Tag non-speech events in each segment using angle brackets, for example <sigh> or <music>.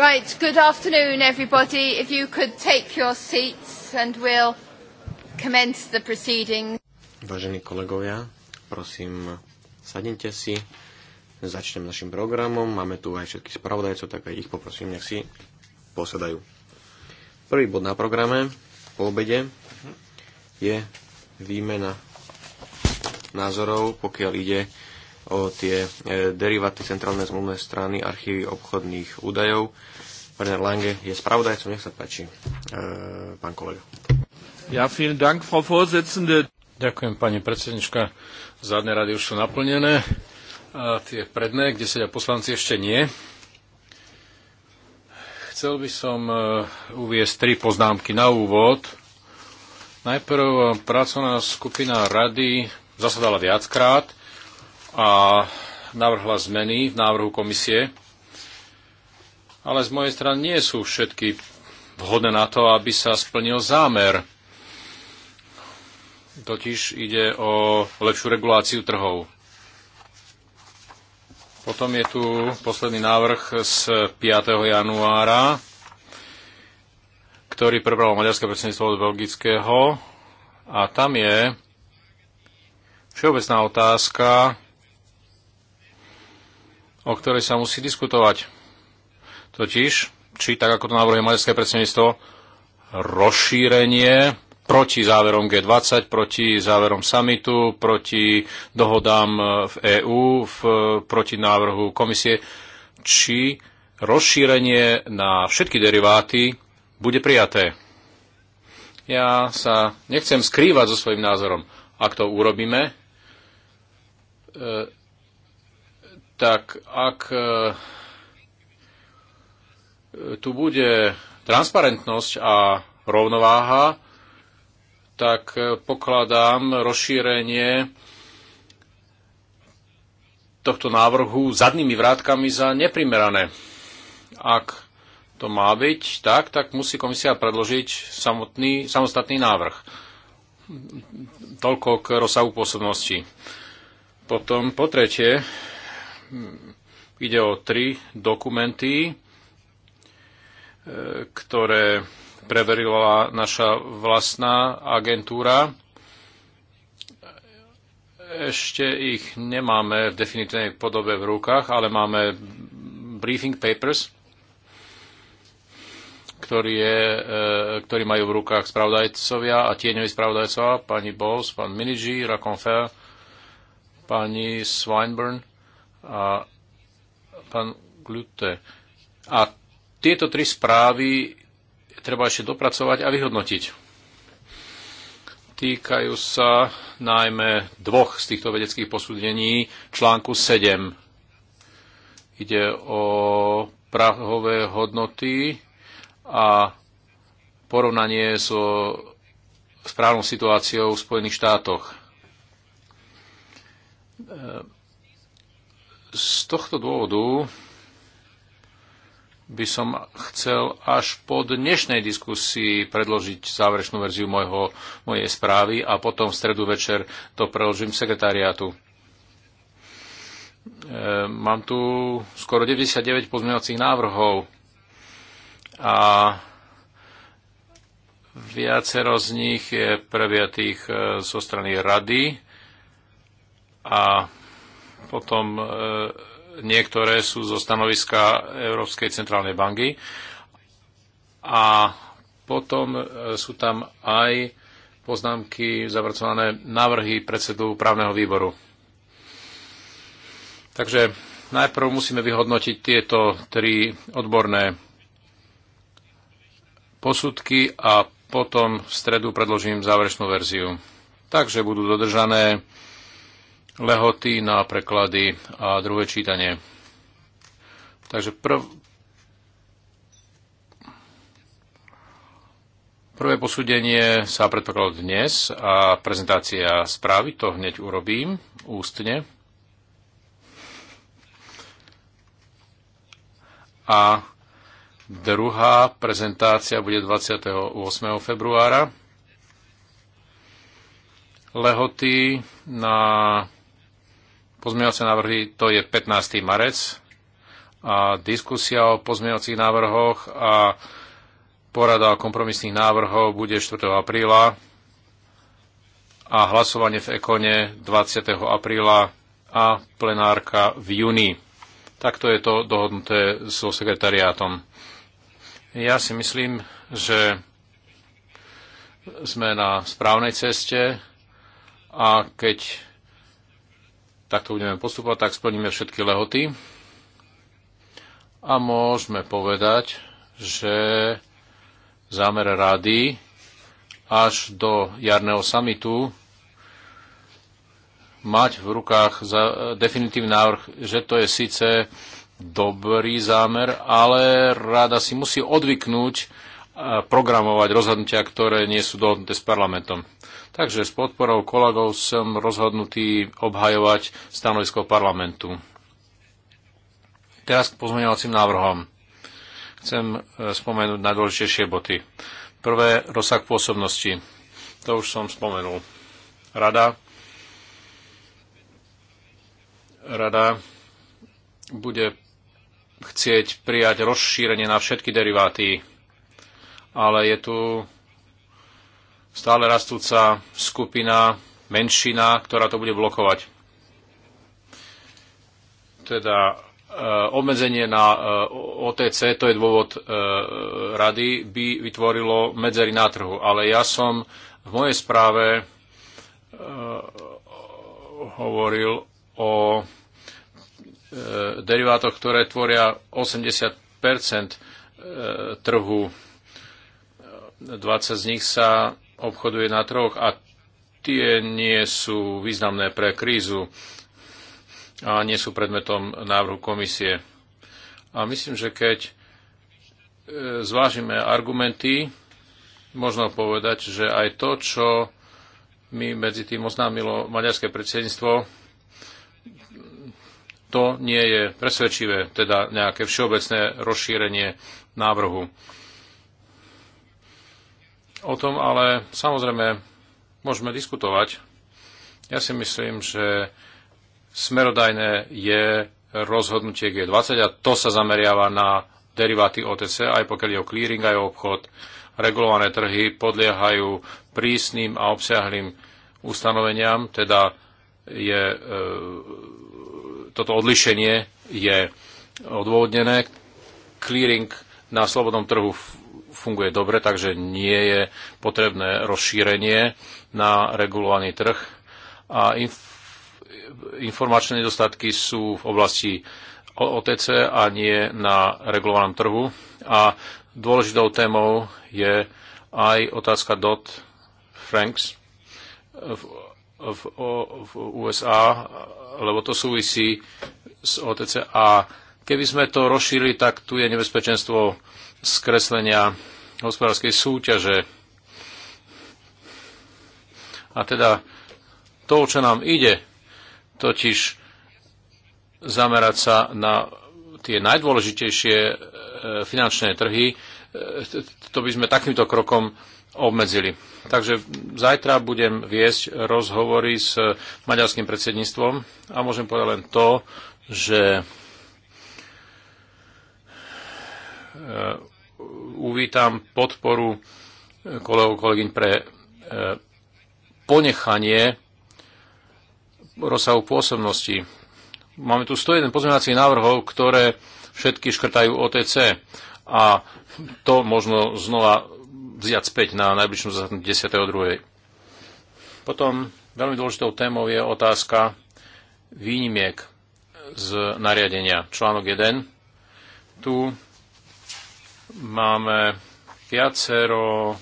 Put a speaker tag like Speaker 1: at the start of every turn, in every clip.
Speaker 1: Right, good afternoon everybody. If you could take your seats and we'll commence the proceeding. Vážení kolegovia, prosím, sadnite si. Začnem našim programom. Máme tu aj všetkých spravodajcov, tak aj ich poprosím, nech si posedajú. Prvý bod na programe po obede je výmena názorov, pokiaľ ide o tie e, deriváty centrálnej zmluvné strany archívy obchodných údajov. Werner Lange je spravodajcom, nech sa páči, e, pán kolega. Ja,
Speaker 2: vielen Dank, Frau Vorsitzende. Ďakujem, pani predsednička. Zadné rady už sú naplnené. A tie predné, kde sedia poslanci, ešte nie. Chcel by som e, uviesť tri poznámky na úvod. Najprv pracovná skupina rady zasadala viackrát a navrhla zmeny v návrhu komisie, ale z mojej strany nie sú všetky vhodné na to, aby sa splnil zámer. Totiž ide o lepšiu reguláciu trhov. Potom je tu posledný návrh z 5. januára, ktorý prebralo maďarské predsedníctvo od belgického. A tam je všeobecná otázka, o ktorej sa musí diskutovať. Totiž, či tak ako to navrhuje maďarské predsedníctvo, rozšírenie proti záverom G20, proti záverom samitu, proti dohodám e, v EÚ, e, proti návrhu komisie, či rozšírenie na všetky deriváty bude prijaté. Ja sa nechcem skrývať so svojím názorom. Ak to urobíme, e, tak ak e, tu bude transparentnosť a rovnováha, tak e, pokladám rozšírenie tohto návrhu zadnými vrátkami za neprimerané. Ak to má byť tak, tak musí komisia predložiť samotný, samostatný návrh. Toľko k rozsahu pôsobnosti. Potom po tretie, Hm. Ide o tri dokumenty, e, ktoré preverila naša vlastná agentúra. Ešte ich nemáme v definitívnej podobe v rukách, ale máme briefing papers, ktorý, je, e, ktorý majú v rukách spravodajcovia a tieňoví spravodajcovia, pani Bowles, pán Minigi, Raconfer, pani Swinburne a pán Glute. A tieto tri správy treba ešte dopracovať a vyhodnotiť. Týkajú sa najmä dvoch z týchto vedeckých posúdení článku 7. Ide o prahové hodnoty a porovnanie so správnou situáciou v Spojených štátoch z tohto dôvodu by som chcel až po dnešnej diskusii predložiť záverečnú verziu mojho, mojej správy a potom v stredu večer to preložím sekretariátu. E, mám tu skoro 99 pozmeňovacích návrhov a viacero z nich je previatých e, zo strany rady a potom e, niektoré sú zo stanoviska Európskej centrálnej banky. A potom e, sú tam aj poznámky, zapracované návrhy predsedu právneho výboru. Takže najprv musíme vyhodnotiť tieto tri odborné posudky a potom v stredu predložím záverečnú verziu. Takže budú dodržané lehoty na preklady a druhé čítanie. Takže prv... prvé posúdenie sa predpokladalo dnes a prezentácia správy, to hneď urobím ústne. A druhá prezentácia bude 28. februára. Lehoty na Pozmeňovacie návrhy to je 15. marec a diskusia o pozmeňovacích návrhoch a porada o kompromisných návrhoch bude 4. apríla a hlasovanie v Ekone 20. apríla a plenárka v júni. Takto je to dohodnuté so sekretariátom. Ja si myslím, že sme na správnej ceste a keď takto budeme postupovať, tak splníme všetky lehoty a môžeme povedať, že zámer rady až do jarného samitu mať v rukách za, definitívny návrh, že to je síce dobrý zámer, ale rada si musí odvyknúť programovať rozhodnutia, ktoré nie sú dohodnuté s parlamentom. Takže s podporou kolegov som rozhodnutý obhajovať stanovisko parlamentu. Teraz k pozmeňovacím návrhom. Chcem e, spomenúť najdôležitejšie boty. Prvé, rozsah pôsobnosti. To už som spomenul. Rada. Rada bude chcieť prijať rozšírenie na všetky deriváty ale je tu stále rastúca skupina, menšina, ktorá to bude blokovať. Teda e, obmedzenie na e, OTC, to je dôvod e, rady, by vytvorilo medzery na trhu. Ale ja som v mojej správe hovoril o derivátoch, ktoré tvoria 80 trhu 20 z nich sa obchoduje na troch a tie nie sú významné pre krízu a nie sú predmetom návrhu komisie. A myslím, že keď e, zvážime argumenty, možno povedať, že aj to, čo mi medzi tým oznámilo maďarské predsedníctvo, to nie je presvedčivé, teda nejaké všeobecné rozšírenie návrhu. O tom ale samozrejme môžeme diskutovať. Ja si myslím, že smerodajné je rozhodnutie G20 a to sa zameriava na deriváty OTC, aj pokiaľ je o clearing, aj o obchod. Regulované trhy podliehajú prísnym a obsiahlým ustanoveniam, teda je, e, toto odlišenie je odôvodnené. Clearing na slobodnom trhu funguje dobre, takže nie je potrebné rozšírenie na regulovaný trh. A inf- informačné nedostatky sú v oblasti OTC a nie na regulovanom trhu. A dôležitou témou je aj otázka dot Franks v, v, v USA, lebo to súvisí s OTC. A keby sme to rozšírili, tak tu je nebezpečenstvo skreslenia hospodárskej súťaže. A teda to, čo nám ide, totiž zamerať sa na tie najdôležitejšie e, finančné trhy, e, to by sme takýmto krokom obmedzili. Takže zajtra budem viesť rozhovory s maďarským predsedníctvom a môžem povedať len to, že e, uvítam podporu e, kolegov kolegyň pre e, ponechanie rozsahu pôsobnosti. Máme tu 101 pozmeňovacích návrhov, ktoré všetky škrtajú OTC a to možno znova vziať späť na najbližšom zasadnutí 10.2. Potom veľmi dôležitou témou je otázka výnimiek z nariadenia. Článok 1. Tu Máme viacero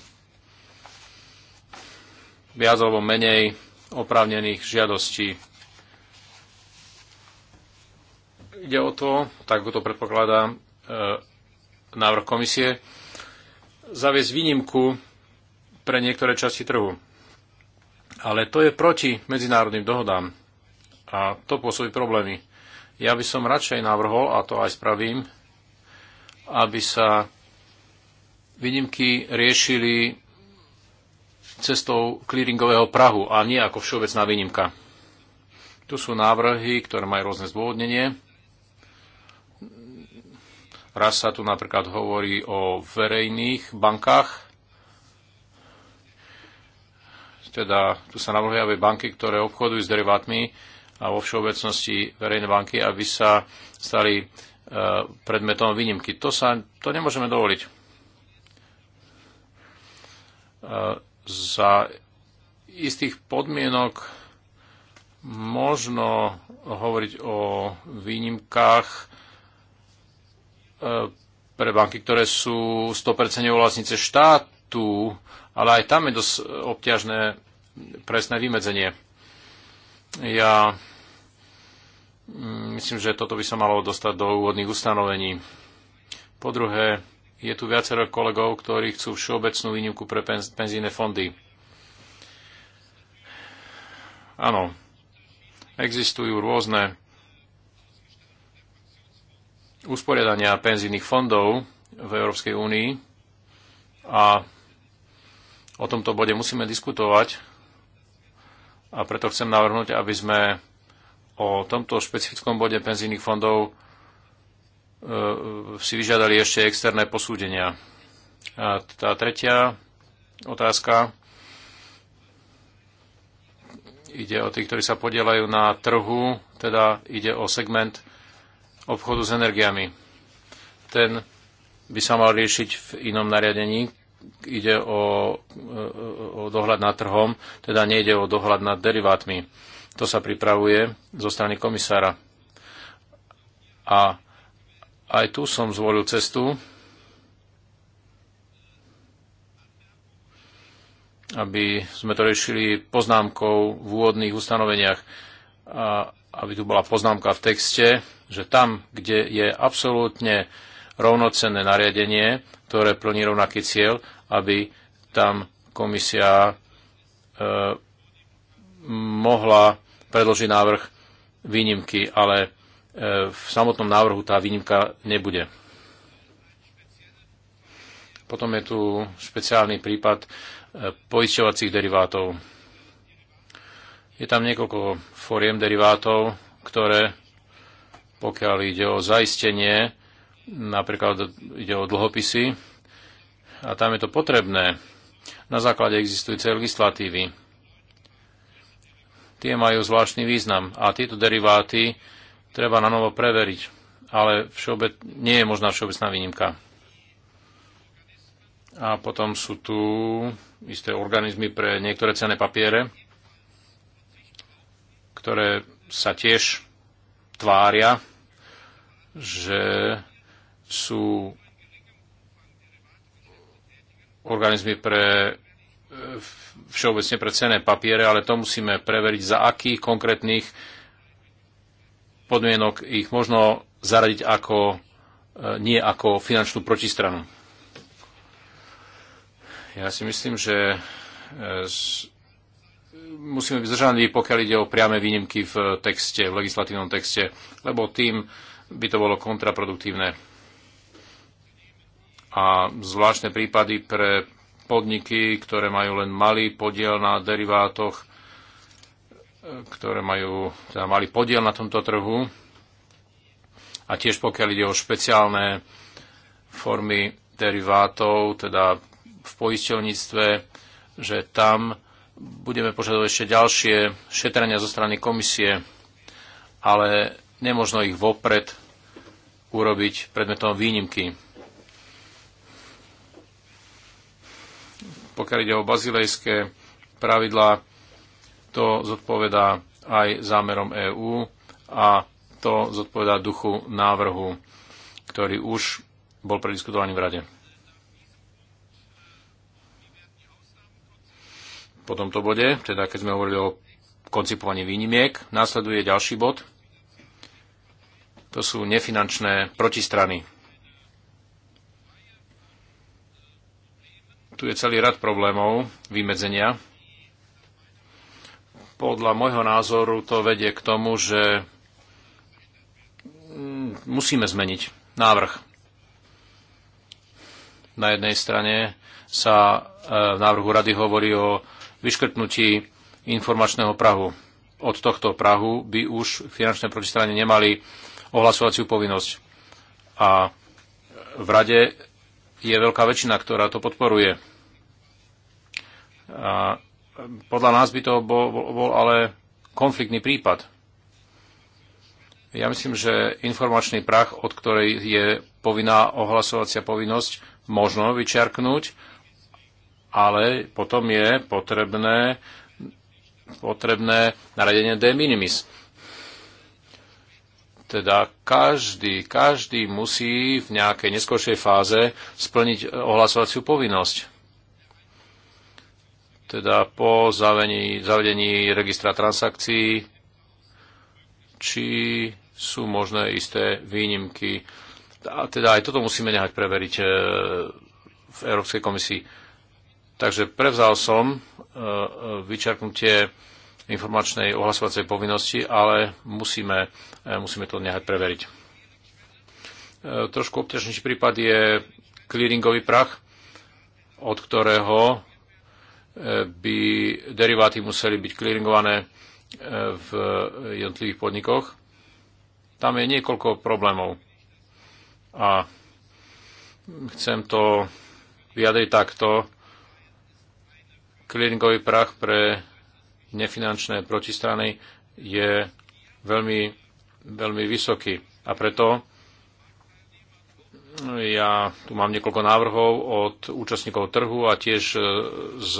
Speaker 2: viac alebo menej oprávnených žiadostí. Ide o to, tak ako to predpokladá e, návrh komisie, zaviesť výnimku pre niektoré časti trhu. Ale to je proti medzinárodným dohodám a to pôsobí problémy. Ja by som radšej navrhol, a to aj spravím, aby sa výnimky riešili cestou clearingového prahu a nie ako všeobecná výnimka. Tu sú návrhy, ktoré majú rôzne zdôvodnenie. Raz sa tu napríklad hovorí o verejných bankách, teda tu sa navrhuje, aby banky, ktoré obchodujú s derivátmi a vo všeobecnosti verejné banky, aby sa stali e, predmetom výnimky. To, sa, to nemôžeme dovoliť za istých podmienok možno hovoriť o výnimkách e, pre banky, ktoré sú 100% vlastnice štátu, ale aj tam je dosť obťažné presné vymedzenie. Ja mm, myslím, že toto by sa malo dostať do úvodných ustanovení. Po druhé, je tu viacero kolegov, ktorí chcú všeobecnú výnimku pre penzíne fondy. Áno, existujú rôzne usporiadania penzínnych fondov v Európskej únii a o tomto bode musíme diskutovať a preto chcem navrhnúť, aby sme o tomto špecifickom bode penzínnych fondov E, si vyžiadali ešte externé posúdenia. A tá tretia otázka ide o tých, ktorí sa podielajú na trhu, teda ide o segment obchodu s energiami. Ten by sa mal riešiť v inom nariadení. Ide o, e, o dohľad nad trhom, teda nejde o dohľad nad derivátmi. To sa pripravuje zo strany komisára. A aj tu som zvolil cestu, aby sme to riešili poznámkou v úvodných ustanoveniach, a aby tu bola poznámka v texte, že tam, kde je absolútne rovnocenné nariadenie, ktoré plní rovnaký cieľ, aby tam komisia e, mohla predložiť návrh výnimky, ale E, v samotnom návrhu tá výnimka nebude. Potom je tu špeciálny prípad e, poisťovacích derivátov. Je tam niekoľko foriem derivátov, ktoré, pokiaľ ide o zaistenie, napríklad ide o dlhopisy, a tam je to potrebné na základe existujúcej legislatívy. Tie majú zvláštny význam a tieto deriváty treba na novo preveriť, ale všeobe, nie je možná všeobecná výnimka. A potom sú tu isté organizmy pre niektoré cenné papiere, ktoré sa tiež tvária, že sú organizmy pre e, všeobecne pre cenné papiere, ale to musíme preveriť, za akých konkrétnych podmienok ich možno zaradiť ako, e, nie ako finančnú protistranu. Ja si myslím, že e, musíme byť zržaní, pokiaľ ide o priame výnimky v texte, v legislatívnom texte, lebo tým by to bolo kontraproduktívne. A zvláštne prípady pre podniky, ktoré majú len malý podiel na derivátoch, ktoré majú, teda mali podiel na tomto trhu. A tiež pokiaľ ide o špeciálne formy derivátov, teda v poisťovníctve, že tam budeme požadovať ešte ďalšie šetrenia zo strany komisie, ale nemožno ich vopred urobiť predmetom výnimky. Pokiaľ ide o bazilejské pravidlá, to zodpovedá aj zámerom EÚ a to zodpovedá duchu návrhu, ktorý už bol prediskutovaný v Rade. Po tomto bode, teda keď sme hovorili o koncipovaní výnimiek, následuje ďalší bod. To sú nefinančné protistrany. Tu je celý rad problémov vymedzenia podľa môjho názoru to vedie k tomu, že mm, musíme zmeniť návrh. Na jednej strane sa e, v návrhu rady hovorí o vyškrtnutí informačného prahu. Od tohto prahu by už finančné protistrany nemali ohlasovaciu povinnosť. A v rade je veľká väčšina, ktorá to podporuje. A podľa nás by to bol, bol, bol ale konfliktný prípad. Ja myslím, že informačný prach, od ktorej je povinná ohlasovacia povinnosť, možno vyčiarknúť, ale potom je potrebné, potrebné naradenie de minimis. Teda každý, každý musí v nejakej neskôršej fáze splniť ohlasovaciu povinnosť teda po zavení, zavedení registra transakcií, či sú možné isté výnimky. A teda aj toto musíme nehať preveriť e, v Európskej komisii. Takže prevzal som e, e, vyčerknutie informačnej ohlasovacej povinnosti, ale musíme, musíme to nehať preveriť. Trošku obťažnejší prípad je clearingový prach, od ktorého by deriváty museli byť clearingované e, v jednotlivých podnikoch. Tam je niekoľko problémov. A chcem to vyjadriť takto. Clearingový prach pre nefinančné protistrany je veľmi, veľmi vysoký. A preto ja tu mám niekoľko návrhov od účastníkov trhu a tiež e, z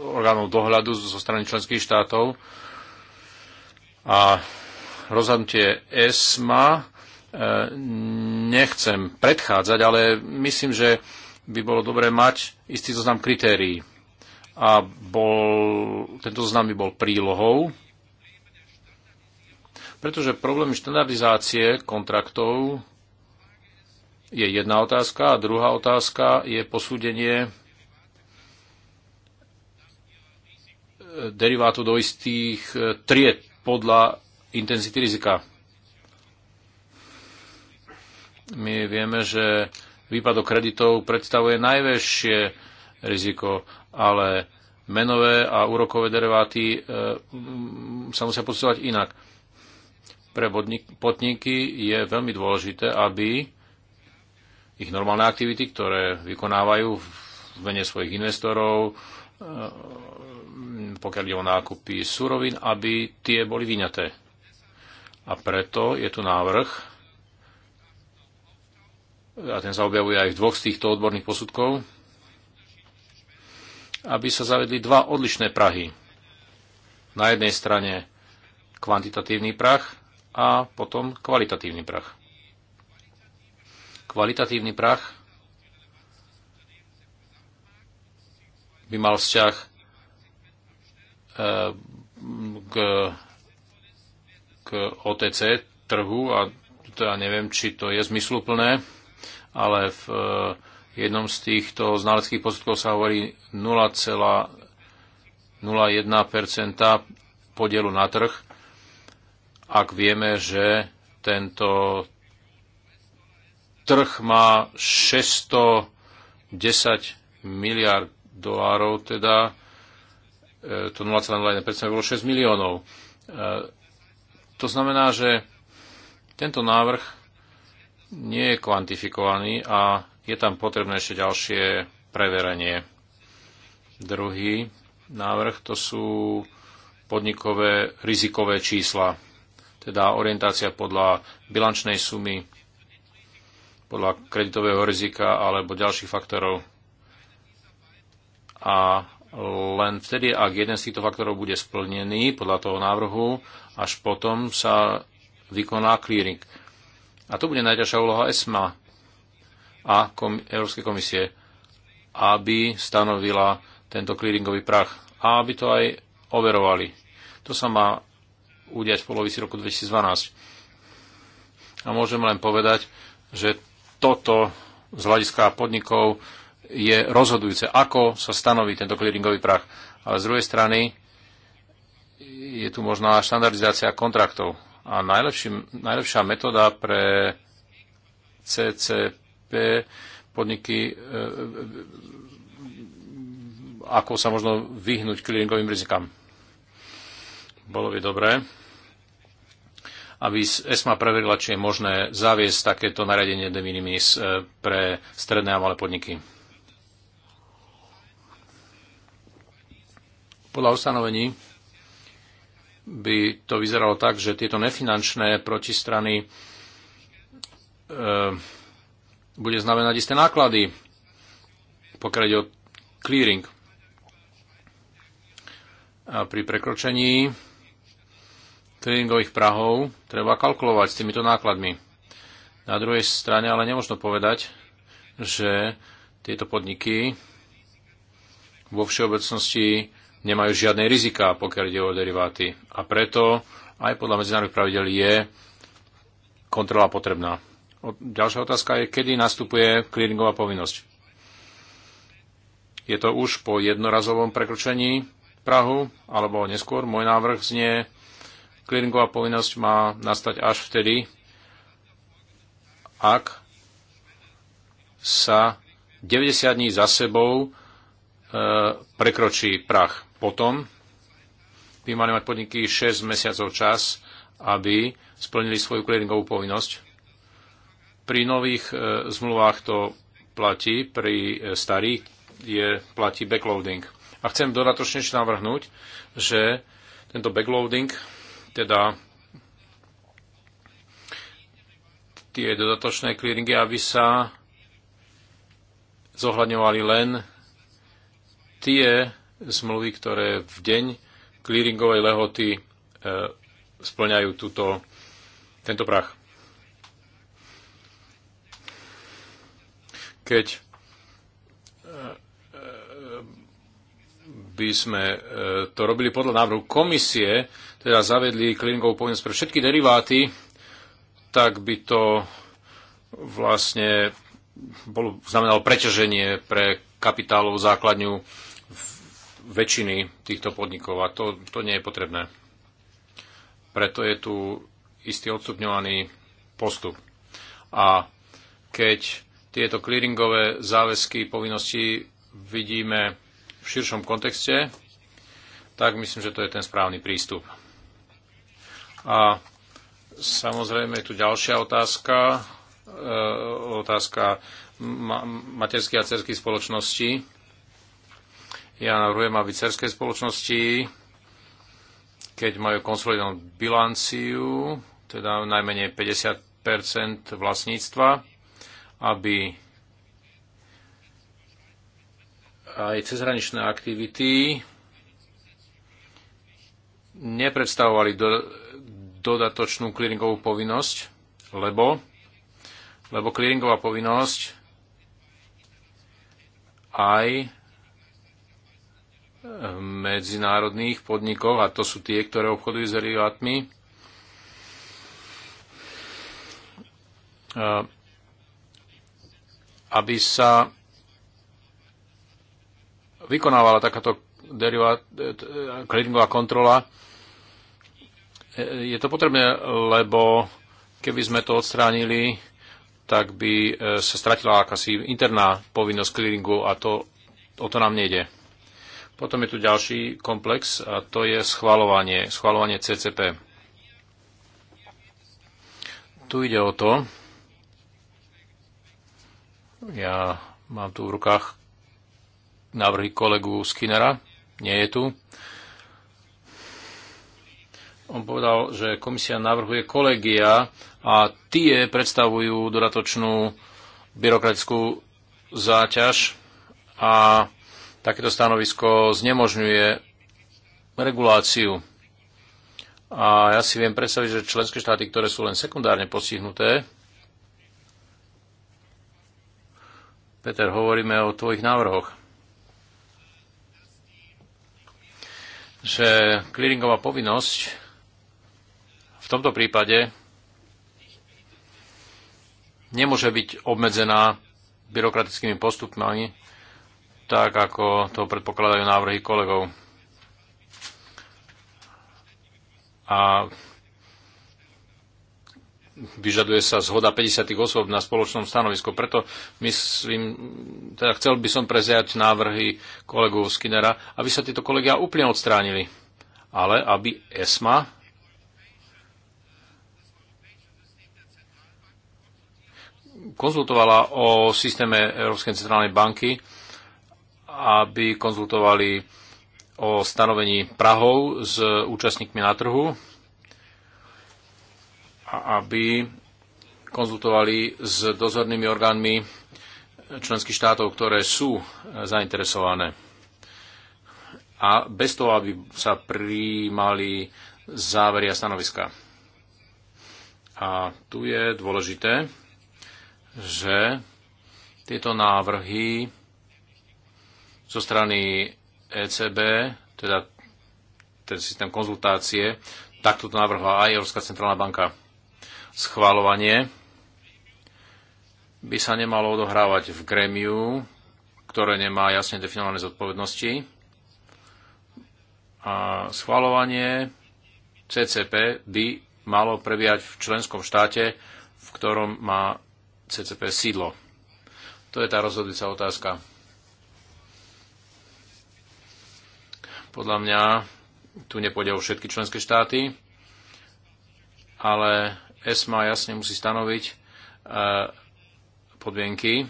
Speaker 2: orgánov dohľadu zo strany členských štátov. A rozhodnutie ESMA e, nechcem predchádzať, ale myslím, že by bolo dobré mať istý zoznam kritérií. A bol, tento zoznam by bol prílohou, pretože problémy štandardizácie kontraktov je jedna otázka. A druhá otázka je posúdenie eh, derivátu do istých eh, tried podľa intenzity rizika. My vieme, že výpadok kreditov predstavuje najväčšie riziko, ale menové a úrokové deriváty e, sa musia posúvať inak. Pre podniky je veľmi dôležité, aby ich normálne aktivity, ktoré vykonávajú v mene svojich investorov, e, pokiaľ ide o nákupy surovín, aby tie boli vyňaté. A preto je tu návrh, a ten sa objavuje aj v dvoch z týchto odborných posudkov, aby sa zavedli dva odlišné prahy. Na jednej strane kvantitatívny prach a potom kvalitatívny prach. Kvalitatívny prach by mal vzťah eh, k, k OTC trhu a to ja neviem, či to je zmysluplné, ale v eh, jednom z týchto znaleckých posudkov sa hovorí 0,01% podielu na trh, ak vieme, že tento trh má 610 miliard dolárov, teda e, to 0,01% bolo 6 miliónov. E, to znamená, že tento návrh nie je kvantifikovaný a je tam potrebné ešte ďalšie preverenie. Druhý návrh to sú podnikové rizikové čísla, teda orientácia podľa bilančnej sumy podľa kreditového rizika alebo ďalších faktorov. A len vtedy, ak jeden z týchto faktorov bude splnený podľa toho návrhu, až potom sa vykoná clearing. A to bude najťažšia úloha ESMA a kom- Európskej komisie, aby stanovila tento clearingový prach a aby to aj overovali. To sa má udiať v polovici roku 2012. A môžem len povedať, že toto z hľadiska podnikov je rozhodujúce, ako sa stanoví tento clearingový prach. Ale z druhej strany je tu možná štandardizácia kontraktov. A najlepší, najlepšia metóda pre CCP podniky, e, e, ako sa možno vyhnúť clearingovým rizikám. Bolo by dobré aby ESMA preverila, či je možné zaviesť takéto nariadenie de minimis e, pre stredné a malé podniky. Podľa ustanovení by to vyzeralo tak, že tieto nefinančné protistrany e, bude znamenať isté náklady, pokiaľ ide o clearing. A pri prekročení clearingových prahov treba kalkulovať s týmito nákladmi. Na druhej strane ale nemôžno povedať, že tieto podniky vo všeobecnosti nemajú žiadne rizika, pokiaľ ide o deriváty. A preto aj podľa medzinárodných pravidel je kontrola potrebná. Ďalšia otázka je, kedy nastupuje clearingová povinnosť. Je to už po jednorazovom prekročení Prahu, alebo neskôr môj návrh znie Clearingová povinnosť má nastať až vtedy, ak sa 90 dní za sebou e, prekročí prach. Potom by mali mať podniky 6 mesiacov čas, aby splnili svoju clearingovú povinnosť. Pri nových e, zmluvách to platí, pri e, starých je, platí backloading. A chcem dodatočne navrhnúť, že tento backloading teda tie dodatočné clearingy, aby sa zohľadňovali len tie zmluvy, ktoré v deň clearingovej lehoty e, splňajú túto, tento prach. Keď by sme e, to robili podľa návrhu komisie, teda zavedli clearingovú povinnosť pre všetky deriváty, tak by to vlastne bolo, znamenalo preťaženie pre kapitálovú základňu väčšiny týchto podnikov a to, to nie je potrebné. Preto je tu istý odstupňovaný postup. A keď tieto clearingové záväzky, povinnosti vidíme v širšom kontexte, tak myslím, že to je ten správny prístup. A samozrejme je tu ďalšia otázka, e, otázka materských a cerských spoločností. Ja navrhujem, aby cerské spoločnosti, keď majú konsolidovanú bilanciu, teda najmenej 50 vlastníctva, aby aj cezhraničné aktivity nepredstavovali do, dodatočnú clearingovú povinnosť, lebo, lebo clearingová povinnosť aj v medzinárodných podnikov, a to sú tie, ktoré obchodujú s derivátmi, aby sa vykonávala takáto clearingová kontrola, je to potrebné, lebo keby sme to odstránili, tak by e, sa stratila akási interná povinnosť clearingu a to, o to nám nejde. Potom je tu ďalší komplex a to je schvalovanie, schvalovanie CCP. Tu ide o to, ja mám tu v rukách návrhy kolegu Skinnera. Nie je tu. On povedal, že komisia navrhuje kolegia a tie predstavujú dodatočnú byrokratickú záťaž a takéto stanovisko znemožňuje reguláciu. A ja si viem predstaviť, že členské štáty, ktoré sú len sekundárne postihnuté, Peter, hovoríme o tvojich návrhoch. že clearingová povinnosť v tomto prípade nemôže byť obmedzená byrokratickými postupmi, tak ako to predpokladajú návrhy kolegov. A vyžaduje sa zhoda 50 osôb na spoločnom stanovisku. Preto myslím, teda chcel by som prezerať návrhy kolegu Skinnera, aby sa tieto kolegia úplne odstránili. Ale aby ESMA konzultovala o systéme Európskej centrálnej banky, aby konzultovali o stanovení Prahov s účastníkmi na trhu, a aby konzultovali s dozornými orgánmi členských štátov, ktoré sú e, zainteresované. A bez toho, aby sa prijímali závery a stanoviska. A tu je dôležité, že tieto návrhy zo strany ECB, teda ten systém konzultácie, takto to navrhla aj Európska centrálna banka schvalovanie by sa nemalo odohrávať v grémiu, ktoré nemá jasne definované zodpovednosti. A schvalovanie CCP by malo prebiehať v členskom štáte, v ktorom má CCP sídlo. To je tá rozhodujúca otázka. Podľa mňa tu nepôjde o všetky členské štáty, ale ESMA jasne musí stanoviť e, podmienky,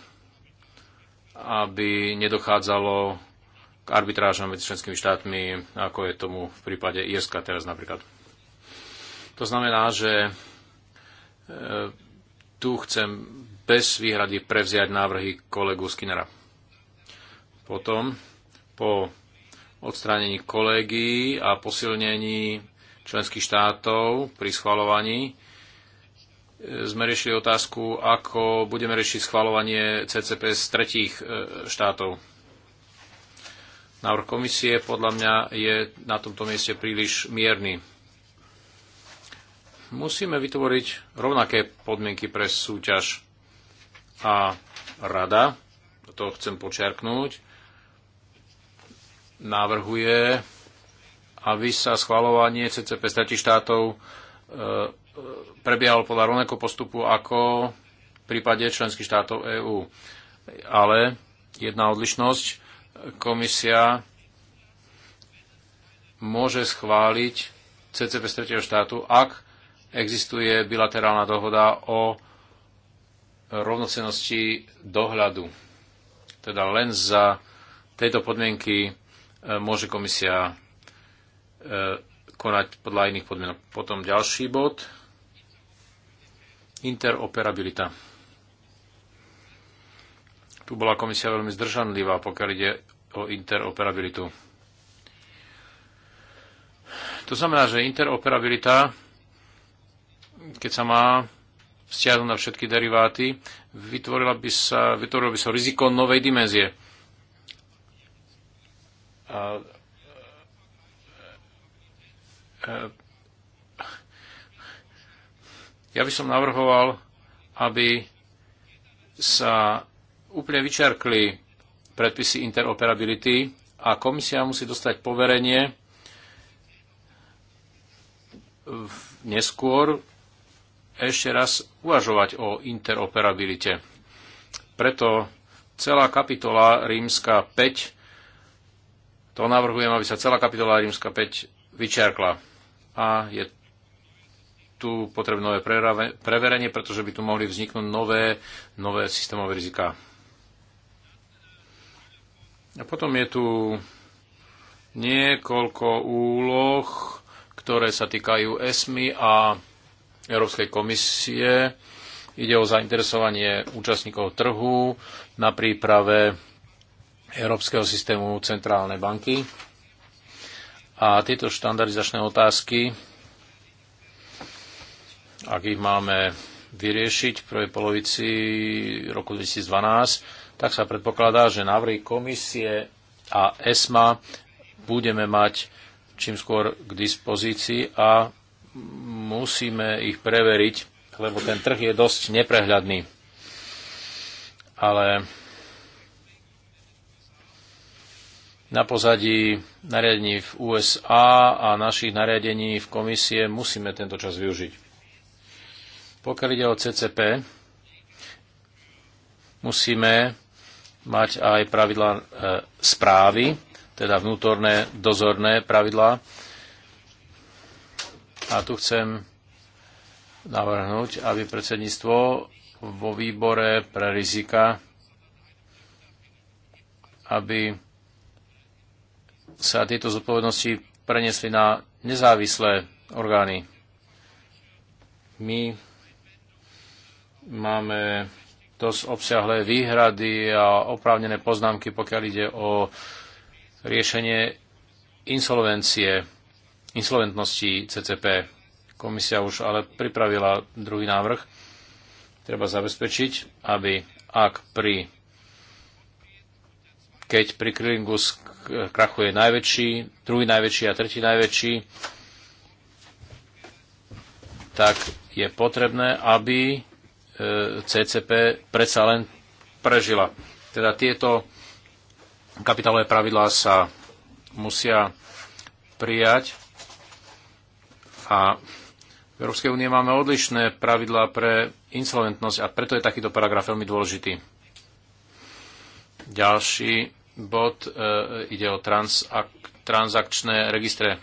Speaker 2: aby nedochádzalo k arbitrážom medzi členskými štátmi, ako je tomu v prípade Irska teraz napríklad. To znamená, že e, tu chcem bez výhrady prevziať návrhy kolegu Skinnera. Potom, po odstránení kolegy a posilnení členských štátov pri schvalovaní sme riešili otázku, ako budeme riešiť schvalovanie CCP z tretích e, štátov. Návrh komisie podľa mňa je na tomto mieste príliš mierny. Musíme vytvoriť rovnaké podmienky pre súťaž a rada, to chcem počiarknúť, navrhuje, aby sa schvalovanie CCP z tretích štátov e, prebiehalo podľa rovnakého postupu ako v prípade členských štátov EÚ. Ale jedna odlišnosť, komisia môže schváliť CCP z tretieho štátu, ak existuje bilaterálna dohoda o rovnocenosti dohľadu. Teda len za tejto podmienky e, môže komisia e, konať podľa iných podmienok. Potom ďalší bod. Interoperabilita. Tu bola komisia veľmi zdržanlivá, pokiaľ ide o interoperabilitu. To znamená, že interoperabilita, keď sa má vzťahom na všetky deriváty, vytvorila by sa, vytvorilo by sa riziko novej dimenzie. a, a, ja by som navrhoval, aby sa úplne vyčerkli predpisy interoperability a komisia musí dostať poverenie neskôr ešte raz uvažovať o interoperabilite. Preto celá kapitola rímska 5, to navrhujem, aby sa celá kapitola rímska 5 vyčerkla. A je tu potrebné nové preverenie, pretože by tu mohli vzniknúť nové, nové systémové riziká. A potom je tu niekoľko úloh, ktoré sa týkajú ESMI a Európskej komisie. Ide o zainteresovanie účastníkov trhu na príprave Európskeho systému centrálnej banky. A tieto štandardizačné otázky ak ich máme vyriešiť v prvej polovici roku 2012, tak sa predpokladá, že návrhy komisie a ESMA budeme mať čím skôr k dispozícii a musíme ich preveriť, lebo ten trh je dosť neprehľadný. Ale na pozadí nariadení v USA a našich nariadení v komisie musíme tento čas využiť. Pokiaľ ide o CCP, musíme mať aj pravidlá e, správy, teda vnútorné dozorné pravidlá. A tu chcem navrhnúť, aby predsedníctvo vo výbore pre rizika, aby sa tieto zodpovednosti prenesli na nezávislé orgány. My Máme dosť obsiahlé výhrady a oprávnené poznámky, pokiaľ ide o riešenie insolvencie, insolventnosti CCP. Komisia už ale pripravila druhý návrh. Treba zabezpečiť, aby ak pri keď pri clearingu krachuje najväčší, druhý najväčší a tretí najväčší, tak je potrebné, aby E, CCP predsa len prežila. Teda tieto kapitálové pravidlá sa musia prijať a v Európskej únie máme odlišné pravidlá pre insolventnosť a preto je takýto paragraf veľmi dôležitý. Ďalší bod e, ide o transak- transakčné registre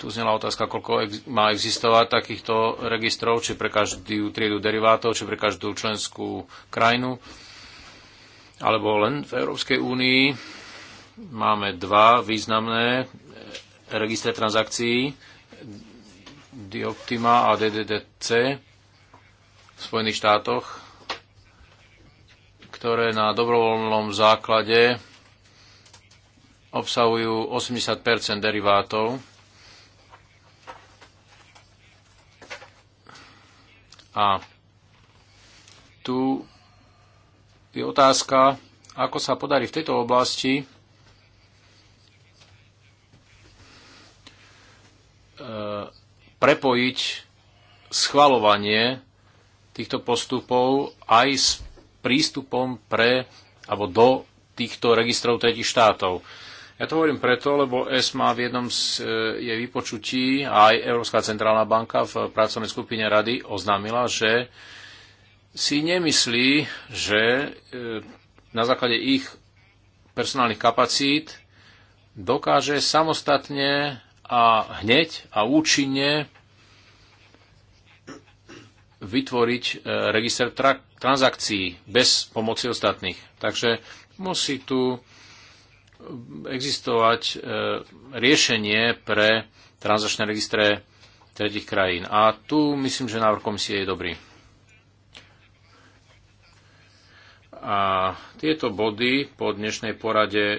Speaker 2: tu znela otázka, koľko ex- má existovať takýchto registrov, či pre každú triedu derivátov, či pre každú členskú krajinu, alebo len v Európskej únii. Máme dva významné eh, registre transakcií, Dioptima a DDDC v Spojených štátoch, ktoré na dobrovoľnom základe obsahujú 80 derivátov A tu je otázka, ako sa podarí v tejto oblasti eh, prepojiť schvalovanie týchto postupov aj s prístupom pre alebo do týchto registrov tretich štátov. Ja to hovorím preto, lebo ESMA v jednom z e, jej vypočutí a aj Európska centrálna banka v pracovnej skupine rady oznámila, že si nemyslí, že e, na základe ich personálnych kapacít dokáže samostatne a hneď a účinne vytvoriť e, register transakcií bez pomoci ostatných. Takže musí tu existovať e, riešenie pre transačné registre tretich krajín. A tu myslím, že návrh komisie je dobrý. A tieto body po dnešnej porade e,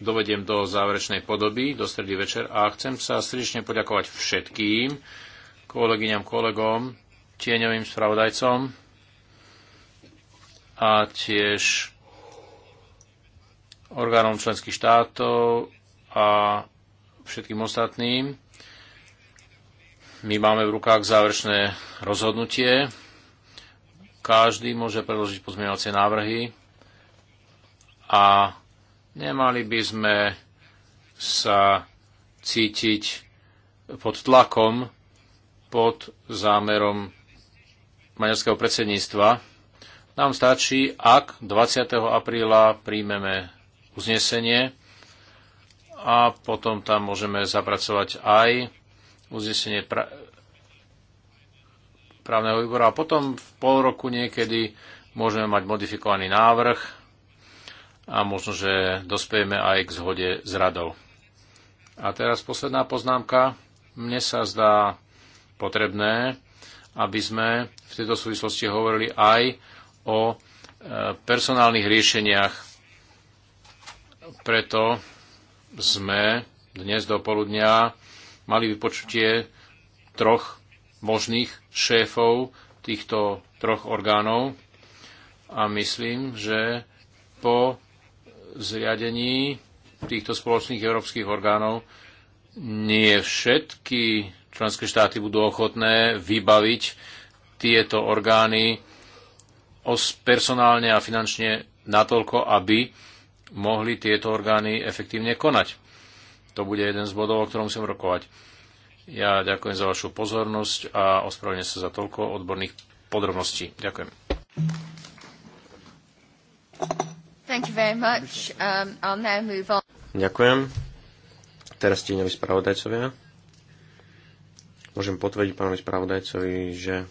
Speaker 2: dovediem do záverečnej podoby, do stredy večer a chcem sa srdečne poďakovať všetkým kolegyňam, kolegom, tieňovým spravodajcom a tiež orgánom členských štátov a všetkým ostatným. My máme v rukách záverečné rozhodnutie. Každý môže predložiť pozmeňovacie návrhy a nemali by sme sa cítiť pod tlakom, pod zámerom maďarského predsedníctva. Nám stačí, ak 20. apríla príjmeme uznesenie a potom tam môžeme zapracovať aj uznesenie pra- právneho výboru a potom v pol roku niekedy môžeme mať modifikovaný návrh a možno, že dospejeme aj k zhode s radou. A teraz posledná poznámka. Mne sa zdá potrebné, aby sme v tejto súvislosti hovorili aj o e, personálnych riešeniach preto sme dnes do poludnia mali vypočutie troch možných šéfov týchto troch orgánov a myslím, že po zriadení týchto spoločných európskych orgánov nie všetky členské štáty budú ochotné vybaviť tieto orgány personálne a finančne natoľko, aby mohli tieto orgány efektívne konať. To bude jeden z bodov, o ktorom musím rokovať. Ja ďakujem za vašu pozornosť a ospravedlňujem sa za toľko odborných podrobností. Ďakujem.
Speaker 1: Thank you very much. Um, I'll now move on. Ďakujem. Teraz tieňovi spravodajcovia. Môžem potvrdiť pánovi spravodajcovi, že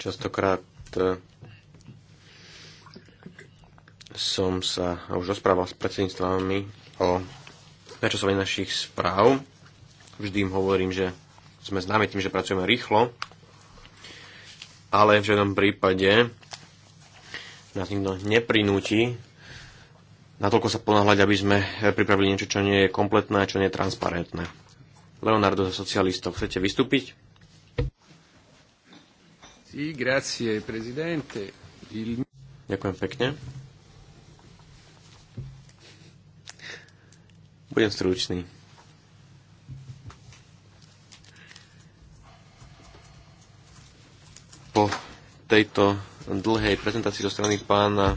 Speaker 1: častokrát eh, som sa už rozprával s predsedníctvami o načasovaní našich správ. Vždy im hovorím, že sme známi tým, že pracujeme rýchlo, ale v žiadnom prípade nás nikto neprinúti natoľko sa ponáhľať, aby sme pripravili niečo, čo nie je kompletné, a čo nie je transparentné. Leonardo za socialistov, chcete vystúpiť?
Speaker 2: Sí, grazie, prezidente.
Speaker 1: Il... Ďakujem pekne. Budem stručný. Po tejto dlhej prezentácii zo strany pána e,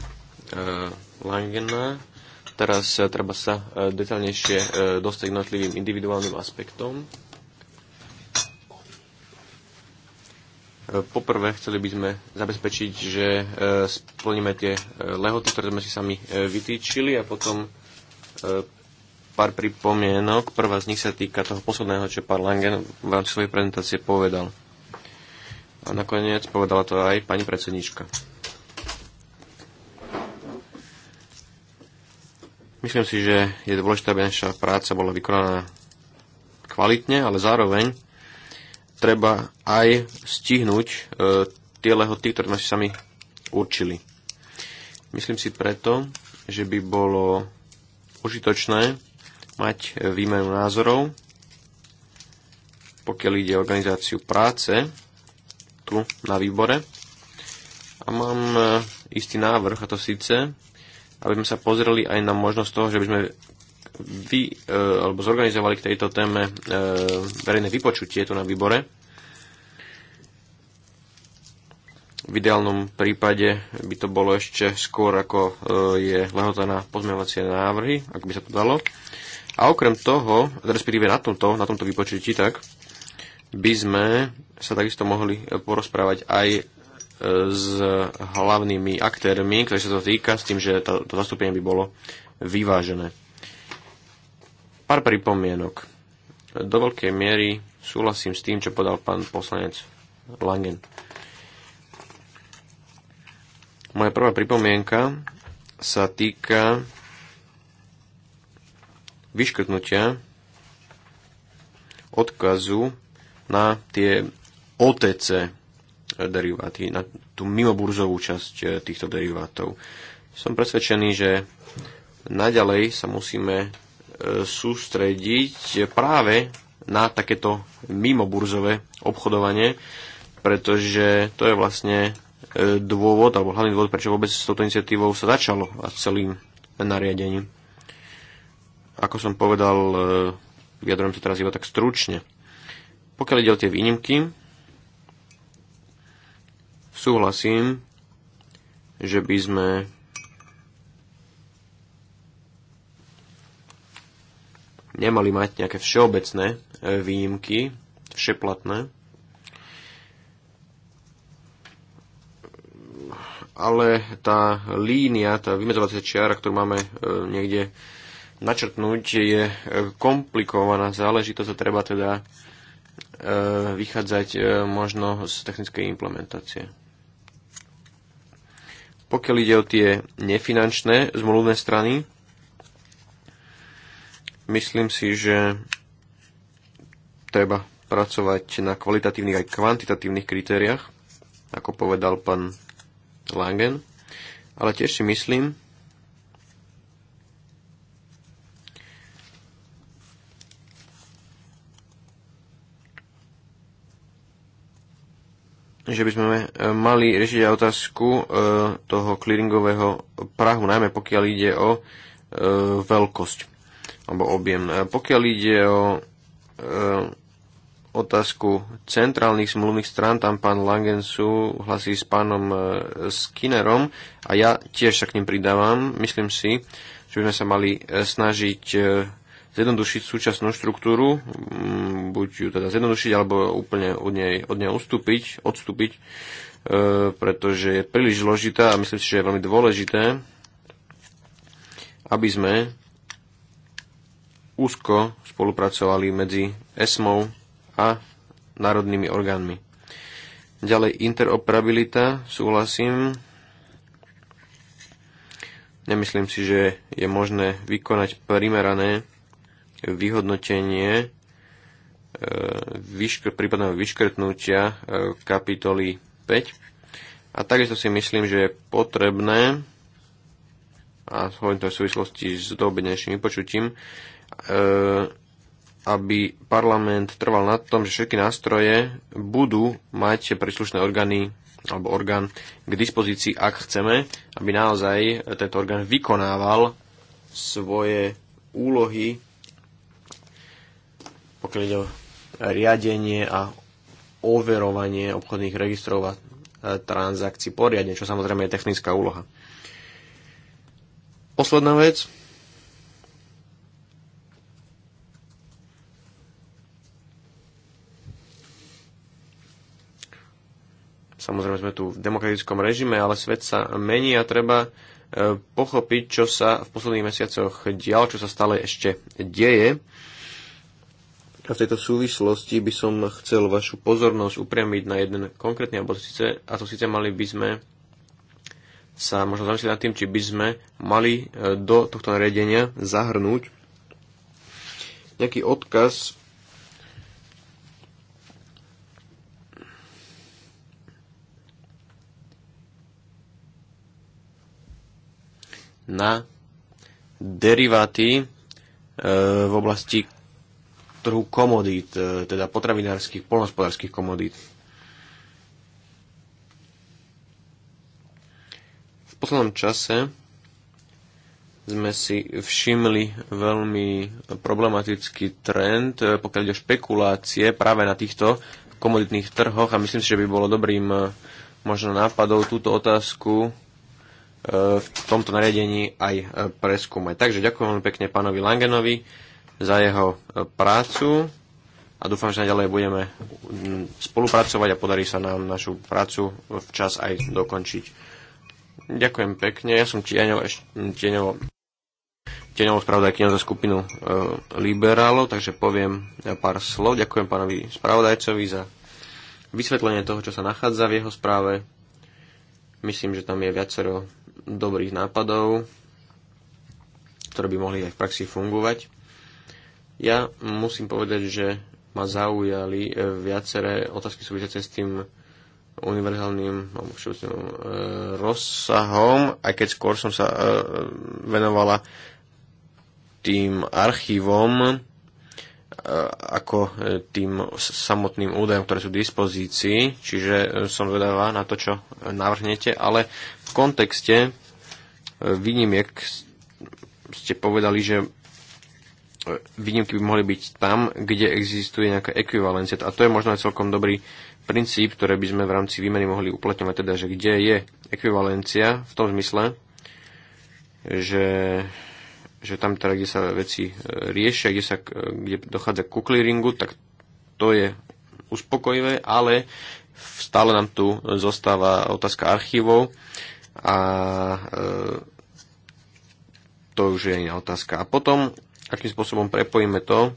Speaker 1: Langena teraz e, treba sa e, detaľnejšie dostať k jednotlivým individuálnym aspektom. Poprvé, chceli by sme zabezpečiť, že splníme tie lehoty, ktoré sme si sami vytýčili a potom pár pripomienok. Prvá z nich sa týka toho posledného, čo pán Langen v rámci svojej prezentácie povedal. A nakoniec povedala to aj pani predsednička. Myslím si, že je dôležité, aby naša práca bola vykonaná kvalitne, ale zároveň treba aj stihnúť e, tie lehoty, ktoré sme si sami určili. Myslím si preto, že by bolo užitočné mať e, výmenu názorov, pokiaľ ide o organizáciu práce tu na výbore. A mám e, istý návrh, a to síce, aby sme sa pozreli aj na možnosť toho, že by sme vy, e, alebo zorganizovali k tejto téme verejné vypočutie tu na výbore. V ideálnom prípade by to bolo ešte skôr, ako je lehota na pozmeňovacie návrhy, ak by sa to dalo. A okrem toho, respektíve na tomto, na tomto vypočutí, tak by sme sa takisto mohli porozprávať aj e, s hlavnými aktérmi, ktorí sa to týka, s tým, že to, to zastúpenie by bolo vyvážené. Pár pripomienok. Do veľkej miery súhlasím s tým, čo podal pán poslanec Langen. Moja prvá pripomienka sa týka vyškrtnutia odkazu na tie OTC deriváty, na tú mimoburzovú časť e, týchto derivátov. Som presvedčený, že naďalej sa musíme e, sústrediť práve na takéto mimoburzové obchodovanie, pretože to je vlastne e, dôvod, alebo hlavný dôvod, prečo vôbec s touto iniciatívou sa začalo a celým nariadením. Ako som povedal, e, vyjadrujem to teraz iba tak stručne. Pokiaľ ide o tie výnimky, súhlasím, že by sme nemali mať nejaké všeobecné e, výnimky, všeplatné, ale tá línia, tá vymedzovacia čiara, ktorú máme e, niekde načrtnúť, je e, komplikovaná záležitosť a treba teda e, vychádzať e, možno z technickej implementácie. Pokiaľ ide o tie nefinančné zmluvné strany, myslím si, že treba pracovať na kvalitatívnych aj kvantitatívnych kritériách, ako povedal pán Langen. Ale tiež si myslím, že by sme eh, mali riešiť aj otázku eh, toho clearingového prahu, najmä pokiaľ ide o eh, veľkosť alebo objem. Pokiaľ ide o otázku centrálnych smluvných strán, tam pán Langensu súhlasí s pánom Skinnerom a ja tiež sa k ním pridávam. Myslím si, že by sme sa mali snažiť zjednodušiť súčasnú štruktúru, buď ju teda zjednodušiť, alebo úplne od nej, od nej ustúpiť, odstúpiť, e, pretože je príliš zložitá a myslím si, že je veľmi dôležité, aby sme úzko spolupracovali medzi ESMou a národnými orgánmi. Ďalej interoperabilita, súhlasím. Nemyslím si, že je možné vykonať primerané vyhodnotenie e, vyškr- prípadného vyškrtnutia e, kapitoly 5. A takisto si myslím, že je potrebné, a hovorím to v súvislosti s dobednejším vypočutím, e, aby parlament trval na tom, že všetky nástroje budú mať príslušné orgány alebo orgán k dispozícii, ak chceme, aby naozaj tento orgán vykonával svoje úlohy pokiaľ ide o riadenie a overovanie obchodných registrov a e, transakcií poriadne, čo samozrejme je technická úloha. Posledná vec. Samozrejme sme tu v demokratickom režime, ale svet sa mení a treba e, pochopiť, čo sa v posledných mesiacoch dial, čo sa stále ešte deje a v tejto súvislosti by som chcel vašu pozornosť upriamiť na jeden konkrétny, alebo síce, a to síce mali by sme sa možno zamyslieť nad tým, či by sme mali e, do tohto nariadenia zahrnúť nejaký odkaz na deriváty e, v oblasti trhu komodít, e, teda potravinárskych, polnospodárských komodít. V poslednom čase sme si všimli veľmi problematický trend, e, pokiaľ ide o špekulácie práve na týchto komoditných trhoch a myslím si, že by bolo dobrým e, možno nápadov túto otázku v tomto nariadení aj preskúmať. Takže ďakujem veľmi pekne pánovi Langenovi za jeho e, prácu a dúfam, že naďalej budeme spolupracovať a podarí sa nám našu prácu včas aj dokončiť. Ďakujem pekne. Ja som tieňovo, spravodajkyňa za skupinu e, liberálov, takže poviem e, pár slov. Ďakujem pánovi spravodajcovi za vysvetlenie toho, čo sa nachádza v jeho správe. Myslím, že tam je viacero dobrých nápadov, ktoré by mohli aj v praxi fungovať. Ja musím povedať, že ma zaujali e, viaceré otázky súvisiace s tým univerzálnym e, rozsahom, aj keď skôr som sa e, venovala tým archívom ako tým samotným údajom, ktoré sú v dispozícii, čiže som vedavá na to, čo navrhnete, ale v kontexte výnimiek ste povedali, že výnimky by mohli byť tam, kde existuje nejaká ekvivalencia. A to je možno aj celkom dobrý princíp, ktoré by sme v rámci výmeny mohli uplatňovať, teda, že kde je ekvivalencia v tom zmysle, že, že tam teda, kde sa veci e, riešia, kde, sa, e, kde dochádza ku clearingu, tak to je uspokojivé, ale stále nám tu zostáva otázka archívov a e, to už je iná otázka. A potom akým spôsobom prepojíme to,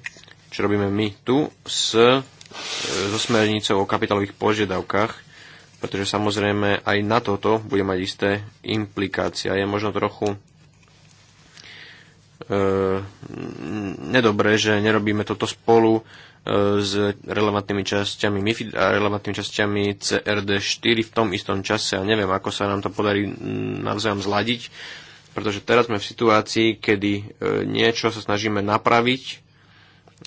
Speaker 1: čo robíme my tu s, e, so smernicou o kapitálových požiadavkách, pretože samozrejme aj na toto bude mať isté implikácia. Je možno trochu e, nedobré, že nerobíme toto spolu e, s relevantnými časťami MIFID a relevantnými časťami CRD4 v tom istom čase a neviem, ako sa nám to podarí navzájom zladiť pretože teraz sme v situácii, kedy e, niečo sa snažíme napraviť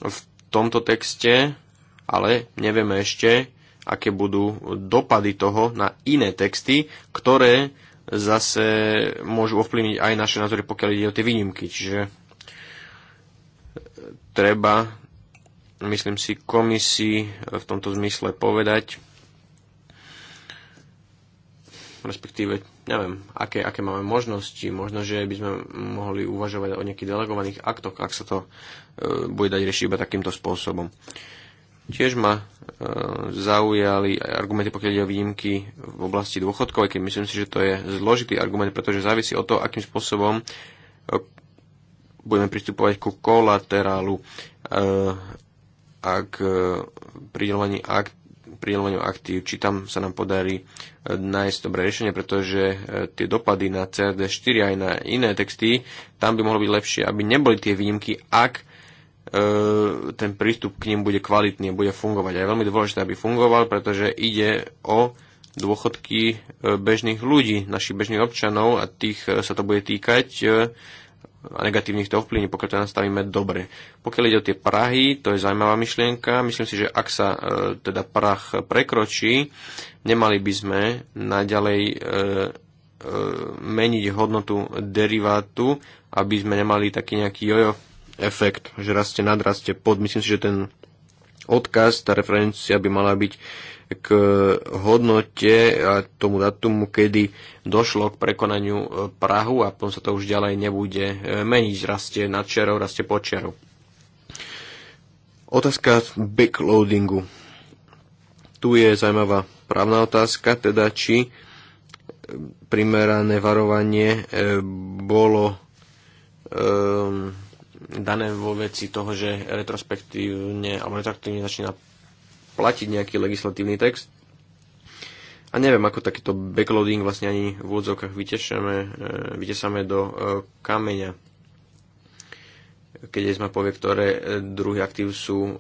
Speaker 1: v tomto texte, ale nevieme ešte, aké budú dopady toho na iné texty, ktoré zase môžu ovplyvniť aj naše názory, pokiaľ ide o tie výnimky. Čiže e, treba, myslím si, komisii v tomto zmysle povedať, respektíve neviem, aké, aké máme možnosti. Možno, že by sme mohli uvažovať o nejakých delegovaných aktoch, ak sa to e, bude dať riešiť iba takýmto spôsobom. Tiež ma e, zaujali argumenty, pokiaľ ide o výnimky v oblasti dôchodkovej, keď myslím si, že to je zložitý argument, pretože závisí od toho, akým spôsobom e, budeme pristupovať ku kolaterálu. E, ak e, pridelovaní akt pridelovaniu aktív, či tam sa nám podarí e, nájsť dobré riešenie, pretože e, tie dopady na CRD4 aj na iné texty, tam by mohlo byť lepšie, aby neboli tie výnimky, ak e, ten prístup k ním bude kvalitný, bude fungovať. A je veľmi dôležité, aby fungoval, pretože ide o dôchodky bežných ľudí, našich bežných občanov a tých sa to bude týkať a negatívne to ovplyvní, pokiaľ to nastavíme dobre. Pokiaľ ide o tie Prahy, to je zaujímavá myšlienka. Myslím si, že ak sa e, teda Prah prekročí, nemali by sme naďalej e, e, meniť hodnotu derivátu, aby sme nemali taký nejaký jojo efekt, že raste nadraste pod. Myslím si, že ten odkaz, tá referencia by mala byť k hodnote a tomu datumu, kedy došlo k prekonaniu e, Prahu a potom sa to už ďalej nebude e, meniť, rastie nad čiarou, rastie pod čiarou. Otázka backloadingu. Tu je zaujímavá právna otázka, teda či e, primerané varovanie bolo um, dané vo veci toho, že retrospektívne alebo retrospektívne začína platiť nejaký legislatívny text. A neviem, ako takýto backloading vlastne ani v úvodzovkách vytešame, e, vytesame do e, kameňa. Keď sme povie, ktoré e, druhy aktív sú,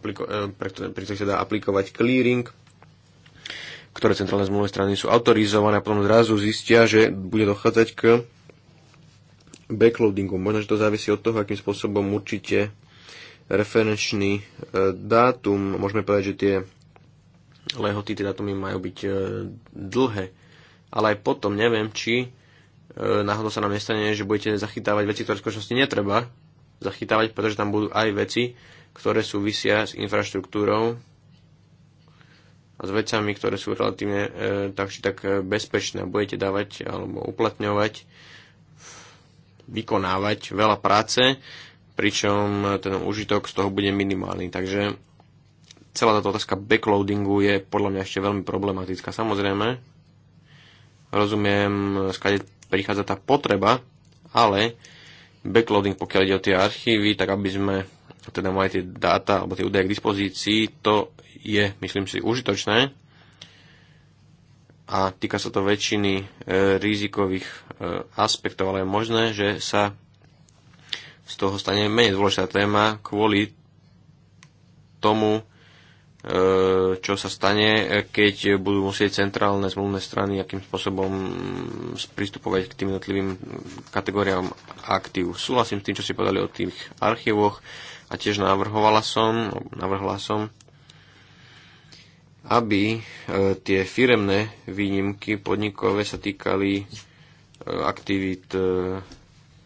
Speaker 1: pri ktorých sa dá aplikovať clearing, ktoré centrálne zmluvné strany sú autorizované a potom zrazu zistia, že bude dochádzať k backloadingu. Možno, že to závisí od toho, akým spôsobom určite referenčný e, dátum. Môžeme povedať, že tie lehoty, tie dátumy majú byť e, dlhé. Ale aj potom neviem, či e, náhodou sa nám nestane, že budete zachytávať veci, ktoré v skutočnosti netreba zachytávať, pretože tam budú aj veci, ktoré súvisia s infraštruktúrou a s vecami, ktoré sú relatívne e, tak či tak bezpečné. Budete dávať alebo uplatňovať, vykonávať veľa práce, pričom ten užitok z toho bude minimálny. Takže celá táto otázka backloadingu je podľa mňa ešte veľmi problematická. Samozrejme, rozumiem, skade prichádza tá potreba, ale backloading, pokiaľ ide o tie archívy, tak aby sme teda mali tie dáta alebo tie údaje k dispozícii, to je, myslím si, užitočné a týka sa to väčšiny e, rizikových e, aspektov, ale je možné, že sa z toho stane menej dôležitá téma kvôli tomu, e, čo sa stane, keď budú musieť centrálne zmluvné strany akým spôsobom pristupovať k tým jednotlivým kategóriám aktív. Súhlasím s tým, čo si povedali o tých archívoch a tiež navrhovala som, navrhla som, aby e, tie firemné výnimky podnikové sa týkali e, aktivít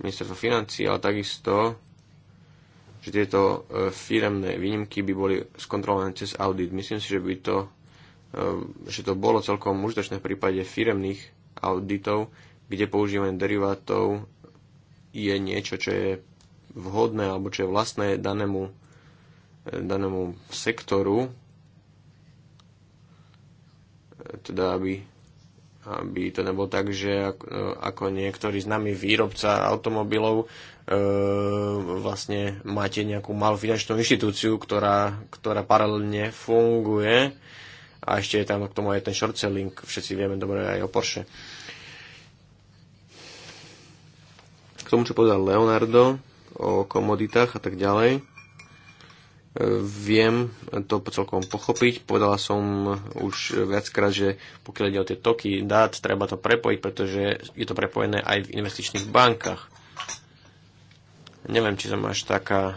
Speaker 1: ministerstvo financí, ale takisto, že tieto e, firemné výnimky by boli skontrolované cez audit. Myslím si, že by to, e, že to bolo celkom užitočné v prípade firemných auditov, kde používanie derivátov je niečo, čo je vhodné alebo čo je vlastné danému, e, danému sektoru, teda aby aby to nebolo tak, že e, ako z nami výrobca automobilov e, vlastne máte nejakú malú finančnú inštitúciu, ktorá, ktorá paralelne funguje a ešte je tam k tomu aj ten short selling, všetci vieme dobre aj o Porsche. K tomu, čo povedal Leonardo o komoditách a tak ďalej, viem to celkom pochopiť. Povedala som už viackrát, že pokiaľ ide o tie toky dát, treba to prepojiť, pretože je to prepojené aj v investičných bankách. Neviem, či som až taká e,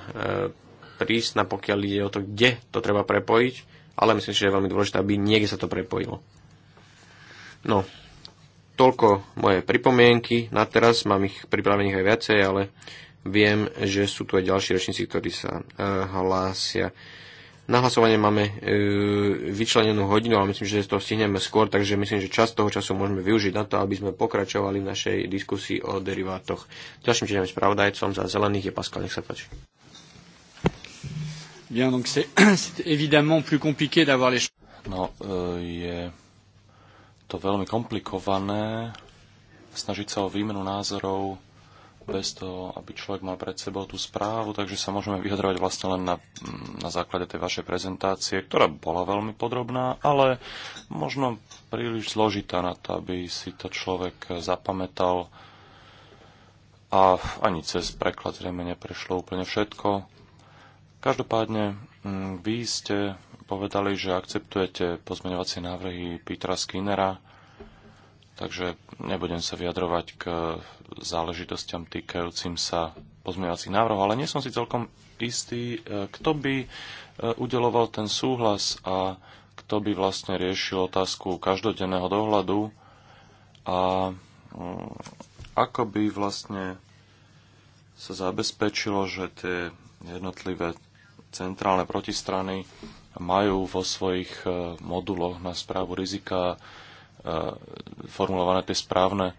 Speaker 1: prísna, pokiaľ ide o to, kde to treba prepojiť, ale myslím, že je veľmi dôležité, aby niekde sa to prepojilo. No, toľko moje pripomienky. Na teraz mám ich pripravených aj viacej, ale Viem, že sú tu aj ďalší rečníci, ktorí sa eh, hlásia. Na hlasovanie máme eh, vyčlenenú hodinu, ale myslím, že to stihneme skôr, takže myslím, že čas toho času môžeme využiť na to, aby sme pokračovali v našej diskusii o derivátoch. Ďalším čiňom spravodajcom za zelených je Pascal, nech sa páči. Bien, donc c'est <clears throat> évidemment plus compliqué d'avoir les
Speaker 3: No, eh, je to veľmi komplikované snažiť sa o výmenu názorov bez toho, aby človek mal pred sebou tú správu, takže sa môžeme vyjadrovať vlastne len na, mm, na základe tej vašej prezentácie, ktorá bola veľmi podrobná, ale možno príliš zložitá na to, aby si to človek zapamätal a ani cez preklad zrejme neprešlo úplne všetko. Každopádne, mm, vy ste povedali, že akceptujete pozmeňovacie návrhy Petra Skinnera, takže nebudem sa vyjadrovať k záležitosťam týkajúcim sa pozmeňovacích návrhov, ale nie som si celkom istý, e, kto by e, udeloval ten súhlas a kto by vlastne riešil otázku každodenného dohľadu a mm, ako by vlastne sa zabezpečilo, že tie jednotlivé centrálne protistrany majú vo svojich e, moduloch na správu rizika formulované tie správne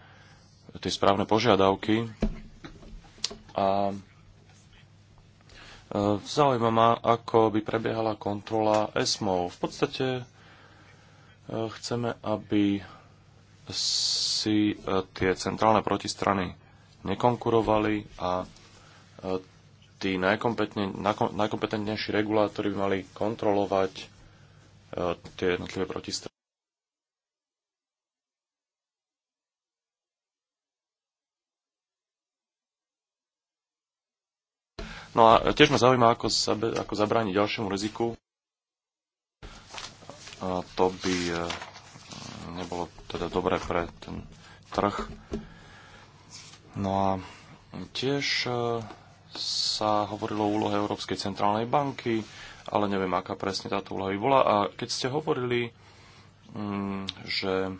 Speaker 3: tie správne požiadavky. A e, zaujíma ma, ako by prebiehala kontrola ESMO. V podstate e, chceme, aby si e, tie centrálne protistrany nekonkurovali a tí najkompetentnejší regulátori by mali kontrolovať tie jednotlivé protistrany. No a tiež ma zaujíma, ako, zabe, ako zabrániť ďalšiemu riziku. A to by e, nebolo teda dobré pre ten trh. No a tiež e, sa hovorilo o úlohe Európskej centrálnej banky, ale neviem, aká presne táto úloha by bola. A keď ste hovorili, mm, že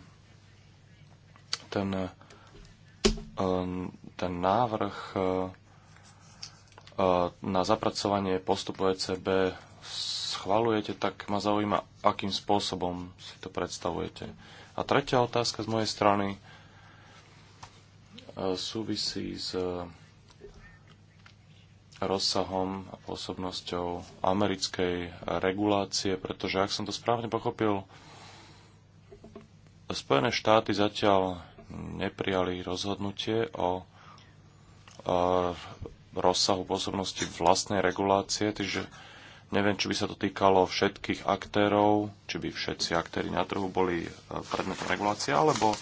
Speaker 3: ten, e, ten návrh na zapracovanie postupu ECB schvalujete, tak ma zaujíma, akým spôsobom si to predstavujete. A tretia otázka z mojej strany e, súvisí s e, rozsahom a pôsobnosťou americkej regulácie, pretože ak som to správne pochopil, Spojené štáty zatiaľ neprijali rozhodnutie o e, rozsahu pôsobnosti vlastnej regulácie, takže neviem, či by sa to týkalo všetkých aktérov, či by všetci aktéry na trhu boli e, predmetom regulácie, alebo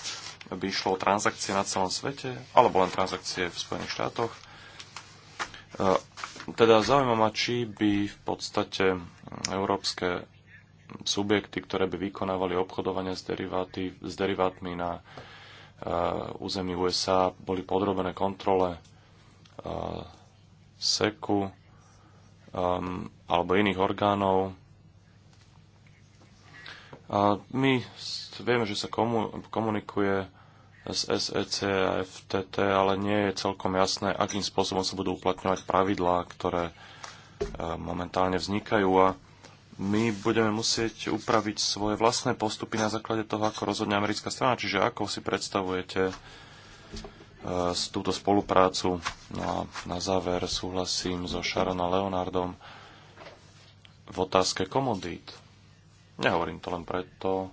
Speaker 3: by išlo o transakcie na celom svete, alebo len transakcie v Spojených štátoch. E, teda zaujímavá, ma, či by v podstate európske subjekty, ktoré by vykonávali obchodovanie s, deriváty, s derivátmi na e, území USA, boli podrobené kontrole SEKu um, alebo iných orgánov. A my vieme, že sa komu- komunikuje s SEC a FTT, ale nie je celkom jasné, akým spôsobom sa budú uplatňovať pravidlá, ktoré uh, momentálne vznikajú a my budeme musieť upraviť svoje vlastné postupy na základe toho, ako rozhodne americká strana. Čiže ako si predstavujete s túto spoluprácu. No a na záver súhlasím so Sharon a Leonardom v otázke komodít. Nehovorím to len preto,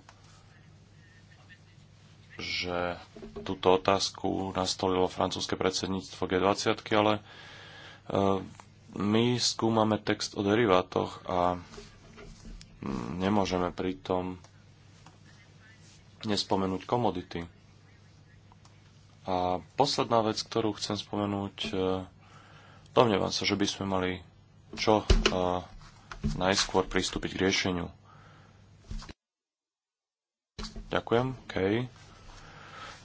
Speaker 3: že túto otázku nastolilo francúzske predsedníctvo G20, ale e, my skúmame text o derivátoch a mm, nemôžeme pritom nespomenúť komodity a posledná vec, ktorú chcem spomenúť, e, domnievam sa, že by sme mali čo e, najskôr pristúpiť k riešeniu. Ďakujem, Kej.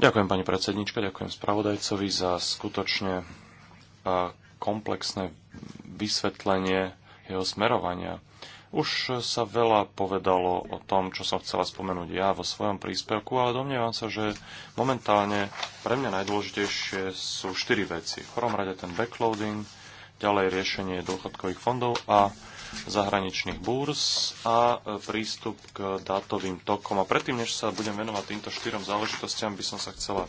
Speaker 3: Ďakujem pani predsednička, ďakujem spravodajcovi za skutočne e, komplexné vysvetlenie jeho smerovania. Už sa veľa povedalo o tom, čo som chcela spomenúť ja vo svojom príspevku, ale domnievam sa, že momentálne pre mňa najdôležitejšie sú štyri veci. V prvom rade ten backloading, ďalej riešenie dôchodkových fondov a zahraničných búrz a prístup k dátovým tokom. A predtým, než sa budem venovať týmto štyrom záležitostiam, by som sa chcela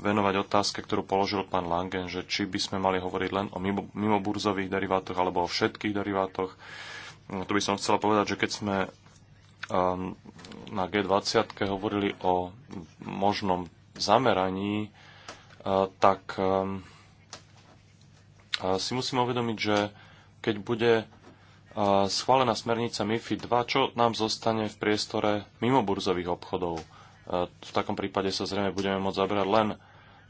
Speaker 3: venovať otázke, ktorú položil pán Langen, že či by sme mali hovoriť len o mimoburzových derivátoch alebo o všetkých derivátoch No, to by som chcela povedať, že keď sme um, na G20 hovorili o možnom zameraní, uh, tak um, uh, si musíme uvedomiť, že keď bude uh, schválená smernica MIFI 2, čo nám zostane v priestore mimo burzových obchodov? Uh, v takom prípade sa zrejme budeme môcť zaberať len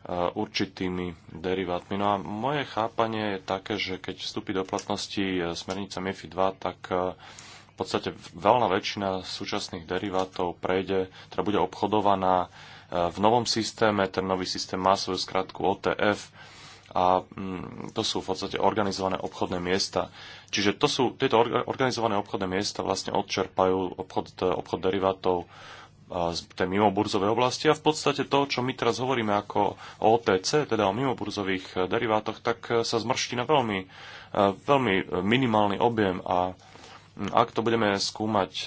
Speaker 3: E, určitými derivátmi. No a moje chápanie je také, že keď vstúpi do platnosti e, smernica MIFI 2, tak e, v podstate veľná väčšina súčasných derivátov prejde, teda bude obchodovaná v novom systéme. Ten nový systém má svoju skratku OTF a mm, to sú v podstate organizované obchodné miesta. Čiže to sú, tieto organizované obchodné miesta vlastne odčerpajú obchod, obchod derivátov z tej mimoburzovej oblasti a v podstate to, čo my teraz hovoríme ako o OTC, teda o mimoburzových derivátoch, tak e, sa zmrští na veľmi, e, veľmi minimálny objem a mm, ak to budeme skúmať e,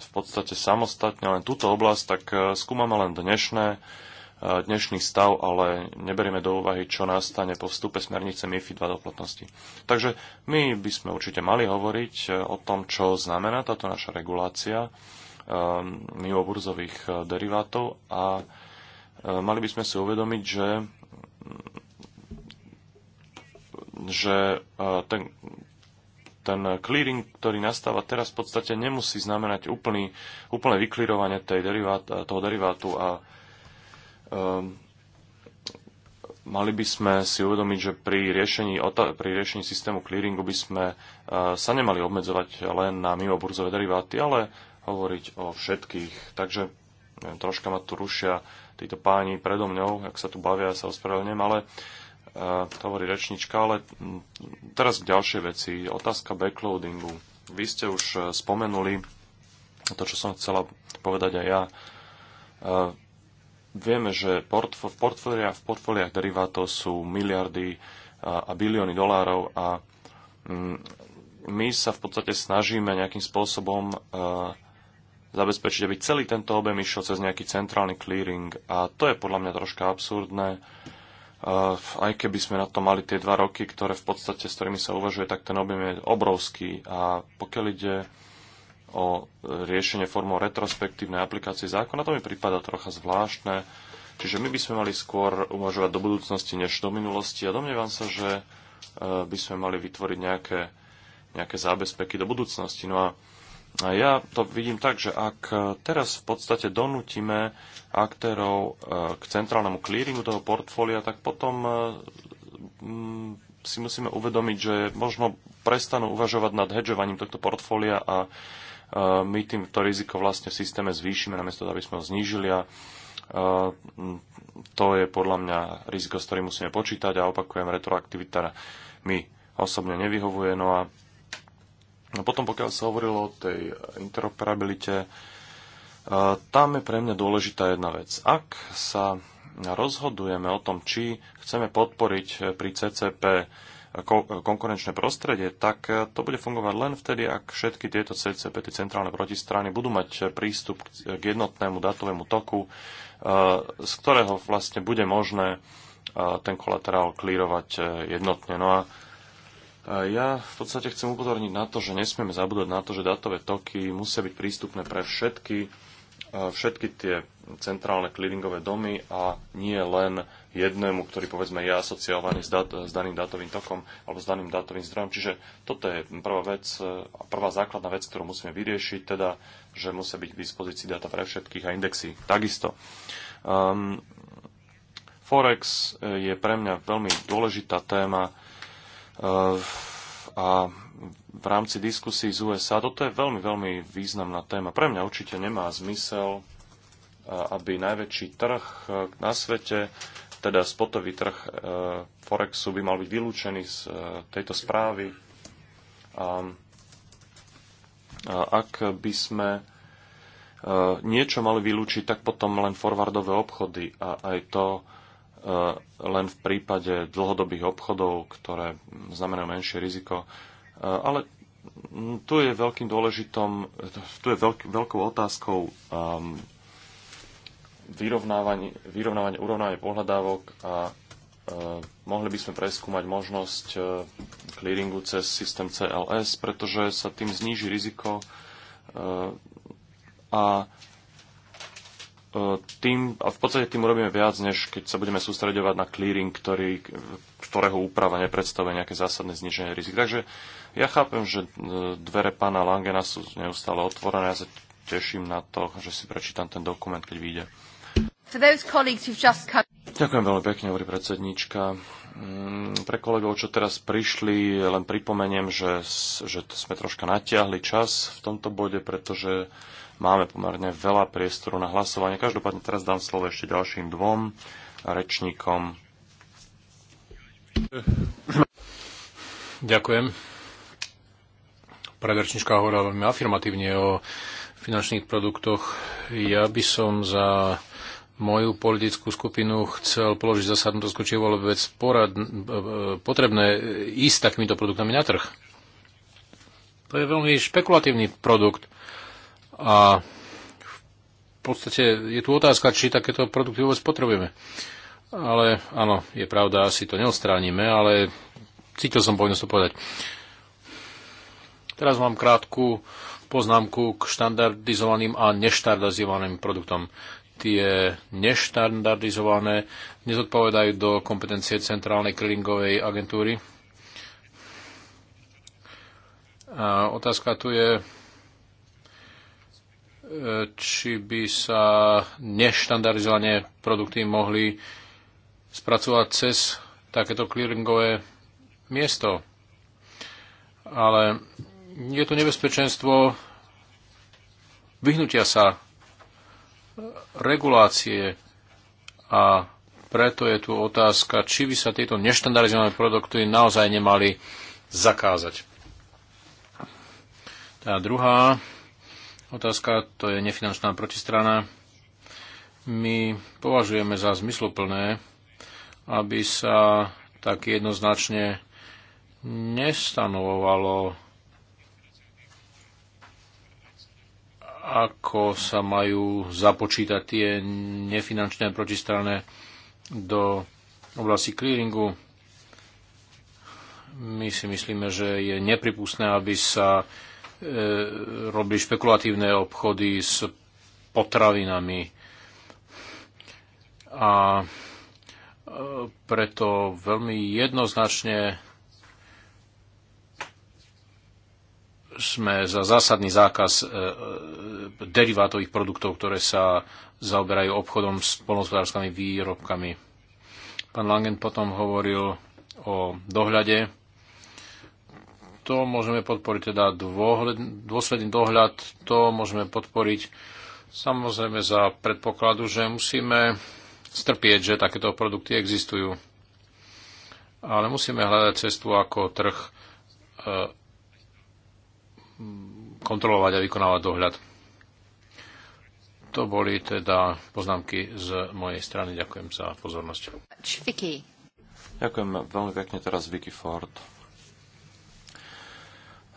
Speaker 3: v podstate samostatne len túto oblasť, tak skúmame len dnešné, dnešný stav, ale neberieme do úvahy, čo nastane po vstupe smernice MIFID 2 do platnosti. Takže my by sme určite mali hovoriť o tom, čo znamená táto naša regulácia Um, mimoburzových uh, derivátov a uh, mali by sme si uvedomiť, že že uh, ten, ten clearing, ktorý nastáva teraz, v podstate nemusí znamenať úplný, úplné vyklírovanie tej derivát, toho derivátu a um, mali by sme si uvedomiť, že pri riešení, pri riešení systému clearingu by sme uh, sa nemali obmedzovať len na mimoburzové deriváty, ale hovoriť o všetkých. Takže neviem, troška ma tu rušia títo páni predo mňou, ak sa tu bavia, ja sa ospravedlňujem, ale uh, to hovorí rečnička, ale m, teraz k ďalšej veci. Otázka backloadingu. Vy ste už uh, spomenuli to, čo som chcela povedať aj ja. Uh, vieme, že portf- v, portfóliách, v portfóliách derivátov sú miliardy a, a bilióny dolárov a um, my sa v podstate snažíme nejakým spôsobom uh, zabezpečiť, aby celý tento objem išiel cez nejaký centrálny clearing. A to je podľa mňa troška absurdné. E, aj keby sme na to mali tie dva roky, ktoré v podstate, s ktorými sa uvažuje, tak ten objem je obrovský. A pokiaľ ide o riešenie formou retrospektívnej aplikácie zákona, to mi prípada trocha zvláštne. Čiže my by sme mali skôr uvažovať do budúcnosti než do minulosti a domnievam sa, že e, by sme mali vytvoriť nejaké, nejaké zábezpeky do budúcnosti. No a ja to vidím tak, že ak e, teraz v podstate donútime aktérov e, k centrálnemu clearingu toho portfólia, tak potom e, mm, si musíme uvedomiť, že možno prestanú uvažovať nad hedžovaním tohto portfólia a my týmto riziko vlastne v systéme zvýšime, namiesto aby sme ho znížili a to je podľa mňa riziko, s ktorým musíme počítať a opakujem, retroaktivita mi osobne nevyhovuje. No a No potom, pokiaľ sa hovorilo o tej interoperabilite, e, tam je pre mňa dôležitá jedna vec. Ak sa rozhodujeme o tom, či chceme podporiť pri CCP konkurenčné prostredie, tak e, to bude fungovať len vtedy, ak všetky tieto CCP, tie centrálne protistrany, budú mať prístup k jednotnému datovému toku, e, z ktorého vlastne bude možné ten kolaterál klírovať jednotne. No a ja v podstate chcem upozorniť na to, že nesmieme zabúdať na to, že datové toky musia byť prístupné pre všetky, všetky tie centrálne clearingové domy a nie len jednému, ktorý povedzme je asociovaný s, dat- s daným datovým tokom alebo s daným datovým zdrojom. Čiže toto je prvá vec e, a prvá základná vec, ktorú musíme vyriešiť, teda, že musia byť k dispozícii data pre všetkých a indexy takisto. Um, Forex e, je pre mňa veľmi dôležitá téma a v rámci diskusí z USA. Toto je veľmi, veľmi významná téma. Pre mňa určite nemá zmysel, aby najväčší trh e, na svete, teda spotový trh e, Forexu, by mal byť vylúčený z e, tejto správy. A ak by sme niečo mali vylúčiť, tak potom len forwardové obchody a aj to, Eh, len v prípade dlhodobých obchodov, ktoré znamenajú menšie riziko. Eh, ale tu je veľkým dôležitom, tu je veľk, veľkou otázkou um, vyrovnávanie, vyrovnávanie, urovnávanie pohľadávok a uh, mohli by sme preskúmať možnosť uh, clearingu cez systém CLS, pretože sa tým zníži riziko uh, a tým, a v podstate tým urobíme viac, než keď sa budeme sústredovať na clearing, ktorý, ktorého úprava nepredstavuje nejaké zásadné zniženie rizik. Takže ja chápem, že e, dvere pána Langena sú neustále otvorené. Ja sa teším na to, že si prečítam ten dokument, keď vyjde. Ďakujem veľmi pekne, hovorí predsednička. Mm, pre kolegov, čo teraz prišli, len pripomeniem, že, že sme troška natiahli čas v tomto bode, pretože máme pomerne veľa priestoru na hlasovanie. Každopádne teraz dám slovo ešte ďalším dvom rečníkom.
Speaker 2: Ďakujem. Predrečnička hovorila veľmi afirmatívne o finančných produktoch. Ja by som za moju politickú skupinu chcel položiť zasadnú otázku, či je vôbec porad, potrebné ísť takýmito produktami na trh. To je veľmi špekulatívny produkt. A v podstate je tu otázka, či takéto produkty vôbec potrebujeme. Ale áno, je pravda, asi to neostránime, ale cítil som povinnosť to povedať. Teraz mám krátku poznámku k štandardizovaným a neštandardizovaným produktom. Tie neštandardizované nezodpovedajú do kompetencie Centrálnej krilingovej agentúry. A otázka tu je, či by sa neštandardizované produkty mohli spracovať cez takéto clearingové miesto. Ale je tu nebezpečenstvo vyhnutia sa regulácie a preto je tu otázka, či by sa tieto neštandardizované produkty naozaj nemali zakázať. Tá druhá otázka, to je nefinančná protistrana. My považujeme za zmysluplné, aby sa tak jednoznačne nestanovovalo, ako sa majú započítať tie nefinančné protistrané do oblasti clearingu. My si myslíme, že je nepripustné, aby sa E, robili špekulatívne obchody s potravinami. A e, preto veľmi jednoznačne sme za zásadný zákaz e, derivátových produktov, ktoré sa zaoberajú obchodom s polnospodárskými výrobkami. Pán Langen potom hovoril o dohľade to môžeme podporiť, teda dôhled, dôsledný dohľad, to môžeme podporiť samozrejme za predpokladu, že musíme strpieť, že takéto produkty existujú. Ale musíme hľadať cestu, ako trh eh, kontrolovať a vykonávať dohľad. To boli teda poznámky z mojej strany. Ďakujem za pozornosť.
Speaker 1: Čviky.
Speaker 3: Ďakujem veľmi pekne teraz Vicky Ford.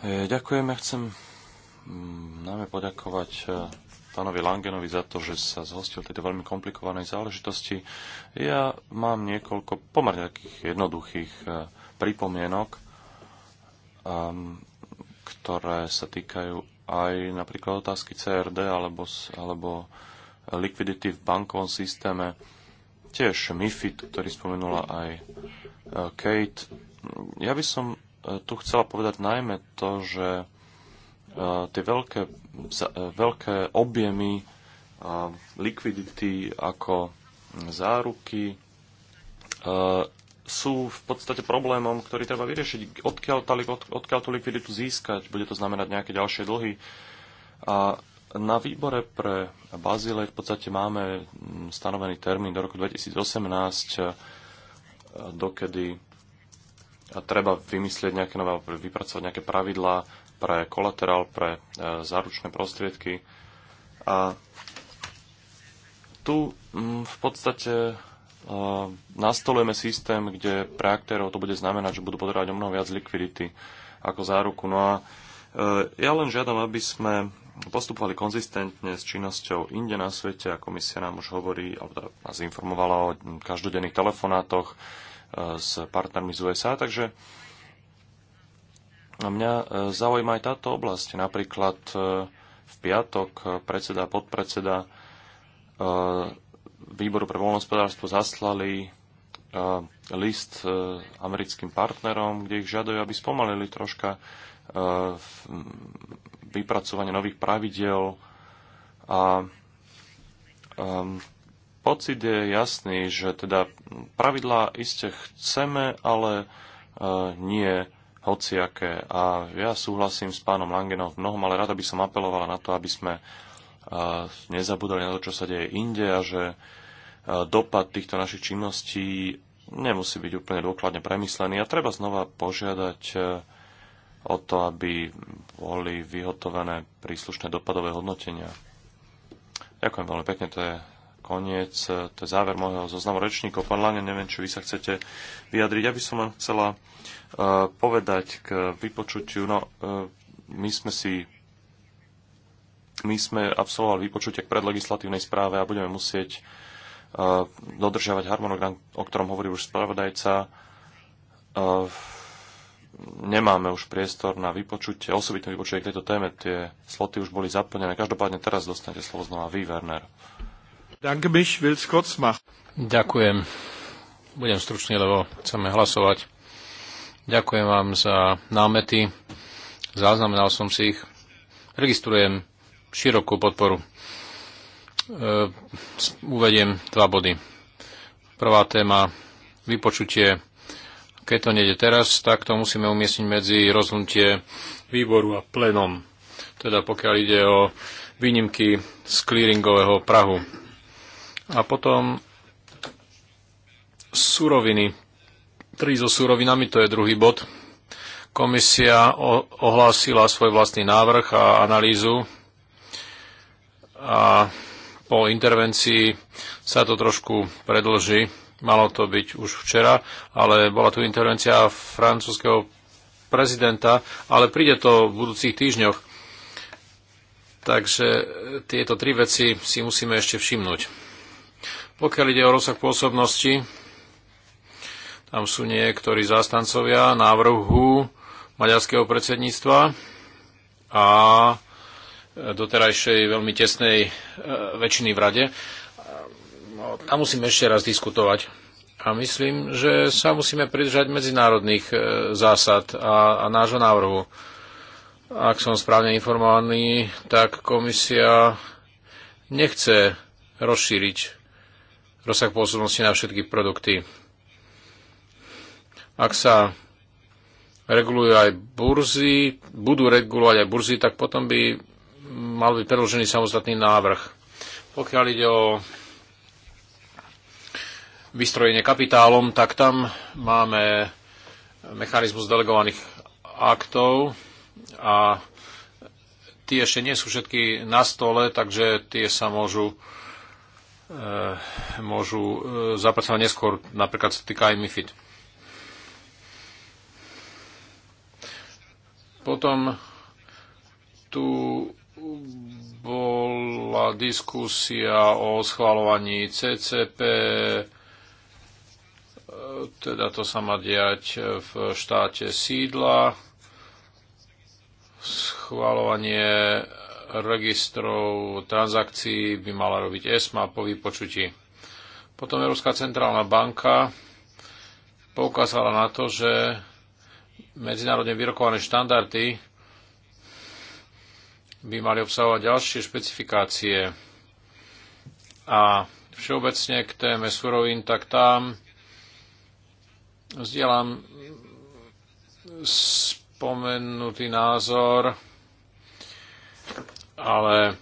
Speaker 3: E, ďakujem, ja chcem mm, najmä poďakovať e, pánovi Langenovi za to, že sa zhostil tejto veľmi komplikovanej záležitosti. Ja mám niekoľko pomerne takých jednoduchých e, pripomienok, ehm, ktoré sa týkajú aj napríklad otázky CRD alebo, alebo likvidity v bankovom systéme. Tiež MIFID, ktorý spomenula aj Kate. Ja by som tu chcela povedať najmä to, že e, tie veľké, e, veľké objemy e, likvidity ako záruky sú v podstate problémom, ktorý treba vyriešiť. Odkiaľ, tá, odkiaľ tú likviditu získať? Bude to znamenať nejaké ďalšie dlhy? A na výbore pre Bazile v podstate máme stanovený termín do roku 2018, dokedy treba vymyslieť nejaké nové, vypracovať nejaké pravidlá pre kolaterál, pre e, záručné prostriedky. A tu mm, v podstate e, nastolujeme systém, kde pre aktérov to bude znamenať, že budú potrebovať o mnoho viac likvidity ako záruku. No a e, ja len žiadam, aby sme postupovali konzistentne s činnosťou inde na svete a komisia nám už hovorí, alebo teda nás informovala o každodenných telefonátoch s partnermi z USA. Takže mňa e, zaujíma aj táto oblasť. Napríklad e, v piatok predseda a podpredseda e, výboru pre voľnohospodárstvo zaslali list americkým partnerom, kde ich žiadajú, aby spomalili troška vypracovanie nových pravidel a pocit je jasný, že teda pravidlá iste chceme, ale e, nie hociaké. A ja súhlasím s pánom Langenom v mnohom, ale rada by som apelovala na to, aby sme e, nezabudali na to, čo sa deje inde a že e, dopad týchto našich činností nemusí byť úplne dôkladne premyslený a treba znova požiadať o to, aby boli vyhotovené príslušné dopadové hodnotenia. Ďakujem veľmi pekne, to je koniec, e, to je záver môjho zoznamu rečníkov. Pán Lane, neviem, či vy sa chcete vyjadriť. Ja by som vám chcela uh, povedať k vypočutiu. No, uh, my sme si my sme absolvovali vypočutie k predlegislatívnej správe a budeme musieť uh, dodržiavať harmonogram, o ktorom hovorí už spravodajca. Uh, nemáme už priestor na vypočutie, osobitné vypočutie k tejto téme. Tie sloty už boli zaplnené. Každopádne teraz dostanete slovo znova vy, Werner. Uh,
Speaker 2: Ďakujem. Budem stručný, lebo chceme hlasovať. Ďakujem vám za námety. Zaznamenal som si ich. Registrujem širokú podporu. E, uvediem dva body. Prvá téma, vypočutie. Keď to nejde teraz, tak to musíme umiestniť medzi rozhodnutie výboru a plenom. Teda pokiaľ ide o výnimky z clearingového Prahu a potom suroviny. Tri so surovinami, to je druhý bod. Komisia ohlásila svoj vlastný návrh a analýzu a po intervencii sa to trošku predlží. Malo to byť už včera, ale bola tu intervencia francúzského prezidenta, ale príde to v budúcich týždňoch. Takže tieto tri veci si musíme ešte všimnúť. Pokiaľ ide o rozsah pôsobnosti, tam sú niektorí zástancovia návrhu maďarského predsedníctva a doterajšej veľmi tesnej e, väčšiny v rade. No, tam musím ešte raz diskutovať. A myslím, že sa musíme pridržať medzinárodných e, zásad a, a nášho návrhu. Ak som správne informovaný, tak komisia nechce rozšíriť rozsah pôsobnosti na všetky produkty. Ak sa regulujú aj burzy, budú regulovať aj burzy, tak potom by mal byť predložený samostatný návrh. Pokiaľ ide o vystrojenie kapitálom, tak tam máme mechanizmus delegovaných aktov a tie ešte nie sú všetky na stole, takže tie sa môžu Eh, môžu eh, zapracovať neskôr, napríklad sa týka aj MIFID. Potom tu bola diskusia o schvalovaní CCP, eh, teda to sa má diať v štáte sídla, schvalovanie registrov transakcií by mala robiť ESMA po vypočutí. Potom Európska centrálna banka poukázala na to, že medzinárodne vyrokované štandardy by mali obsahovať ďalšie špecifikácie. A všeobecne k téme surovín, tak tam vzdielam spomenutý názor, ale e,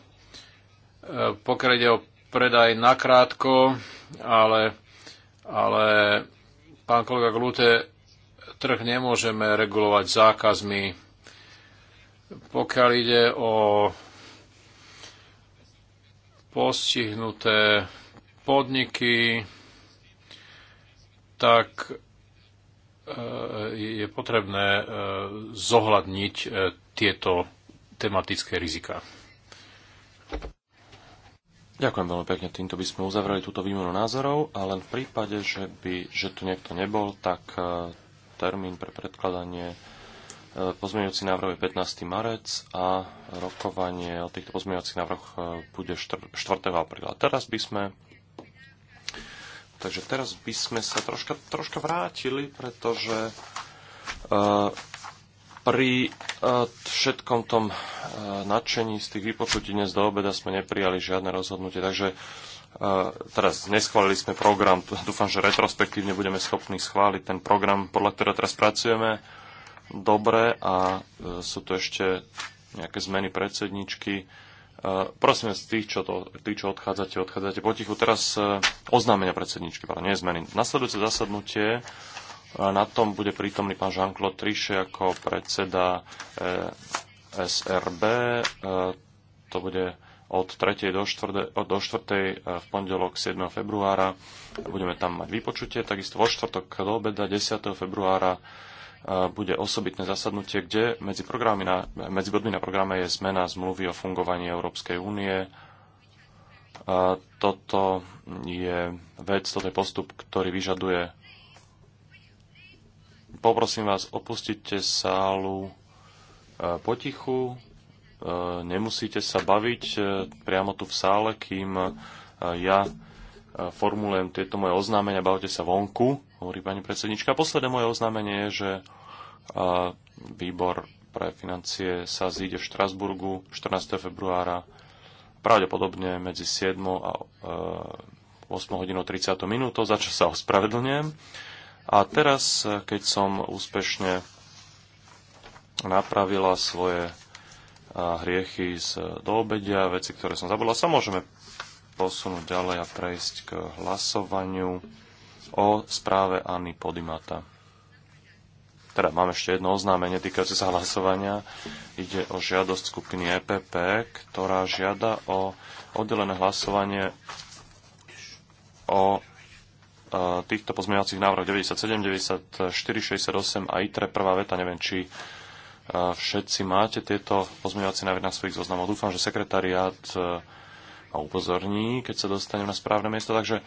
Speaker 2: pokiaľ ide o predaj nakrátko, ale, ale pán kolega Glute, trh nemôžeme regulovať zákazmi. Pokiaľ ide o postihnuté podniky, tak e, je potrebné e, zohľadniť tieto tematické rizika.
Speaker 3: Ďakujem veľmi pekne. Týmto by sme uzavreli túto výmenu názorov a len v prípade, že by že tu niekto nebol, tak e, termín pre predkladanie e, pozmeňujúci návrh je 15. marec a rokovanie o týchto pozmeňujúcich návrhoch e, bude 4. apríla. Teraz by sme Takže teraz by sme sa troška, troška vrátili, pretože uh, pri e, všetkom tom e, nadšení z tých vypočutí dnes do obeda sme neprijali žiadne rozhodnutie, takže e, teraz neschválili sme program, dúfam, že retrospektívne budeme schopní schváliť ten program, podľa ktorého teraz pracujeme dobre a sú to ešte nejaké zmeny predsedničky. Prosím vás, tých, čo, to, tí, čo odchádzate, odchádzate potichu. Teraz oznámenia predsedničky, ale nie zmeny. Nasledujúce zasadnutie na tom bude prítomný pán Jean-Claude Trichet ako predseda eh, SRB. Eh, to bude od 3. do 4. Do 4. Eh, v pondelok 7. februára. Budeme tam mať vypočutie. Takisto vo štvrtok do obeda 10. februára bude osobitné zasadnutie, kde medzi, na, medzi bodmi na programe je zmena zmluvy o fungovaní Európskej únie toto je vec, toto je postup, ktorý vyžaduje Poprosím vás, opustite sálu e, potichu. E, nemusíte sa baviť e, priamo tu v sále, kým ja formulujem tieto moje oznámenia. Bavte sa vonku, hovorí pani predsednička. Posledné moje oznámenie je, že výbor pre financie sa zíde v Štrasburgu 14. februára pravdepodobne medzi 7 a 8 hodinou 30 minútou, za čo sa ospravedlňujem. A teraz, keď som úspešne napravila svoje hriechy z doobedia, veci, ktoré som zabudla, sa môžeme posunúť ďalej a prejsť k hlasovaniu o správe Anny Podimata. Teda mám ešte jedno oznámenie týkajúce sa hlasovania. Ide o žiadosť skupiny EPP, ktorá žiada o oddelené hlasovanie o týchto pozmeňovacích návrhov 97, 94, 68 a ITRE prvá veta. Neviem, či všetci máte tieto pozmeňovacie návrhy na svojich zoznamoch. Dúfam, že sekretariát ma upozorní, keď sa dostanem na správne miesto. Takže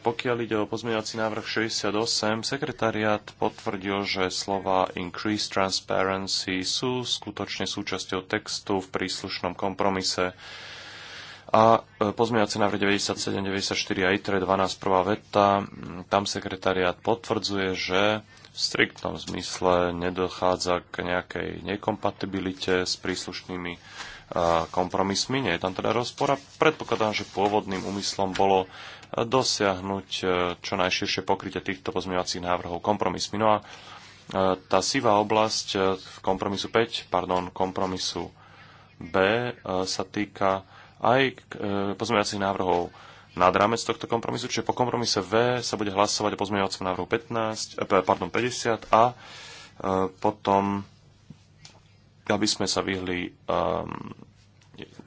Speaker 3: pokiaľ ide o pozmeňovací návrh 68, sekretariát potvrdil, že slova increase transparency sú skutočne súčasťou textu v príslušnom kompromise a e, pozmeňovacie návrh 97, 94 a 12, prvá veta, mm, tam sekretariát potvrdzuje, že v striktnom zmysle nedochádza k nejakej nekompatibilite s príslušnými e, kompromismi. Nie je tam teda rozpor a predpokladám, že pôvodným úmyslom bolo e, dosiahnuť čo najširšie pokrytie týchto pozmeňovacích návrhov kompromismi. No a tá sivá oblasť v kompromisu 5, pardon, kompromisu B sa týka aj e, pozmeňovacích návrhov nad rámec tohto kompromisu, čiže po kompromise V sa bude hlasovať o pozmeňovacom návrhu 15, e, pardon, 50 a e, potom, aby sme sa vyhli um,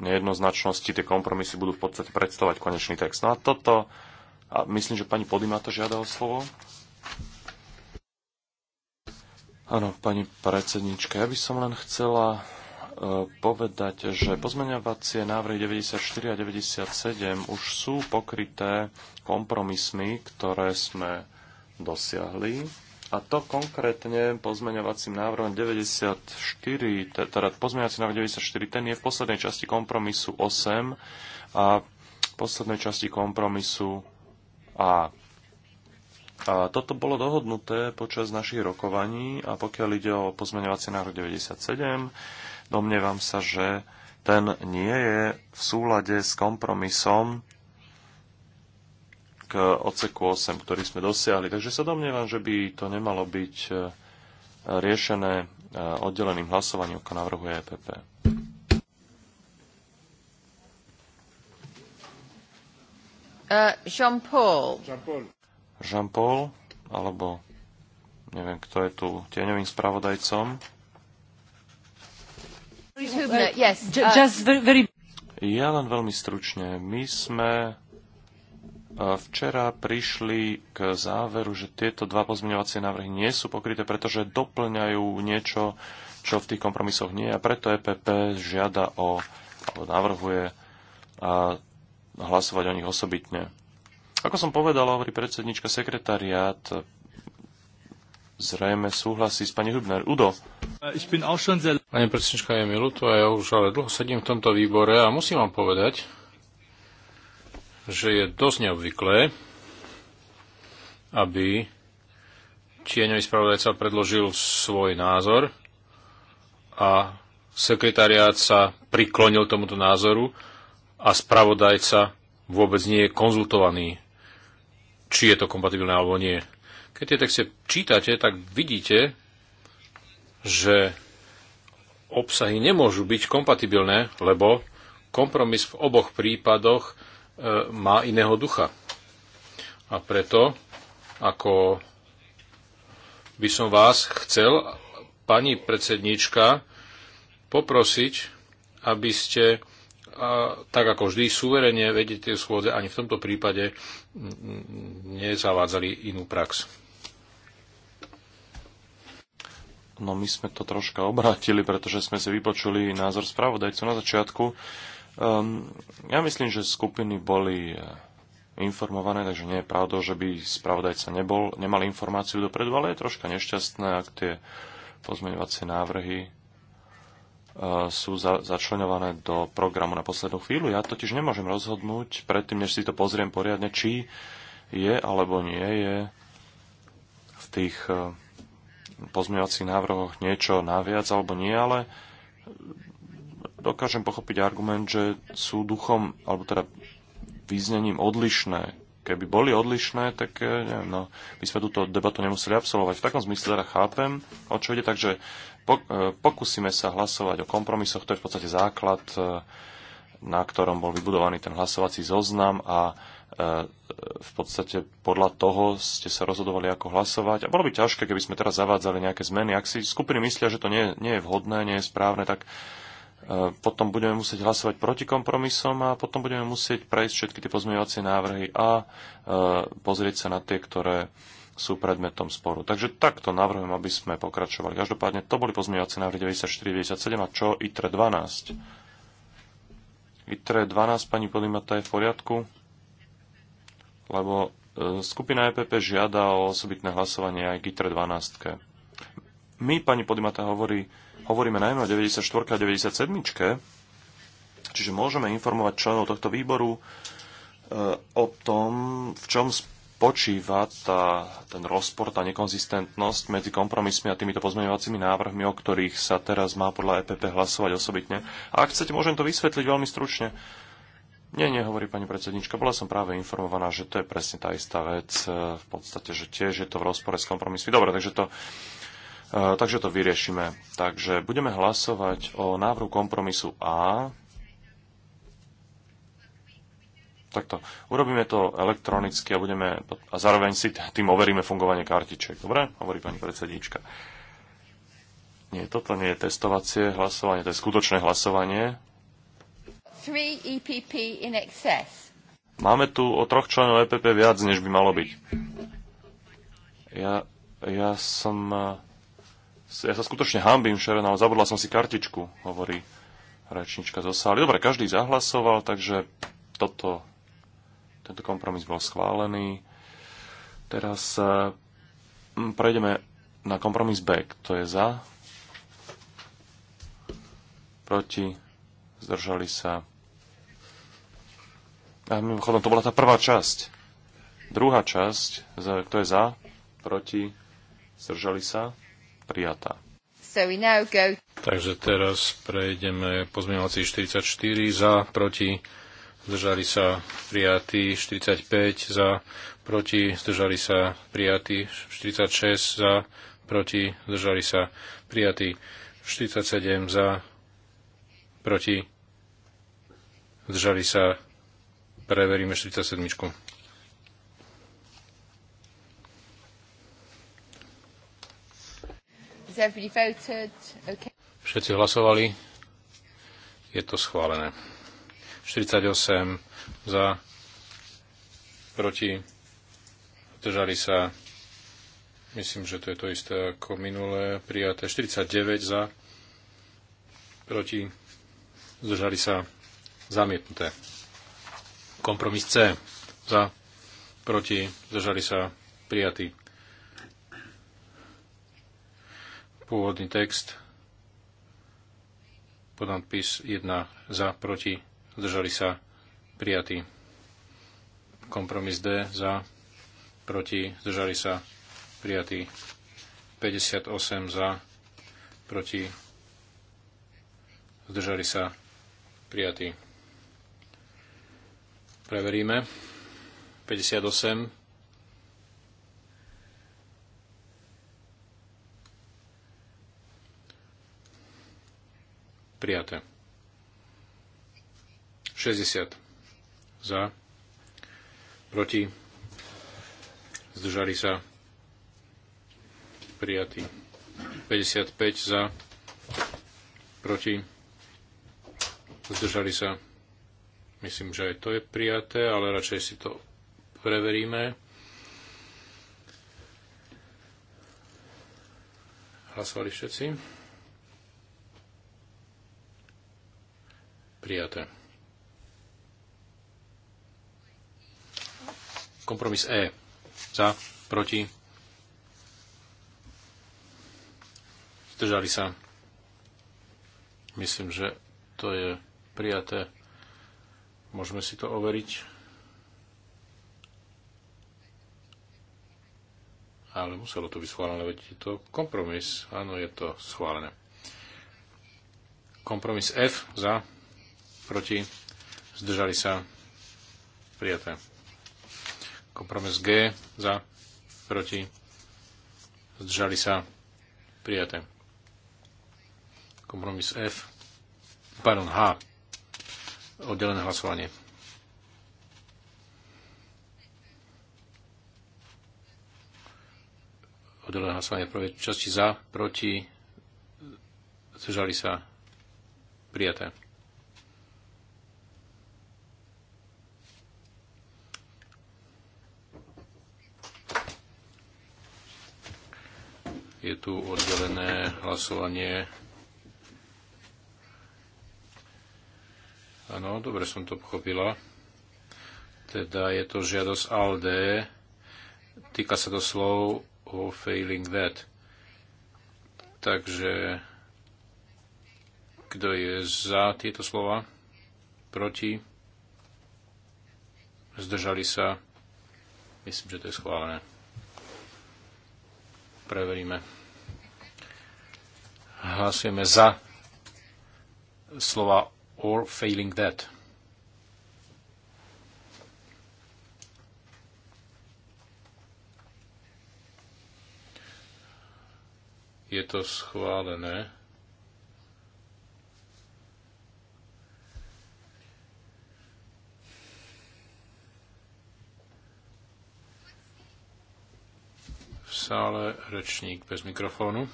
Speaker 3: nejednoznačnosti, tie kompromisy budú v podstate predstavovať konečný text. No a toto, a myslím, že pani to žiada o slovo. Áno, pani predsednička, ja by som len chcela povedať, že pozmeňovacie návrhy 94 a 97 už sú pokryté kompromismi, ktoré sme dosiahli. A to konkrétne pozmeňovacím návrhom 94, teda pozmeňovací návrh 94, ten je v poslednej časti kompromisu 8 a v poslednej časti kompromisu A. A toto bolo dohodnuté počas našich rokovaní a pokiaľ ide o pozmeňovací návrh 97, Domnievam sa, že ten nie je v súlade s kompromisom k odseku 8, ktorý sme dosiahli. Takže sa domnievam, že by to nemalo byť e, riešené e, oddeleným hlasovaním, ako navrhuje EPP. E,
Speaker 1: uh, Jean-Paul.
Speaker 3: Jean-Paul, alebo neviem, kto je tu tieňovým spravodajcom.
Speaker 2: No, uh,
Speaker 3: ja len veľmi stručne. My sme uh, včera prišli k záveru, že tieto dva pozmeňovacie návrhy nie sú pokryté, pretože doplňajú niečo, čo v tých kompromisoch nie je. A preto EPP žiada o, alebo navrhuje a hlasovať o nich osobitne. Ako som povedal, hovorí predsednička, sekretariát zrejme súhlasí s pani Hübner. Udo.
Speaker 2: Pani predsednička, je mi ľúto, ja už ale dlho sedím v tomto výbore a musím vám povedať, že je dosť neobvyklé, aby tieňový spravodajca predložil svoj názor a sekretariát sa priklonil tomuto názoru a spravodajca vôbec nie je konzultovaný, či je to kompatibilné alebo nie. Keď tie texte čítate, tak vidíte, že obsahy nemôžu byť kompatibilné, lebo kompromis v oboch prípadoch e, má iného ducha. A preto, ako by som vás chcel, pani predsednička, poprosiť, aby ste, a, tak ako vždy, suverene vedete schôdze, ani v tomto prípade nezavádzali inú prax.
Speaker 3: No my sme to troška obrátili, pretože sme si vypočuli názor spravodajcu na začiatku. Um, ja myslím, že skupiny boli eh, informované, takže nie je pravdou, že by spravodajca nebol, nemal informáciu dopredu, ale je troška nešťastné, ak tie pozmeňovacie návrhy uh, sú za, začlenované do programu na poslednú chvíľu. Ja totiž nemôžem rozhodnúť predtým, než si to pozriem poriadne, či je alebo nie je v tých uh, pozmeňovacích návrhoch niečo naviac alebo nie, ale dokážem pochopiť argument, že sú duchom, alebo teda význením odlišné. Keby boli odlišné, tak e, neviem, no, by sme túto debatu nemuseli absolvovať. V takom zmysle teda chápem, o čo ide, takže e, pokúsime sa hlasovať o kompromisoch, to je v podstate základ, e, na ktorom bol vybudovaný ten hlasovací zoznam a v podstate podľa toho ste sa rozhodovali, ako hlasovať. A bolo by ťažké, keby sme teraz zavádzali nejaké zmeny. Ak si skupiny myslia, že to nie, nie je vhodné, nie je správne, tak e, potom budeme musieť hlasovať proti kompromisom a potom budeme musieť prejsť všetky tie pozmeňovacie návrhy a e, pozrieť sa na tie, ktoré sú predmetom sporu. Takže takto navrhujem, aby sme pokračovali. Každopádne to boli pozmeňovacie návrhy 94, 97 a čo ITRE 12. ITRE 12, pani Podimata, je v poriadku? lebo e, skupina EPP žiada o osobitné hlasovanie aj k ITRE 12. My, pani Podimata, hovorí, hovoríme najmä o 94. a 97. Čiže môžeme informovať členov tohto výboru e, o tom, v čom spočíva tá, ten rozpor, tá nekonzistentnosť medzi kompromismi a týmito pozmeňovacími návrhmi, o ktorých sa teraz má podľa EPP hlasovať osobitne. A ak chcete, môžem to vysvetliť veľmi stručne. Nie, nie, hovorí pani predsednička. Bola som práve informovaná, že to je presne tá istá vec. E, v podstate, že tiež je to v rozpore s kompromismi. Dobre, takže to, e, takže to vyriešime. Takže budeme hlasovať o návrhu kompromisu A. Takto. Urobíme to elektronicky a, budeme, a zároveň si tým overíme fungovanie kartiček. Dobre? Hovorí pani predsednička. Nie, toto nie je testovacie hlasovanie, to je skutočné hlasovanie
Speaker 1: three EPP in excess.
Speaker 3: Máme tu o troch členov EPP viac, než by malo byť. Ja, ja som... Eh, ja sa skutočne hambím, Šerena, ale zabudla som si kartičku, hovorí rečnička zo sály. Dobre, každý zahlasoval, takže toto, tento kompromis bol schválený. Teraz eh, prejdeme na kompromis B. Kto je za? Proti? Zdržali sa? A mimochodom, to bola tá prvá časť. Druhá časť, kto je za, proti, zdržali sa, prijatá.
Speaker 2: So we now go...
Speaker 3: Takže teraz
Speaker 2: prejdeme pozmeňovací 44 za, proti, zdržali sa, prijatí, 45 za, proti, zdržali sa, prijatí, 46 za, proti, zdržali sa, prijatí, 47 za, proti, zdržali sa, Preveríme 47. Všetci hlasovali. Je to schválené. 48 za, proti, držali sa. Myslím, že to je to isté ako minulé prijaté. 49 za, proti, zdržali sa, zamietnuté. Kompromis C. Za, proti, zdržali sa, prijatý. Pôvodný text. Podnadpis 1. Za, proti, zdržali sa, prijatý. Kompromis D. Za, proti, zdržali sa, prijatý. 58 za, proti, zdržali sa, prijatý. Preveríme. 58. Prijaté. 60. Za. Proti. Zdržali sa. Prijatý. 55 za. Proti. Zdržali sa Myslím, že aj to je prijaté, ale radšej si to preveríme. Hlasovali všetci? Prijaté. Kompromis E. Za, proti. Zdržali sa. Myslím, že to je prijaté. Môžeme si to overiť. Ale muselo to byť schválené, veď je to kompromis. Áno, je to schválené. Kompromis F za, proti, zdržali sa, prijaté. Kompromis G za, proti, zdržali sa, prijaté. Kompromis F, pardon, H Oddelené hlasovanie. Oddelené hlasovanie prvé časti za, proti, zdržali sa, prijaté. Je tu oddelené hlasovanie Áno, dobre som to pochopila. Teda je to žiadosť ALDE. Týka sa to slov o failing that. Takže kto je za tieto slova? Proti? Zdržali sa? Myslím, že to je schválené. Preveríme. Hlasujeme za slova or failing that. Je to schválené. V sále rečník bez mikrofónu.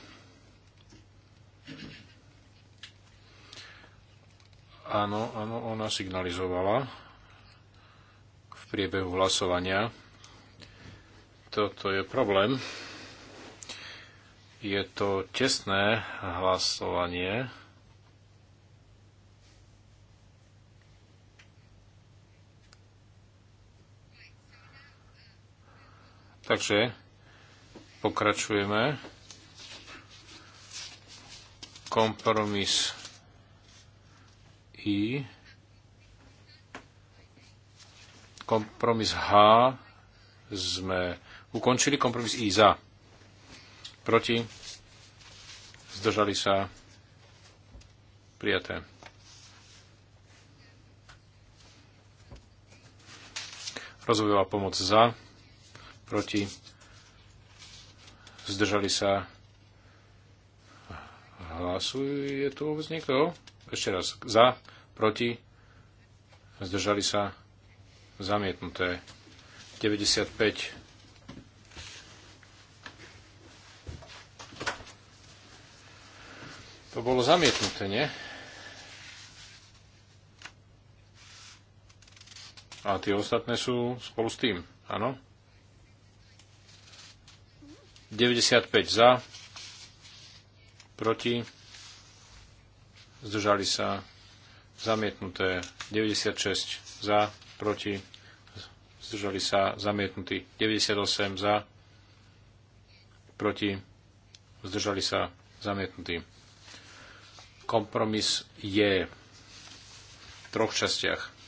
Speaker 2: Áno, áno, ona signalizovala v priebehu hlasovania. Toto je problém. Je to tesné hlasovanie. Takže pokračujeme. Kompromis i. Kompromis H sme ukončili. Kompromis I za. Proti. Zdržali sa. Prijaté. Rozvojová pomoc za. Proti. Zdržali sa. Hlasuje tu vôbec niekto? Ešte raz. Za, proti, zdržali sa, zamietnuté. 95. To bolo zamietnuté, nie? A tie ostatné sú spolu s tým, áno? 95 za, proti, zdržali sa zamietnuté 96 za, proti, zdržali sa zamietnutí 98 za, proti, zdržali sa zamietnutí. Kompromis je v troch častiach.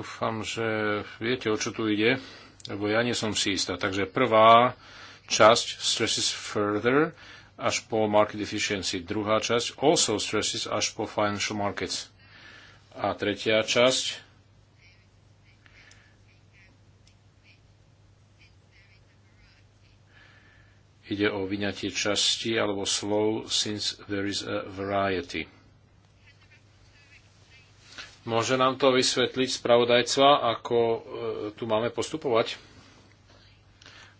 Speaker 2: Dúfam, že viete, o čo tu ide, lebo ja nie som si istá. Takže prvá časť stresses further až po market efficiency. Druhá časť also stresses až po financial markets. A tretia časť ide o vyňatie časti alebo slov since there is a variety. Môže nám to vysvetliť spravodajca, ako e, tu máme postupovať?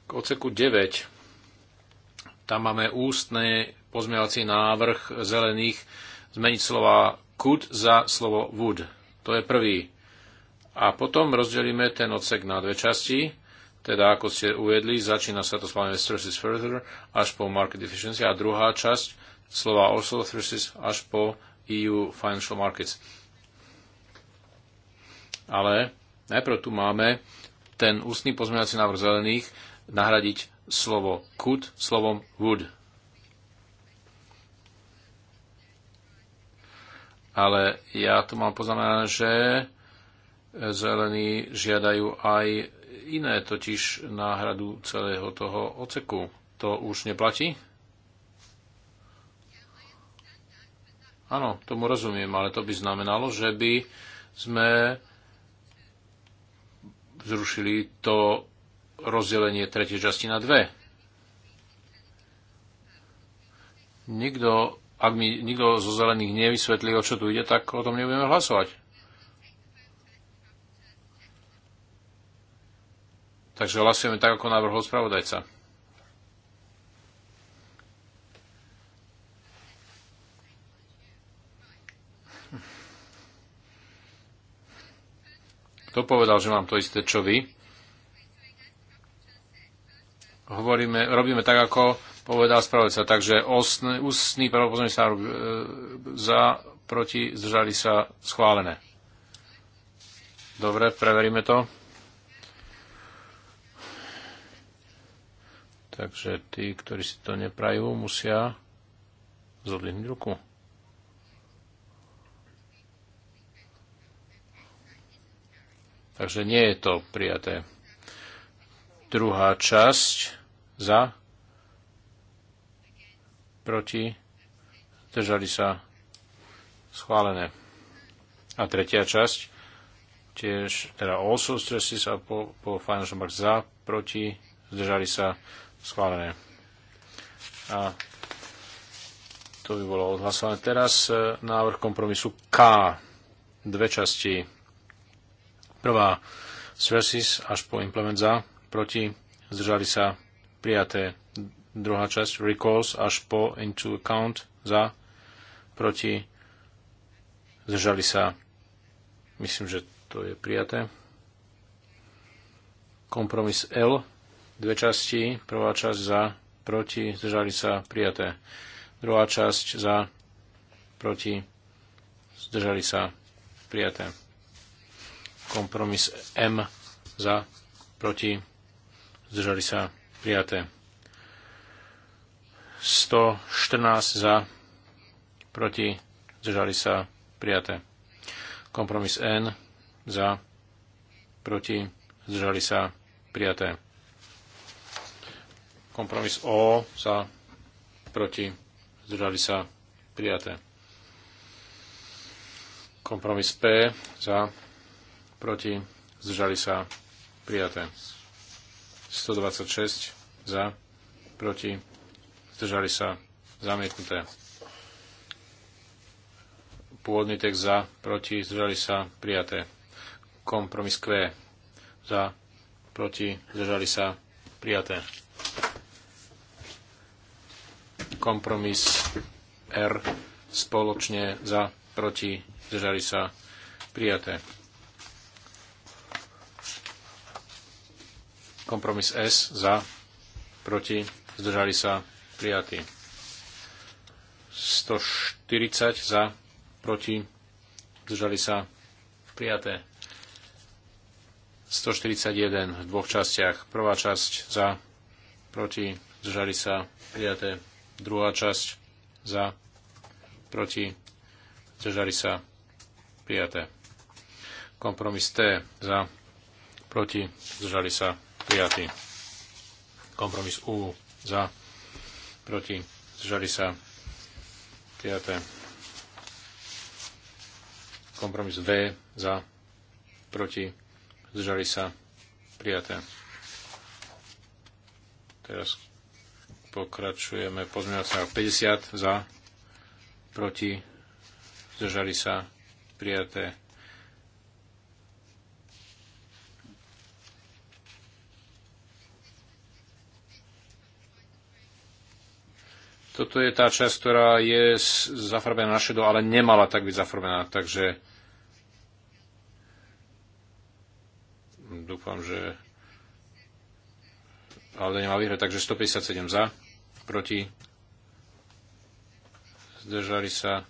Speaker 2: K oceku 9. Tam máme ústny pozmeňovací návrh zelených zmeniť slova could za slovo would. To je prvý. A potom rozdelíme ten odsek na dve časti. Teda, ako ste uvedli, začína sa to slovami stresses further až po market efficiency a druhá časť slova also stresses až po EU financial markets ale najprv tu máme ten ústny pozmeňovací návrh zelených nahradiť slovo could slovom would. Ale ja tu mám poznamená, že zelení žiadajú aj iné, totiž náhradu celého toho oceku. To už neplatí? Áno, tomu rozumiem, ale to by znamenalo, že by sme zrušili to rozdelenie tretej časti na dve. Nikto, ak mi nikto zo zelených nevysvetlí, o čo tu ide, tak o tom nebudeme hlasovať. Takže hlasujeme tak, ako návrhol spravodajca. Kto povedal, že mám to isté, čo vy? Hovoríme, robíme tak, ako povedal spravodajca. Takže osný, ústný pravopozorný sa e, za, proti, zdržali sa schválené. Dobre, preveríme to. Takže tí, ktorí si to neprajú, musia zodlihnúť ruku. Takže nie je to prijaté. Druhá časť za, proti, držali sa schválené. A tretia časť, tiež, teda also stresy sa po, po Financial Mark za, proti, zdržali sa schválené. A to by bolo odhlasované. Teraz e, návrh kompromisu K. Dve časti Prvá z versis až po implement za, proti, zdržali sa prijaté. Druhá časť recalls až po into account za, proti, zdržali sa. Myslím, že to je prijaté. Kompromis L, dve časti, prvá časť za, proti, zdržali sa prijaté. Druhá časť za, proti, zdržali sa prijaté. Kompromis M za, proti, zdržali sa prijaté. 114 za, proti, zdržali sa prijaté. Kompromis N za, proti, zdržali sa prijaté. Kompromis O za, proti, zdržali sa prijaté. Kompromis P za, proti, zdržali sa, prijaté. 126 za, proti, zdržali sa, zamietnuté. Pôvodný text za, proti, zdržali sa, prijaté. Kompromis Q za, proti, zdržali sa, prijaté. Kompromis R spoločne za, proti, zdržali sa, prijaté Kompromis S za, proti, zdržali sa, prijatý. 140 za, proti, zdržali sa, prijaté. 141 v dvoch častiach. Prvá časť za, proti, zdržali sa, prijaté. Druhá časť za, proti, zdržali sa, prijaté. Kompromis T za, proti, zdržali sa, prijatý. Kompromis U za, proti, zdržali sa prijaté. Kompromis V za, proti, zdržali sa prijaté. Teraz pokračujeme pozmeňovací 50 za, proti, zdržali sa prijaté Toto je tá časť, ktorá je zafarbená na šedo, ale nemala tak byť zafarbená. Takže dúfam, že ale nemá výhre, takže 157 za, proti, zdržali sa,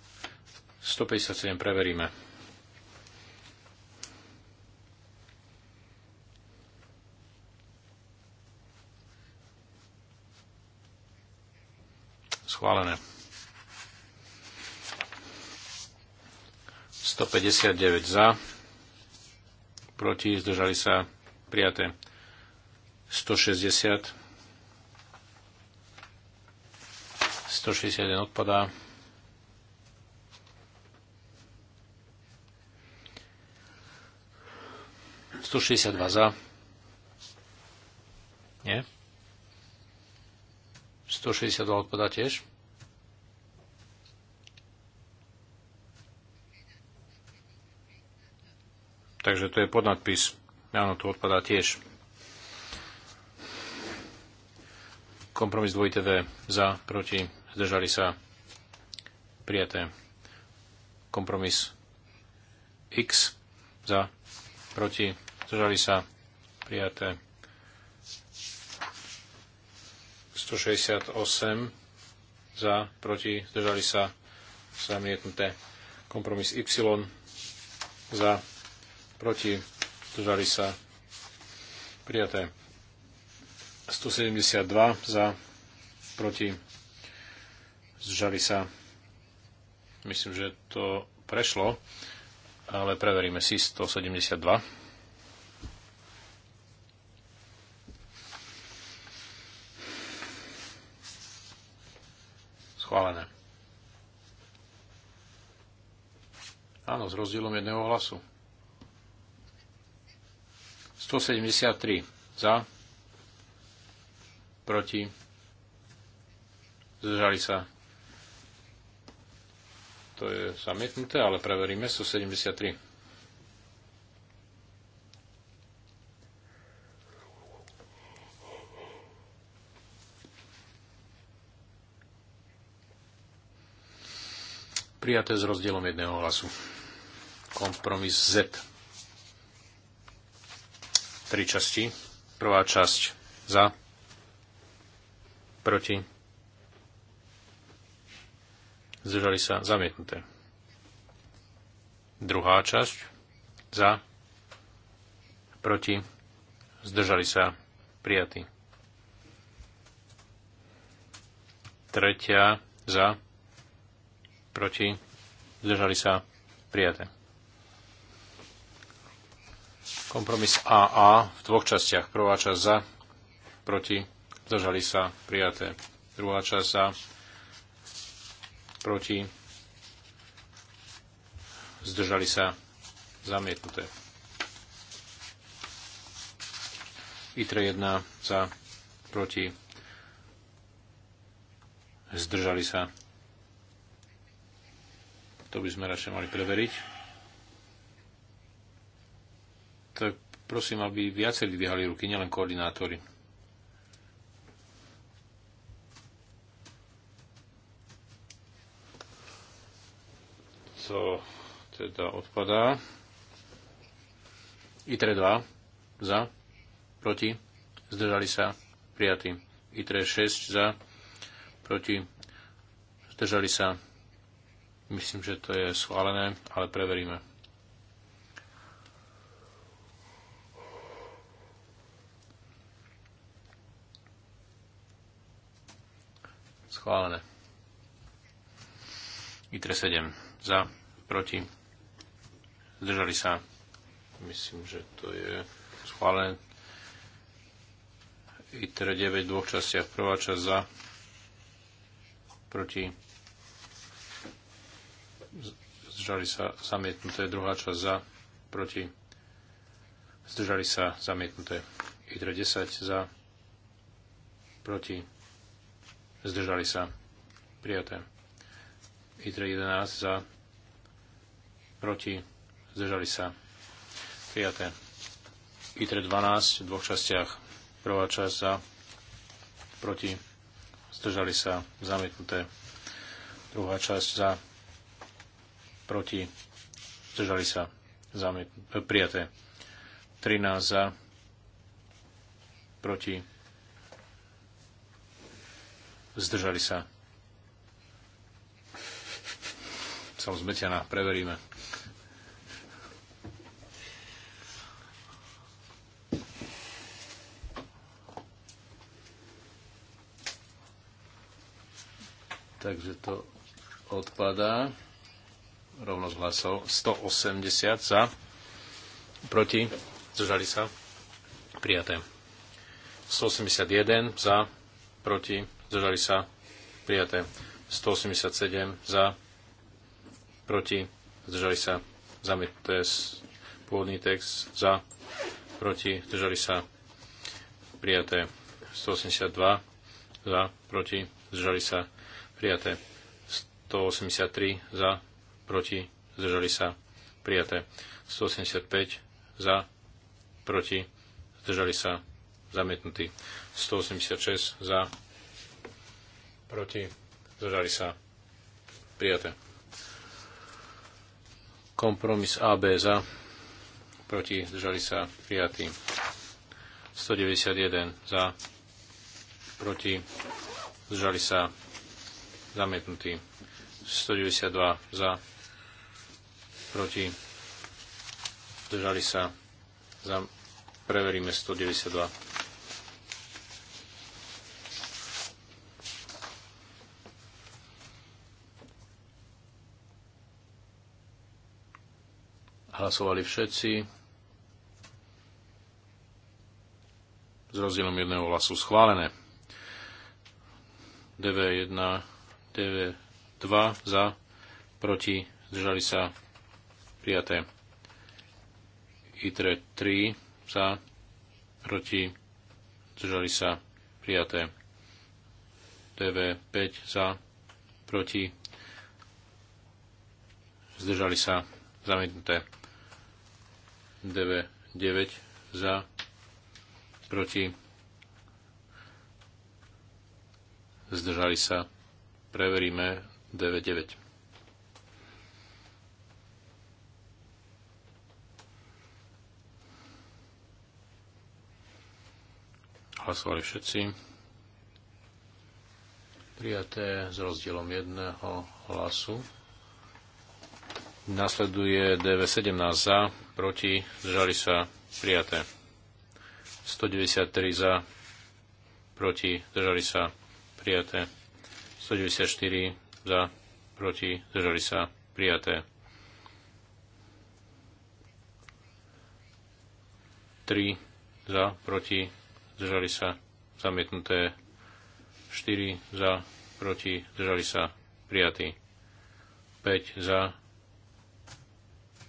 Speaker 2: 157 preveríme. Schválené. 159 za. Proti. Zdržali sa. Prijaté. 160. 161 odpadá. 162 za. Nie? 162 odpadá tiež. Takže to je podnadpis. Áno, tu odpadá tiež. Kompromis 2TV za, proti, zdržali sa, prijaté. Kompromis X za, proti, zdržali sa, prijaté. 168 za, proti, zdržali sa, zamietnuté. Kompromis Y za, proti, zdržali sa prijaté. 172 za, proti, zdržali sa. Myslím, že to prešlo, ale preveríme si 172. Schválené. Áno, s rozdielom jedného hlasu. 173 za, proti, zdržali sa. To je zamietnuté, ale preveríme 173. Prijaté s rozdielom jedného hlasu. Kompromis Z tri časti. Prvá časť za, proti, zdržali sa zamietnuté. Druhá časť za, proti, zdržali sa prijatí. Tretia za, proti, zdržali sa prijaté. Kompromis AA v dvoch častiach. Prvá časť za, proti, zdržali sa, prijaté. Druhá časť za, proti, zdržali sa, zamietnuté. ITRE 1 za, proti, zdržali sa. To by sme radšej mali preveriť. tak prosím, aby viacej vyhali ruky, nielen koordinátori. To teda odpadá. ITRE 2 za, proti, zdržali sa, prijatí. ITRE 6 za, proti, zdržali sa. Myslím, že to je schválené, ale preveríme. Schválené. ITRE 7. Za. Proti. Zdržali sa. Myslím, že to je schválené. ITRE 9 v dvoch častiach. Prvá časť za. Proti. Zdržali sa. Zamietnuté. Druhá časť za. Proti. Zdržali sa. Zamietnuté. ITRE 10 za. Proti zdržali sa, prijaté. ITRE 11 za, proti, zdržali sa, prijaté. ITRE 12 v dvoch častiach, prvá časť za, proti, zdržali sa, zamietnuté. Druhá časť za, proti, zdržali sa, Zamietnuté. prijaté. 13 za, proti, Zdržali sa. Som zmetená, preveríme. Takže to odpadá. Rovno z hlasov. 180 za. Proti. Zdržali sa. Prijaté. 181 za. Proti zdržali sa, prijaté. 187 za, proti, zdržali sa, zamietnuté. Pôvodný text za, proti, zdržali sa, prijaté. 182 za, proti, zdržali sa, prijaté. 183 za, proti, zdržali sa, prijaté. 185 za, proti, zdržali sa, zamietnutí. 186 za, proti, zdržali sa, prijaté. Kompromis AB za, proti, zdržali sa, prijatý. 191 za, proti, zdržali sa, zamietnutý. 192 za, proti, zdržali sa, za, preveríme 192. Hlasovali všetci. S rozdielom jedného hlasu schválené. DV1, DV2 za, proti, zdržali sa, prijaté. ITRE 3 za, proti, zdržali sa, prijaté. DV 5 za, proti, zdržali sa, zamietnuté. DV9 za, proti, zdržali sa, preveríme DV9. Hlasovali všetci. Prijaté s rozdielom jedného hlasu. Nasleduje DV17 za, proti, zdržali sa, prijaté. 193 za, proti, zdržali sa, prijaté. 194 za, proti, zdržali sa, prijaté. 3 za, proti, zdržali sa, zamietnuté. 4 za, proti, zdržali sa, prijatí. 5 za,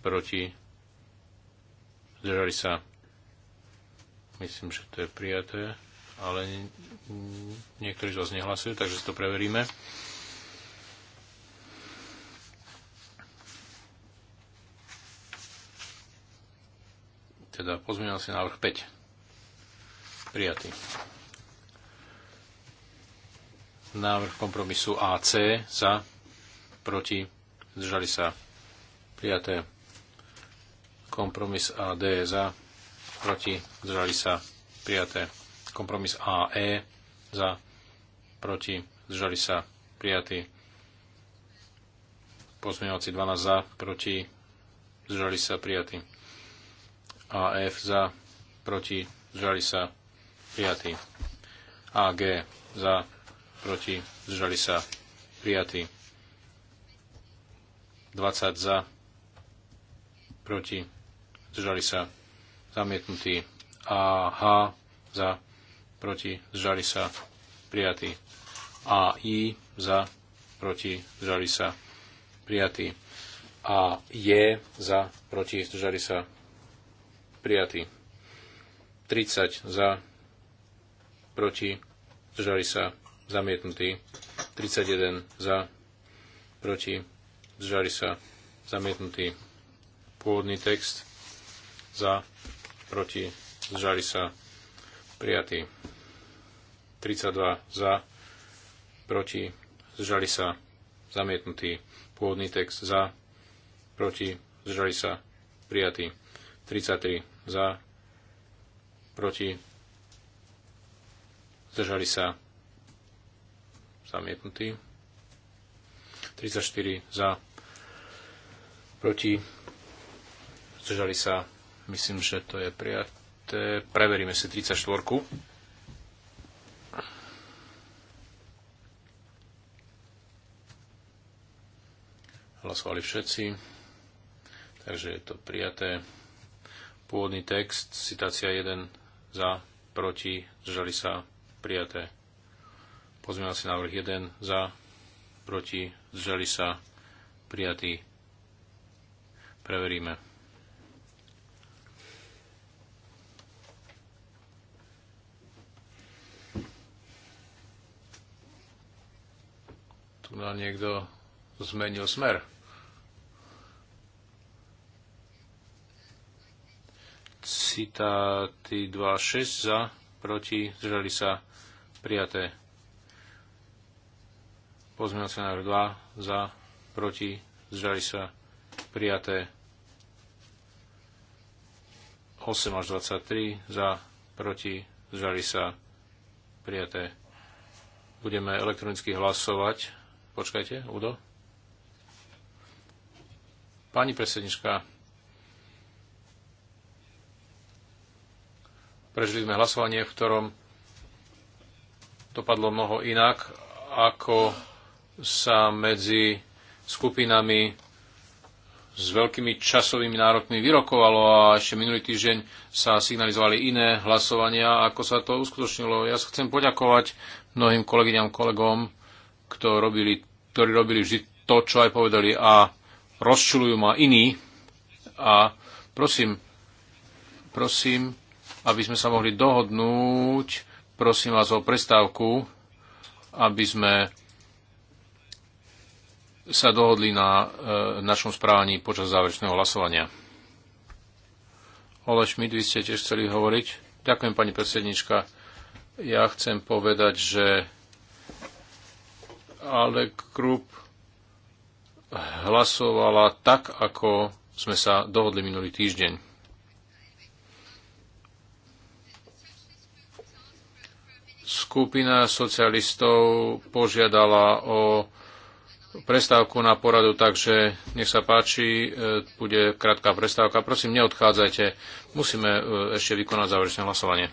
Speaker 2: proti, zdržali sa. Myslím, že to je prijaté, ale niektorí z vás nehlasujú, takže si to preveríme. Teda si návrh 5. Prijatý. Návrh kompromisu AC za, proti, zdržali sa. Prijaté Kompromis A D za, proti, zdržali sa, prijaté. Kompromis A E za, proti, zdržali sa, prijatý. Pozmeňovací 12 za, proti, zdržali sa, prijatý. AF za, proti, zdržali sa, prijatý. AG za, proti, zdržali sa, prijatý. 20 za, proti, zdržali sa, zamietnutý H za, proti, zdržali sa, prijatý I za, proti, zdržali sa, prijatý J za, proti, zdržali sa, prijatý 30 za, proti, zdržali sa, zamietnutý 31 za, proti, zdržali sa, zamietnutý pôvodný text za, proti, zdržali sa, prijatí. 32 za, proti, zdržali sa, zamietnutý. Pôvodný text za, proti, zdržali sa, prijatý. 33 za, proti, zdržali sa, zamietnutý. 34 za, proti, zdržali sa, Myslím, že to je prijaté. Preveríme si 34. -ku. Hlasovali všetci. Takže je to prijaté. Pôvodný text, citácia 1 za, proti, zdržali sa, prijaté. si návrh 1 za, proti, zdržali sa, prijatý. Preveríme. možno niekto zmenil smer. Citáty 2.6 za, proti, zdržali sa, prijaté. Pozmeňovací návrh 2 za, proti, zdržali sa, prijaté. 8 až 23 za, proti, zdržali sa, prijaté. Budeme elektronicky hlasovať Počkajte, Udo. Pani predsednička, prežili sme hlasovanie, v ktorom dopadlo mnoho inak, ako sa medzi skupinami s veľkými časovými nárokmi vyrokovalo a ešte minulý týždeň sa signalizovali iné hlasovania, ako sa to uskutočnilo. Ja sa chcem poďakovať mnohým kolegyňam, kolegom kto robili, ktorí robili vždy to, čo aj povedali a rozčulujú ma iní. A prosím, prosím, aby sme sa mohli dohodnúť, prosím vás o prestávku, aby sme sa dohodli na e, našom správaní počas záverečného hlasovania. Ole Schmidt, vy ste tiež chceli hovoriť. Ďakujem, pani predsednička. Ja chcem povedať, že ale Krupp hlasovala tak, ako sme sa dohodli minulý týždeň. Skupina socialistov požiadala o prestávku na poradu, takže nech sa páči, e, bude krátka prestávka. Prosím, neodchádzajte, musíme e, ešte vykonať záverečné hlasovanie.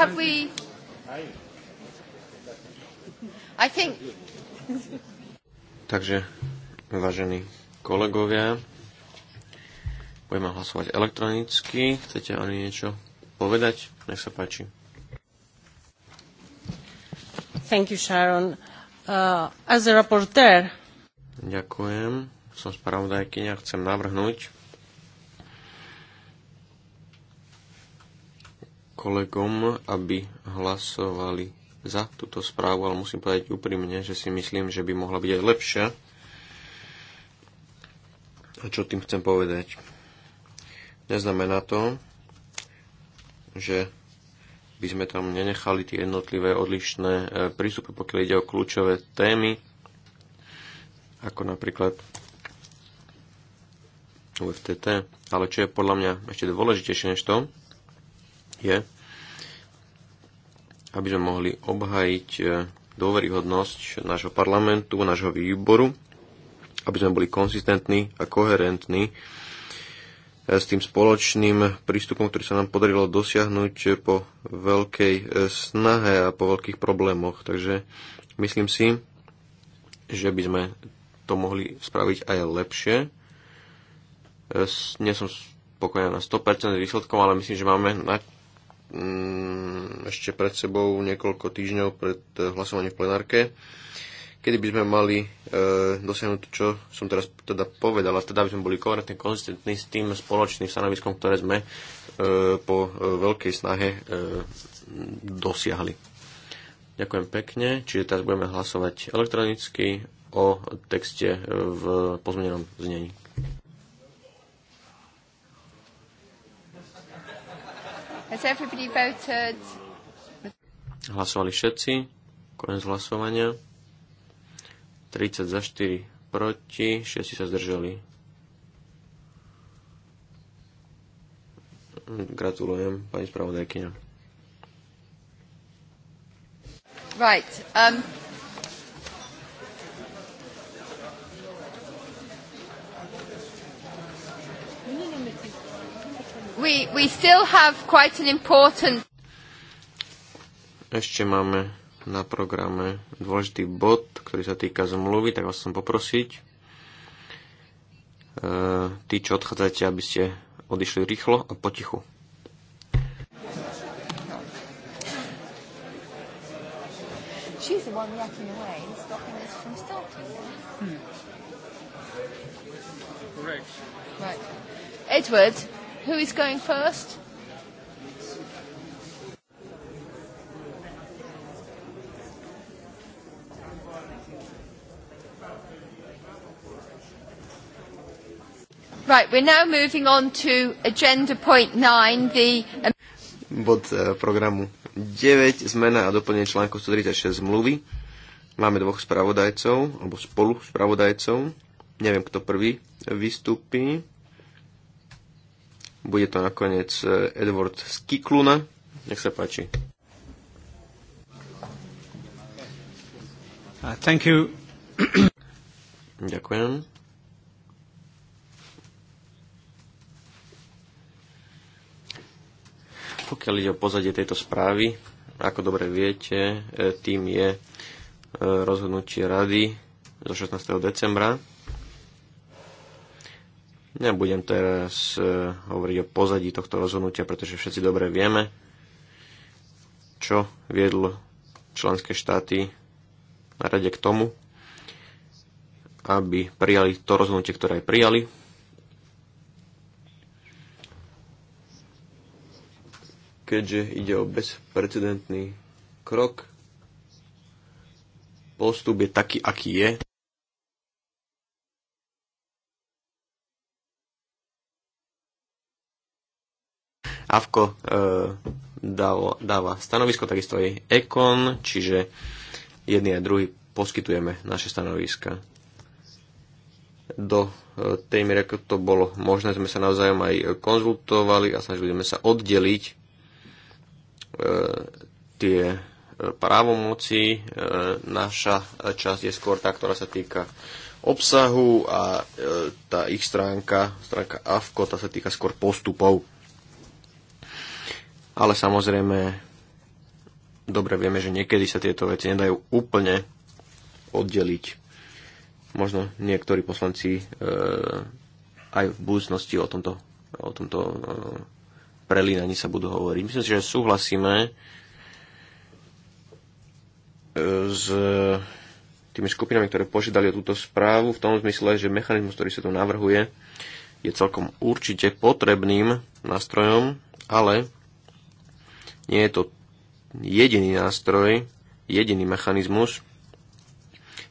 Speaker 2: have we...
Speaker 1: I think... Takže, vážení kolegovia, budeme hlasovať elektronicky. Chcete ani niečo povedať? Nech sa páči.
Speaker 3: Thank you, Sharon. Uh, as a reporter...
Speaker 1: Ďakujem. Som spravodajkyňa. Chcem navrhnúť, kolegom, aby hlasovali za túto správu, ale musím povedať úprimne, že si myslím, že by mohla byť aj lepšia. A čo tým chcem povedať? Neznamená to, že by sme tam nenechali tie jednotlivé odlišné e, prístupy, pokiaľ ide o kľúčové témy, ako napríklad UFTT. Ale čo je podľa mňa ešte dôležitejšie než to, je, aby sme mohli obhajiť e, dôveryhodnosť nášho parlamentu, nášho výboru, aby sme boli konsistentní a koherentní e, s tým spoločným prístupom, ktorý sa nám podarilo dosiahnuť po veľkej e, snahe a po veľkých problémoch. Takže myslím si, že by sme to mohli spraviť aj lepšie. Nie som spokojná na 100% výsledkom, ale myslím, že máme na Mm, ešte pred sebou niekoľko týždňov pred eh, hlasovaním v plenárke, kedy by sme mali e, dosiahnuť to, čo som teraz teda povedal, a teda by sme boli koherentne konzistentní s tým spoločným stanoviskom, ktoré sme e, po e, veľkej snahe e, dosiahli. Ďakujem pekne, čiže teraz budeme hlasovať elektronicky o texte v pozmenenom znení.
Speaker 2: Has everybody voted?
Speaker 1: Hlasovali všetci. Koniec hlasovania. 30 za 4 proti, 6 sa zdržali. Gratulujem, pani spravodajkyňa.
Speaker 2: Right. Um,
Speaker 1: we, we still have quite an important... Ešte máme na programe dôležitý bod, ktorý sa týka zmluvy, tak vás som poprosiť. E, tí, čo odchádzate, aby ste odišli rýchlo a potichu. She's the one yakking away stopping us from starting. Hmm. Correct. Right. Edward, Who is going first? Right, we're now moving on to agenda point 9, the... Bod eh, programu 9, zmena a doplnenie článku 136 zmluvy. Máme dvoch spravodajcov, alebo spolu spravodajcov. Neviem, kto prvý vystúpi. Bude to nakoniec e, Edward Skikluna. Nech sa páči. Uh, thank you. Ďakujem. Pokiaľ ide o pozadie tejto správy, ako dobre viete, e, tým je e, rozhodnutie rady zo 16. decembra Nebudem teraz e, hovoriť o pozadí tohto rozhodnutia, pretože všetci dobre vieme, čo viedlo členské štáty na rade k tomu, aby prijali to rozhodnutie, ktoré aj prijali. Keďže ide o bezprecedentný krok, postup je taký, aký je. AVKO e, dalo, dáva stanovisko, takisto aj EKON, čiže jedný a druhý poskytujeme naše stanoviska. Do e, tej miery, ako to bolo možné, sme sa navzájom aj konzultovali a snažili sme sa oddeliť e, tie e, právomoci. E, naša časť je skôr tá, ktorá sa týka obsahu a e, tá ich stránka, stránka AFKO, tá sa týka skôr postupov ale samozrejme dobre vieme, že niekedy sa tieto veci nedajú úplne oddeliť. Možno niektorí poslanci e, aj v budúcnosti o tomto, o tomto e, prelínaní sa budú hovoriť. Myslím si, že súhlasíme e, s tými skupinami, ktoré požiadali o túto správu, v tom zmysle, že mechanizmus, ktorý sa tu navrhuje, je celkom určite potrebným nástrojom, ale nie je to jediný nástroj, jediný mechanizmus,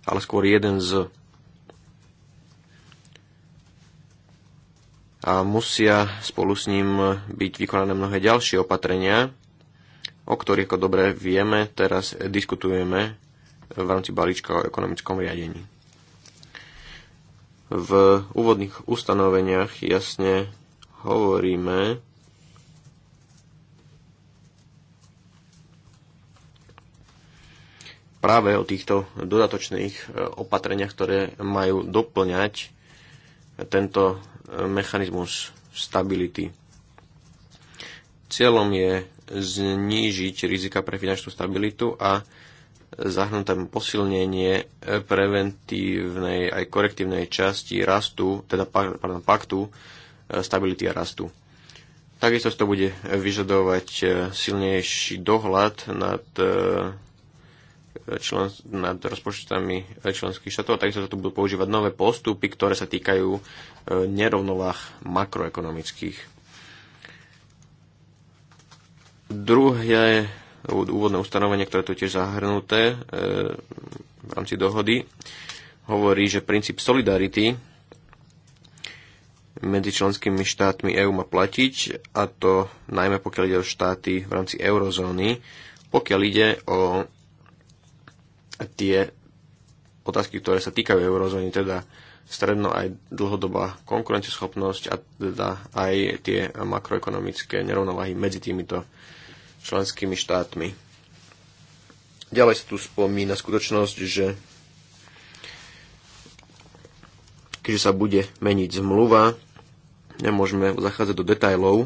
Speaker 1: ale skôr jeden z. A musia spolu s ním byť vykonané mnohé ďalšie opatrenia, o ktorých, ako dobre vieme, teraz diskutujeme v rámci balíčka o ekonomickom riadení. V úvodných ustanoveniach jasne hovoríme práve o týchto dodatočných e, opatreniach, ktoré majú doplňať e, tento e, mechanizmus stability. Cieľom je znížiť rizika pre finančnú stabilitu a zahrnúť tam posilnenie preventívnej aj korektívnej časti rastu, teda pardon, paktu stability a rastu. Takisto to bude vyžadovať silnejší dohľad nad člen, nad rozpočtami eh, členských štátov a takisto sa tu budú používať nové postupy, ktoré sa týkajú eh, nerovnováh makroekonomických. Druhé úvodné ustanovenie, ktoré tu tiež zahrnuté eh, v rámci dohody, hovorí, že princíp solidarity medzi členskými štátmi EÚ má platiť, a to najmä pokiaľ ide o štáty v rámci eurozóny, pokiaľ ide o a tie otázky, ktoré sa týkajú eurozóny, teda stredno aj dlhodobá konkurenceschopnosť a teda aj tie makroekonomické nerovnováhy medzi týmito členskými štátmi. Ďalej sa tu spomína skutočnosť, že keďže sa bude meniť zmluva, nemôžeme zachádzať do detajlov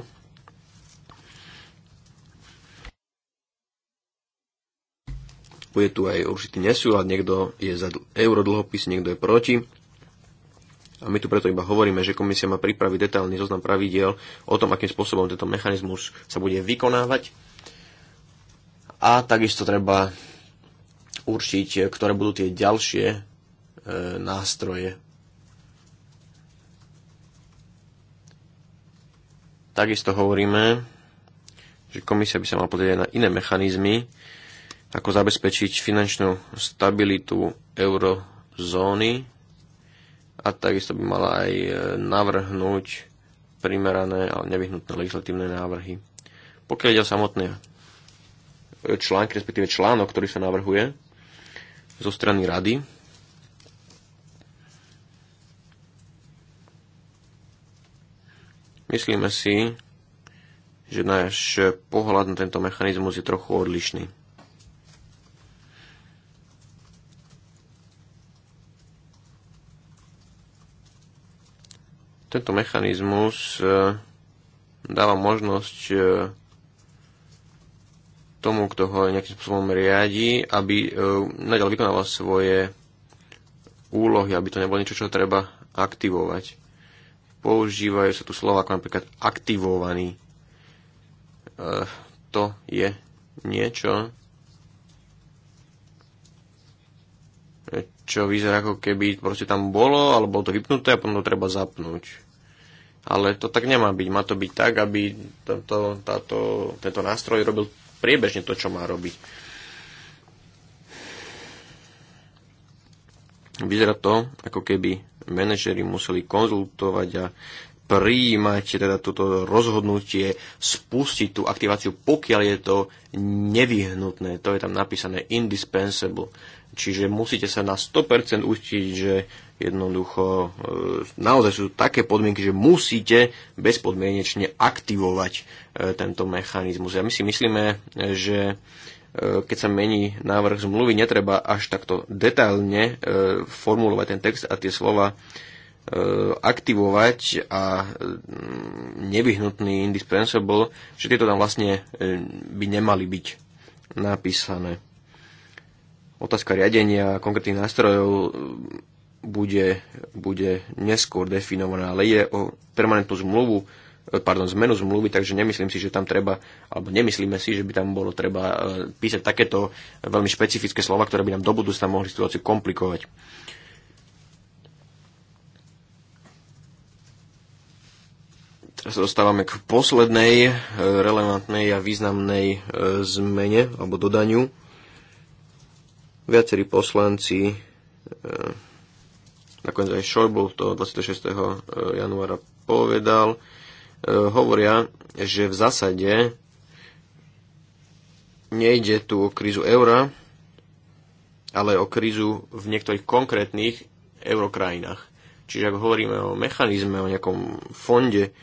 Speaker 1: bude tu aj určitý nesúlad, niekto je za eurodlhopis, niekto je proti. A my tu preto iba hovoríme, že komisia má pripraviť detailný zoznam pravidiel o tom, akým spôsobom tento mechanizmus sa bude vykonávať. A takisto treba určiť, ktoré budú tie ďalšie e, nástroje. Takisto hovoríme, že komisia by sa mala pozrieť na iné mechanizmy, ako zabezpečiť finančnú stabilitu eurozóny a takisto by mala aj e, navrhnúť primerané, ale nevyhnutné legislatívne návrhy. Pokiaľ ide o samotné e, články, respektíve článok, ktorý sa navrhuje zo strany rady, myslíme si, že náš pohľad na tento mechanizmus je trochu odlišný. Tento mechanizmus e, dáva možnosť e, tomu, kto ho nejakým spôsobom riadi, aby e, nadal vykonával svoje úlohy, aby to nebolo niečo, čo treba aktivovať. Používajú sa tu slova ako napríklad aktivovaný. to je niečo, čo vyzerá ako keby proste tam bolo, ale bolo to vypnuté a potom to treba zapnúť. Ale to tak nemá byť. Má to byť tak, aby tento, táto, tento nástroj robil priebežne to, čo má robiť. Vyzerá to, ako keby manažeri museli konzultovať a prijímať teda toto rozhodnutie, spustiť tú aktiváciu, pokiaľ je to nevyhnutné. To je tam napísané indispensable. Čiže musíte sa na 100% ustiť, že jednoducho e, naozaj sú také podmienky, že musíte bezpodmienečne aktivovať e, tento mechanizmus. A my si myslíme, e, že keď sa mení návrh zmluvy, netreba až takto detailne formulovať ten text a tie slova E, aktivovať a mm, nevyhnutný indispensable, že tieto tam vlastne e, by nemali byť napísané. Otázka riadenia konkrétnych nástrojov e, bude, bude neskôr definovaná, ale je o permanentnú zmluvu, pardon, zmenu zmluvy, takže nemyslím si, že tam treba, alebo nemyslíme si, že by tam bolo treba písať takéto veľmi špecifické slova, ktoré by nám do budúcna mohli situáciu komplikovať. Teraz sa dostávame k poslednej e, relevantnej a významnej e, zmene alebo dodaniu. Viacerí poslanci, e, nakoniec aj Schäuble to 26. januára povedal, hovoria, že v zásade nejde tu o krízu eura, ale o krízu v niektorých konkrétnych eurokrajinách. Čiže ak hovoríme o mechanizme, o nejakom fonde,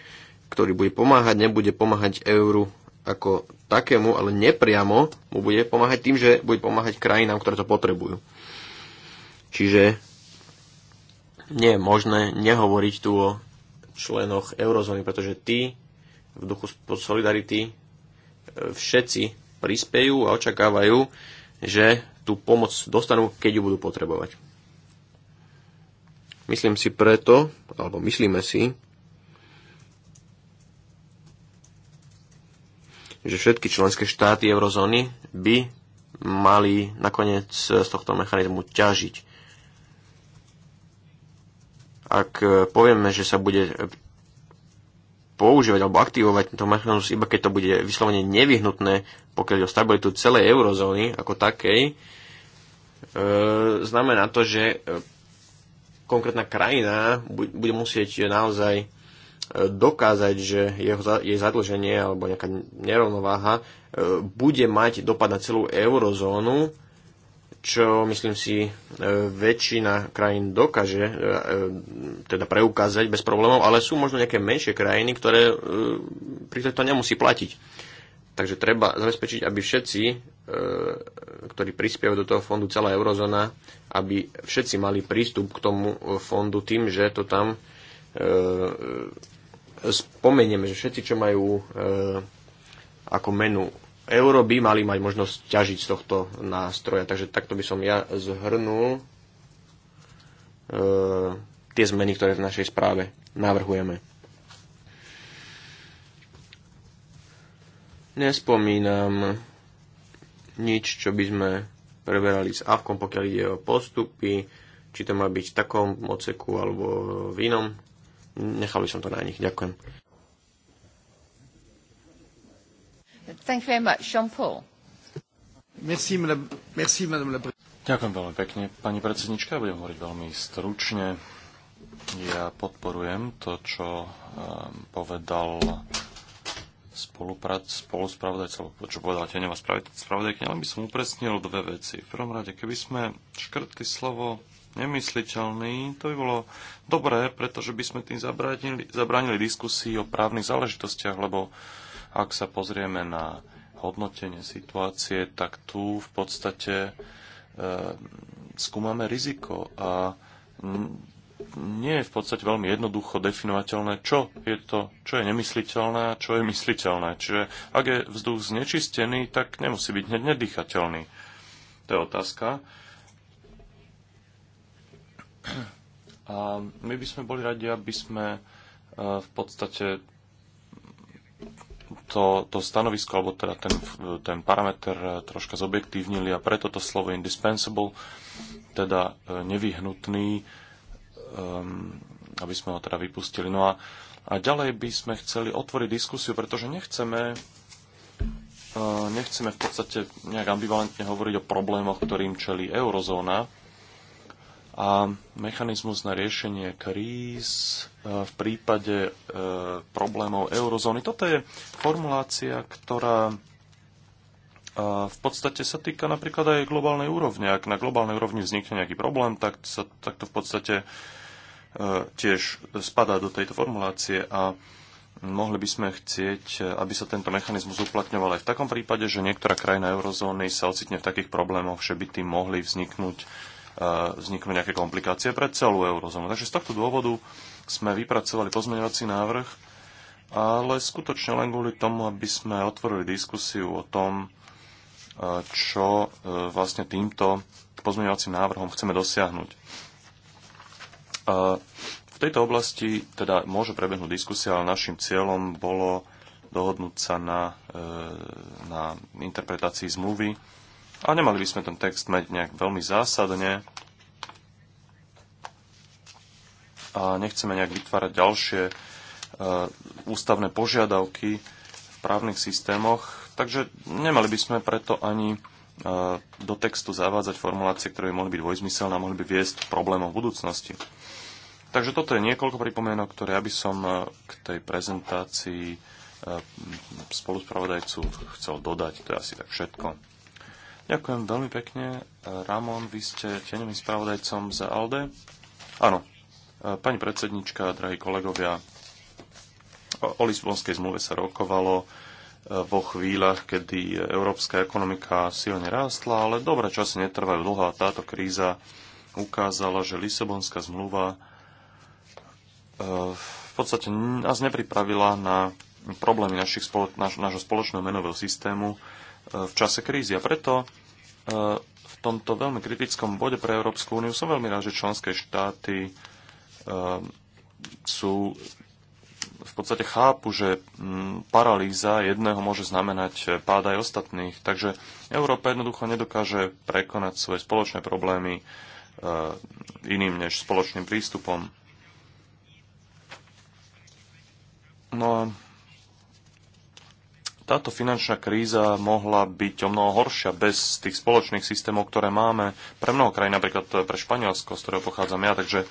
Speaker 1: ktorý bude pomáhať, nebude pomáhať euru ako takému, ale nepriamo mu bude pomáhať tým, že bude pomáhať krajinám, ktoré to potrebujú. Čiže nie je možné nehovoriť tu o členoch eurozóny, pretože tí v duchu solidarity e, všetci prispejú a očakávajú, že tú pomoc dostanú, keď ju budú potrebovať. Myslím si preto, alebo myslíme si, že všetky členské štáty eurozóny by mali nakoniec z tohto mechanizmu ťažiť. Ak e, povieme, že sa bude e, používať alebo aktivovať tento mechanizmus, iba keď to bude vyslovene nevyhnutné, pokiaľ o stabilitu celej eurozóny ako takej, e, znamená to, že konkrétna krajina bude musieť naozaj dokázať, že jeho, jej zadlženie alebo nejaká nerovnováha e, bude mať dopad na celú eurozónu, čo myslím si e, väčšina krajín dokáže e, teda preukázať bez problémov, ale sú možno nejaké menšie krajiny, ktoré, pri ktorých to nemusí platiť. Takže treba zabezpečiť, aby všetci, ktorí prispievajú do toho fondu, celá eurozóna, aby všetci mali prístup k tomu fondu tým, že to tam spomenieme, že všetci, čo majú e, ako menu euro, by mali mať možnosť ťažiť z tohto nástroja. Takže takto by som ja zhrnul e, tie zmeny, ktoré v našej správe navrhujeme. Nespomínam nič, čo by sme preberali s AVKom, pokiaľ ide o postupy, či to má byť v takom oceku alebo v inom nechal by som to na nich. Ďakujem.
Speaker 3: Thank you very much. Jean-Paul. Merci, madame, merci, madame la Ďakujem veľmi pekne. Pani predsednička, budem hovoriť veľmi stručne. Ja podporujem to, čo um, povedal spoluprac, spoluspravodajca, alebo čo povedala tieňová spravodajka, ale by som upresnil dve veci. V prvom rade, keby sme škrtli slovo nemysliteľný. To by bolo dobré, pretože by sme tým zabránili, zabránili diskusii o právnych záležitostiach, lebo ak sa pozrieme na hodnotenie situácie, tak tu v podstate e, skúmame riziko a nie je v podstate veľmi jednoducho definovateľné, čo je to, čo je nemysliteľné a čo je mysliteľné. Čiže ak je vzduch znečistený, tak nemusí byť hneď nedýchateľný. To je otázka. A my by sme boli radi, aby sme e, v podstate to, to stanovisko, alebo teda ten, ten parameter e, troška zobjektívnili a preto to slovo indispensable, teda e, nevyhnutný, um, aby sme ho teda vypustili. No a, a ďalej by sme chceli otvoriť diskusiu, pretože nechceme, uh, nechceme v podstate nejak ambivalentne hovoriť o problémoch, ktorým čelí eurozóna, a mechanizmus na riešenie kríz e, v prípade e, problémov eurozóny. Toto je formulácia, ktorá e, v podstate sa týka napríklad aj globálnej úrovne. Ak na globálnej úrovni vznikne nejaký problém, tak, sa, tak to v podstate tiež spadá do tejto formulácie a mohli by sme chcieť, aby sa tento mechanizmus uplatňoval aj v takom prípade, že niektorá krajina eurozóny sa ocitne v takých problémoch, že by tým mohli vzniknúť vzniknú nejaké komplikácie pre celú eurozónu. Takže z tohto dôvodu sme vypracovali pozmeňovací návrh, ale skutočne len kvôli tomu, aby sme otvorili diskusiu o tom, čo e, vlastne týmto pozmeňovacím návrhom chceme dosiahnuť. V tejto oblasti teda môže prebehnúť diskusia, ale našim cieľom bolo dohodnúť sa na, e, na interpretácii zmluvy a nemali by sme ten text mať nejak veľmi zásadne. A nechceme nejak vytvárať ďalšie e, ústavné požiadavky v právnych systémoch. Takže nemali by sme preto ani e, do textu zavádzať formulácie, ktoré by mohli byť vojzmyselné a mohli by viesť k problémom v budúcnosti. Takže toto je niekoľko pripomienok, ktoré ja by som e, k tej prezentácii spoluspravodajcu chcel dodať. To je asi tak všetko. Ďakujem veľmi pekne. Ramon, vy ste teneným spravodajcom za ALDE. Áno, e, pani predsednička, drahí kolegovia, o Lisbonskej zmluve sa rokovalo e, vo chvíľach, kedy európska ekonomika silne rástla, ale dobré časy netrvajú dlho a táto kríza ukázala, že Lisabonská zmluva e, v podstate nás nepripravila na problémy našich spoloč- naš- našho spoločného menového systému v čase krízy. A preto v tomto veľmi kritickom bode pre Európsku úniu som veľmi rád, že členské štáty eh, sú v podstate chápu, že mm, paralýza jedného môže znamenať pád aj ostatných. Takže Európa jednoducho nedokáže prekonať svoje spoločné problémy eh, iným než spoločným prístupom. No a táto finančná kríza mohla byť o mnoho horšia bez tých spoločných systémov, ktoré máme pre mnoho krajín, napríklad pre Španielsko, z ktorého pochádzam ja. Takže eh,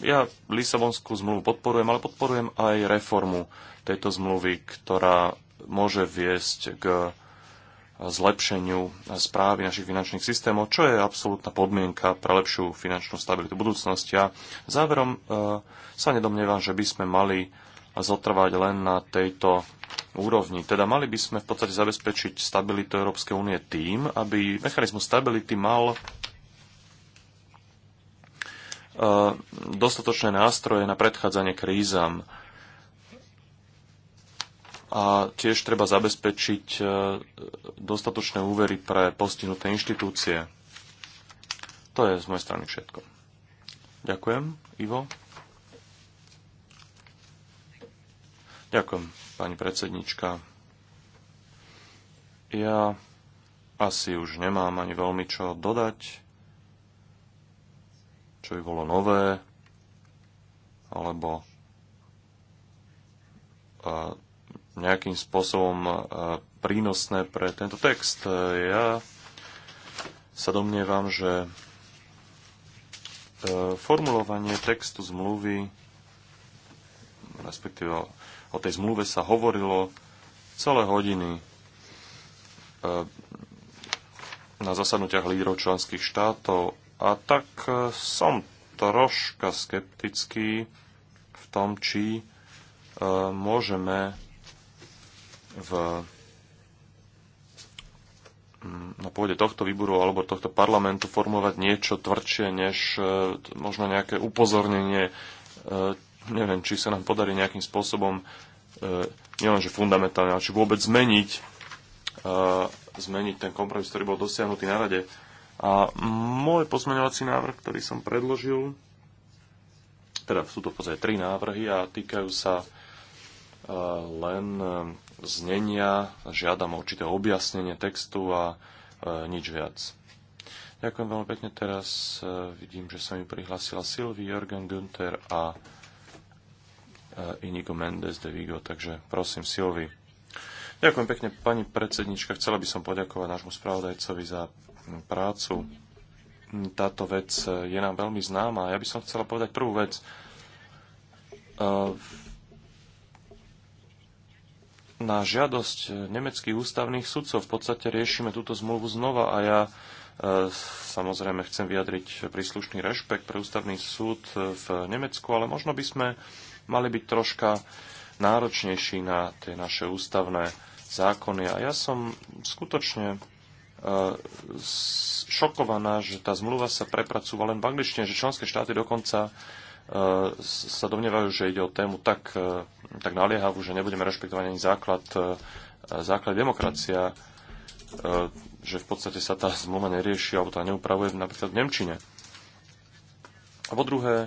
Speaker 3: ja Lisabonskú zmluvu podporujem, ale podporujem aj reformu tejto zmluvy, ktorá môže viesť k zlepšeniu správy našich finančných systémov, čo je absolútna podmienka pre lepšiu finančnú stabilitu budúcnosti. A záverom eh, sa nedomnievam, že by sme mali zotrvať len na tejto úrovni. Teda mali by sme v podstate zabezpečiť stabilitu Európskej únie tým, aby mechanizmus stability mal e, dostatočné nástroje na predchádzanie krízam. A tiež treba zabezpečiť e, dostatočné úvery pre postihnuté inštitúcie. To je z mojej strany všetko. Ďakujem, Ivo. Ďakujem pani predsednička. Ja asi už nemám ani veľmi čo dodať, čo by bolo nové, alebo nejakým spôsobom prínosné pre tento text. Ja sa domnievam, že e, formulovanie textu zmluvy respektíve o tej zmluve sa hovorilo celé hodiny e, na zasadnutiach lídrov členských štátov a tak e, som troška skeptický v tom, či e, môžeme v, na pôde tohto výboru alebo tohto parlamentu formovať niečo tvrdšie, než možno nejaké upozornenie neviem, či sa nám podarí nejakým spôsobom e, nielenže fundamentálne, ale či vôbec zmeniť, e, zmeniť ten kompromis, ktorý bol dosiahnutý na rade. A môj pozmeňovací návrh, ktorý som predložil, teda sú to v podstate tri návrhy a týkajú sa e, len znenia, žiadam určité objasnenie textu a nič viac. Ďakujem veľmi pekne. Teraz vidím, že sa mi prihlasila Sylvie, Jörgen Günther a Inigo Mendes de Vigo, takže prosím Silvi. Ďakujem pekne, pani predsednička. Chcela by som poďakovať nášmu spravodajcovi za mm, prácu. Táto vec e, je nám veľmi známa. Ja by som chcela povedať prvú vec. E, na žiadosť nemeckých ústavných sudcov v podstate riešime túto zmluvu znova a ja e, samozrejme chcem vyjadriť príslušný rešpekt pre ústavný súd v Nemecku, ale možno by sme mali byť troška náročnejší na tie naše ústavné zákony. A ja som skutočne e, šokovaná, že tá zmluva sa prepracúva len v angličtine, že členské štáty dokonca e, sa domnievajú, že ide o tému tak, e, tak naliehavú, že nebudeme rešpektovať ani základ, základ demokracia, že v podstate sa tá zmluva nerieši alebo tá neupravuje napríklad v Nemčine. A po druhé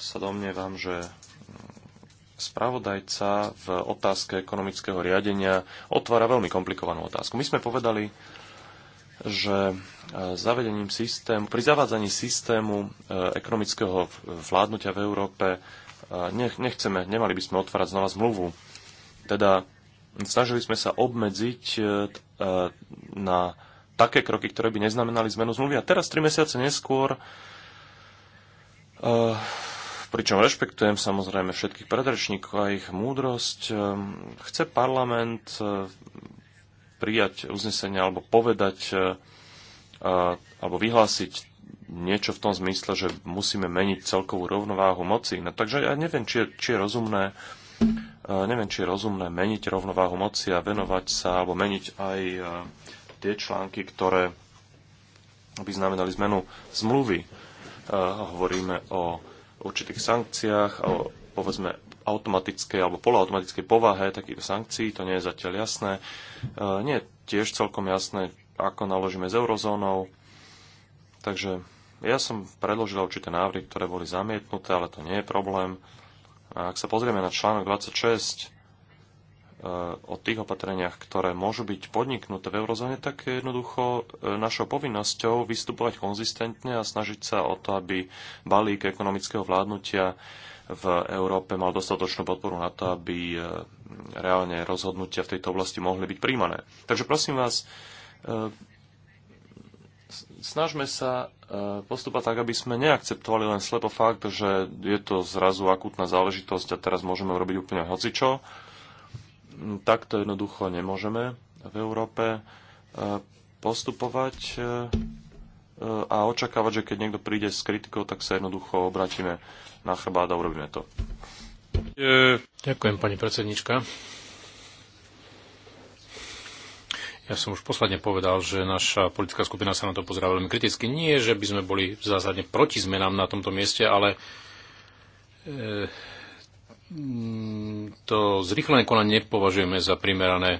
Speaker 3: sa domnievam, že spravodajca v otázke ekonomického riadenia otvára veľmi komplikovanú otázku. My sme povedali, že e, zavedením systému, pri zavádzaní systému e, ekonomického vládnutia v Európe e, nechceme, nemali by sme otvárať znova zmluvu. Teda snažili sme sa obmedziť na také kroky, ktoré by neznamenali zmenu zmluvy. A teraz, tri mesiace neskôr, pričom rešpektujem samozrejme všetkých predrečníkov a ich múdrosť, ehm, chce parlament e, prijať uznesenie alebo povedať e, alebo vyhlásiť niečo v tom zmysle, že musíme meniť celkovú rovnováhu moci. No, takže ja neviem, či je, či je rozumné e, neviem, či je rozumné meniť rovnováhu moci a venovať sa alebo meniť aj tie články, ktoré by znamenali zmenu zmluvy. Hovoríme o určitých sankciách a o, povedzme automatickej alebo poloautomatickej povahe takýchto sankcií, to nie je zatiaľ jasné. E, nie je tiež celkom jasné, ako naložíme s eurozónou. Takže ja som predložil určité návrhy, ktoré boli zamietnuté, ale to nie je problém. A ak sa pozrieme na článok 26, o tých opatreniach, ktoré môžu byť podniknuté v eurozóne, tak je jednoducho e, našou povinnosťou vystupovať konzistentne a snažiť sa o to, aby balík ekonomického vládnutia v Európe mal dostatočnú podporu na to, aby e, reálne rozhodnutia v tejto oblasti mohli byť príjmané. Takže prosím vás, e, snažme sa postupovať tak, aby sme neakceptovali len slepo fakt, že je to zrazu akútna záležitosť a teraz môžeme urobiť úplne hocičo takto jednoducho nemôžeme v Európe e, postupovať e, e, a očakávať, že keď niekto príde s kritikou, tak sa jednoducho obratíme na chrbát a urobíme to.
Speaker 2: Ďakujem, pani predsednička. Ja som už posledne povedal, že naša politická skupina sa na to pozerá veľmi kriticky. Nie, že by sme boli zásadne proti zmenám na tomto mieste, ale e, Mm, to zrýchlené konanie nepovažujeme za primerané,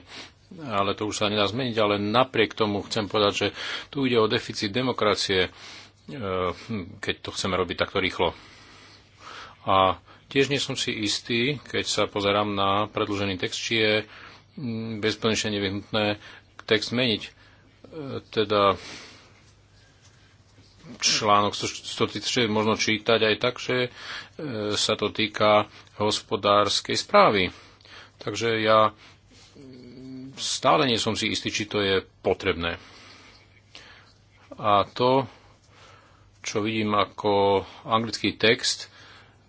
Speaker 2: ale to už sa nedá zmeniť, ale napriek tomu chcem povedať, že tu ide o deficit demokracie, e, hm, keď to chceme robiť takto rýchlo. A tiež nie som si istý, keď sa pozerám na predlžený text, či je hm, bezplnečne nevyhnutné text zmeniť. E, teda článok 136 možno čítať aj tak, že e, sa to týka hospodárskej správy. Takže ja stále nie som si istý, či to je potrebné. A to, čo vidím ako anglický text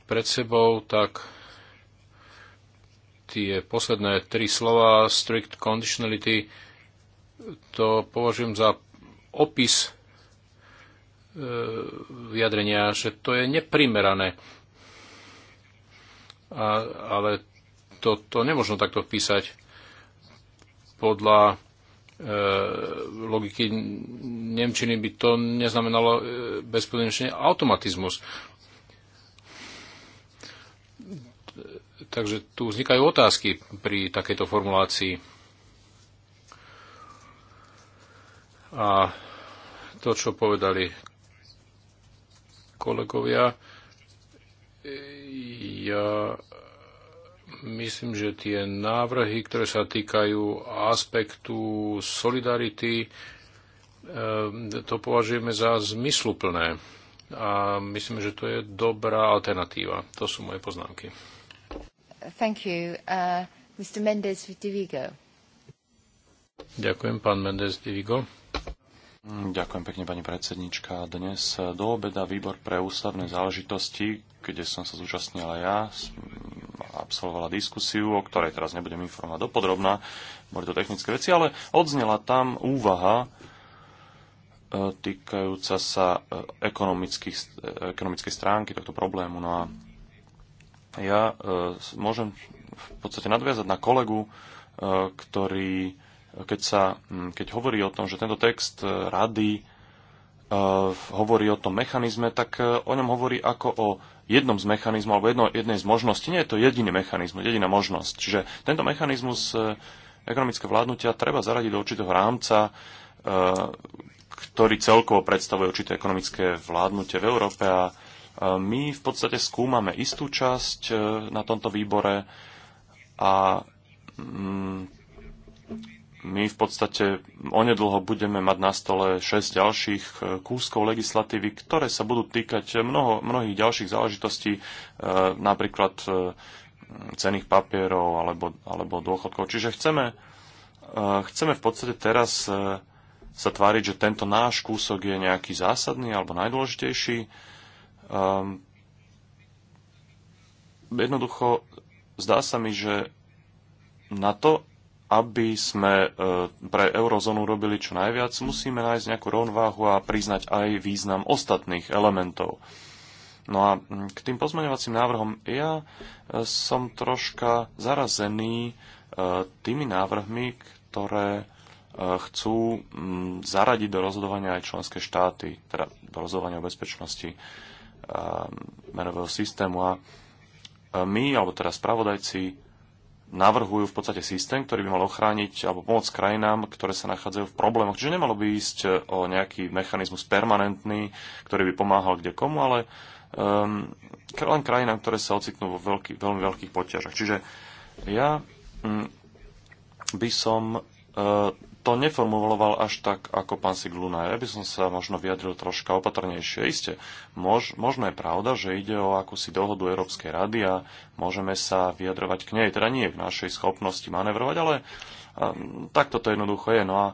Speaker 2: pred sebou, tak tie posledné tri slova, strict conditionality, to považujem za opis E, vyjadrenia, že to je neprimerané. A, ale to, to nemôžno takto písať. Podľa e, logiky Nemčiny by to neznamenalo e, bezpodmienečne automatizmus. Takže tu vznikajú otázky pri takejto formulácii. A to, čo povedali kolegovia. Ja myslím, že tie návrhy, ktoré sa týkajú aspektu solidarity, eh, to považujeme za zmysluplné. A myslím, že to je dobrá alternatíva. To sú moje poznámky.
Speaker 1: Thank you. Uh, Mr. Mendes Divigo.
Speaker 3: Ďakujem, pán Mendes Divigo. Ďakujem pekne, pani predsednička. Dnes do obeda výbor pre ústavné záležitosti, kde som sa zúčastnila ja, absolvovala diskusiu, o ktorej teraz nebudem informovať dopodrobná, boli to technické veci, ale odznela tam úvaha e, týkajúca sa e, e, ekonomickej stránky tohto problému. No a ja môžem v podstate nadviazať na kolegu, ktorý keď, sa, mm, keď hovorí o tom, že tento text e, rady e, hovorí o tom mechanizme, tak e, o ňom hovorí ako o jednom z mechanizmov alebo jedno, jednej z možností. Nie je to jediný mechanizmus, jediná možnosť. Čiže tento mechanizmus ekonomické vládnutia treba zaradiť do určitého rámca, ktorý celkovo predstavuje určité ekonomické vládnutie v Európe a my v podstate skúmame istú časť na tomto výbore a mm, my v podstate onedlho budeme mať na stole 6 ďalších e, kúskov legislatívy, ktoré sa budú týkať mnoho, mnohých ďalších záležitostí, e, napríklad e, cených papierov alebo, alebo dôchodkov. Čiže chceme, chceme v podstate teraz sa tváriť, že tento náš kúsok je nejaký zásadný alebo najdôležitejší. Ehm, jednoducho, zdá sa mi, že na to, aby sme e, pre eurozónu robili čo najviac, musíme nájsť nejakú rovnováhu a priznať aj význam ostatných elementov. No a mm, k tým pozmeňovacím návrhom ja e, som troška zarazený e, tými návrhmi, ktoré chcú mm, zaradiť do rozhodovania aj členské štáty, teda do rozhodovania o bezpečnosti merového systému. A my, alebo teda spravodajci, navrhujú v podstate systém, ktorý by mal ochrániť alebo pomôcť krajinám, ktoré sa nachádzajú v problémoch. Čiže nemalo by ísť e, o nejaký mechanizmus permanentný, ktorý by pomáhal kde komu, ale um, len krajinám, ktoré sa ocitnú vo veľký, veľmi veľkých poťažach. Čiže ja um, by som uh, to neformuloval až tak ako pán Sigluna. Ja by som sa možno vyjadril troška opatrnejšie. Isté, mož, možno je pravda, že ide o akúsi dohodu Európskej rady a môžeme sa vyjadrovať k nej. Teda nie je v našej schopnosti manevrovať, ale um, takto to jednoducho je. No a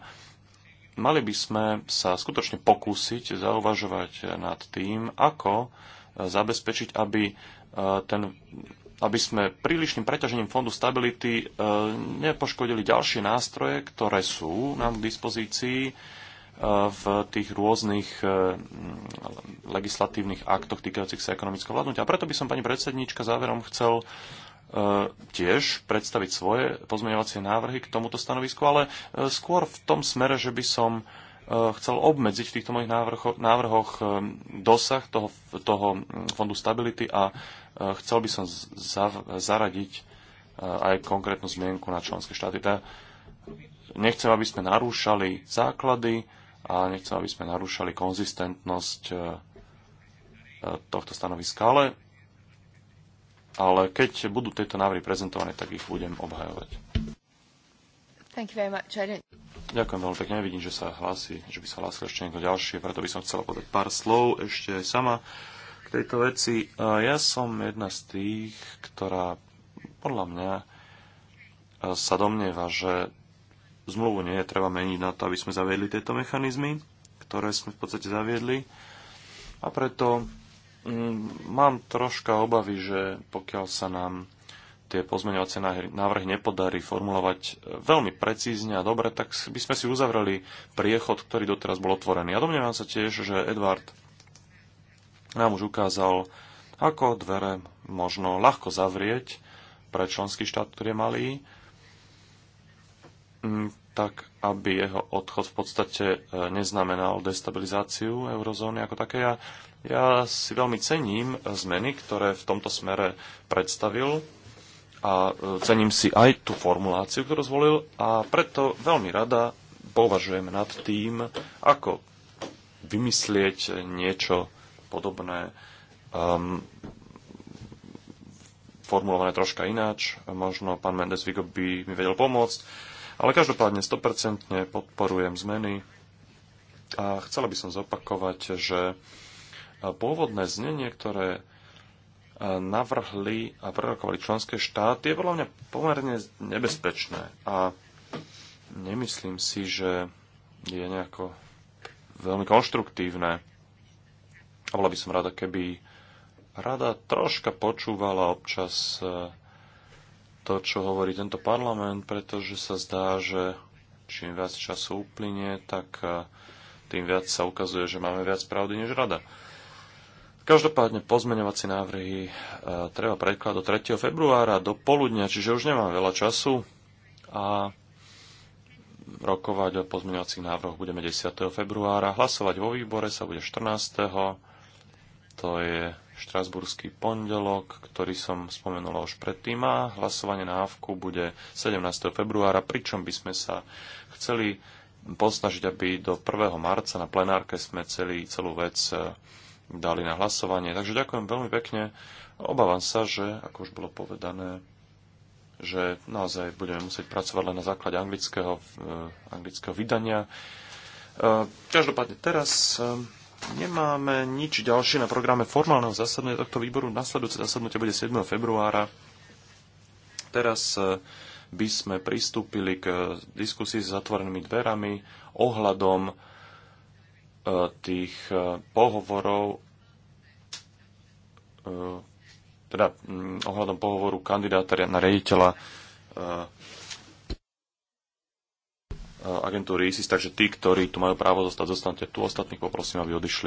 Speaker 3: mali by sme sa skutočne pokúsiť zauvažovať nad tým, ako eh, zabezpečiť, aby eh, ten aby sme prílišným preťažením Fondu stability e, nepoškodili ďalšie nástroje, ktoré sú nám k dispozícii e, v tých rôznych e, legislatívnych aktoch týkajúcich sa ekonomického vládnutia. A preto by som, pani predsedníčka, záverom chcel tiež predstaviť svoje pozmeňovacie návrhy k tomuto stanovisku, ale skôr v tom smere, že by som Eh, chcel obmedziť v týchto mojich návrhoch, návrhoch eh, dosah toho, toho mm, fondu stability a eh, chcel by som zav, zaradiť aj konkrétnu zmienku na členské štáty. Teda nechcem, aby sme narúšali základy a nechcem, aby sme narúšali konzistentnosť tohto stanoviska, ale, ale keď budú tieto návrhy prezentované, tak ich budem obhajovať. Ďakujem veľmi pekne. Vidím, že sa hlási, že by sa hlásil ešte niekto ďalšie, preto by som chcela povedať pár slov ešte sama k tejto veci. Ja som jedna z tých, ktorá podľa mňa sa domnieva, že zmluvu nie je treba meniť na to, aby sme zaviedli tieto mechanizmy, ktoré sme v podstate zaviedli. A preto mm, mám troška obavy, že pokiaľ sa nám tie pozmeňovacie návrhy nepodarí formulovať e, veľmi precízne a dobre, tak by sme si uzavreli priechod, ktorý doteraz bol otvorený. A domnievam sa tiež, že Edward nám už ukázal, ako dvere možno ľahko zavrieť pre členský štát, ktorý je malý, tak aby jeho odchod v podstate e, neznamenal destabilizáciu eurozóny ako také. Ja, ja si veľmi cením e, zmeny, ktoré v tomto smere predstavil a e, cením si aj tú formuláciu, ktorú zvolil a preto veľmi rada považujem nad tým, ako vymyslieť niečo podobné, um, formulované troška ináč. Možno pán Mendes Vigo by mi vedel pomôcť, ale každopádne 100% podporujem zmeny a chcela by som zopakovať, že pôvodné znenie, ktoré navrhli a prerokovali členské štáty, je podľa mňa pomerne nebezpečné. A nemyslím si, že je nejako veľmi konštruktívne. A bola by som rada, keby rada troška počúvala občas e, to, čo hovorí tento parlament, pretože sa zdá, že čím viac času uplynie, tak e, tým viac sa ukazuje, že máme viac pravdy než rada. Každopádne pozmeňovací návrhy e, treba predklad do 3. februára do poludnia, čiže už nemám veľa času a rokovať o pozmeňovacích návrhoch budeme 10. februára. Hlasovať vo výbore sa bude 14. To je štrasburský pondelok, ktorý som spomenul už predtým a hlasovanie na AVKU bude 17. februára, pričom by sme sa chceli posnažiť, aby do 1. marca na plenárke sme celý, celú vec e, dali na hlasovanie. Takže ďakujem veľmi pekne. Obávam sa, že, ako už bolo povedané, že naozaj budeme musieť pracovať len na základe anglického, eh, anglického vydania. Eh, každopádne teraz eh, nemáme nič ďalšie na programe formálneho zasadnutia tohto výboru. Nasledujúce zasadnutie bude 7. februára. Teraz eh, by sme pristúpili k eh, diskusii s zatvorenými dverami ohľadom tých eh, pohovorov, eh, teda mm, ohľadom pohovoru kandidáta na rediteľa eh, agentúry ISIS, takže tí, ktorí tu majú právo zostať, zostanete tu, ostatných poprosím, aby odišli.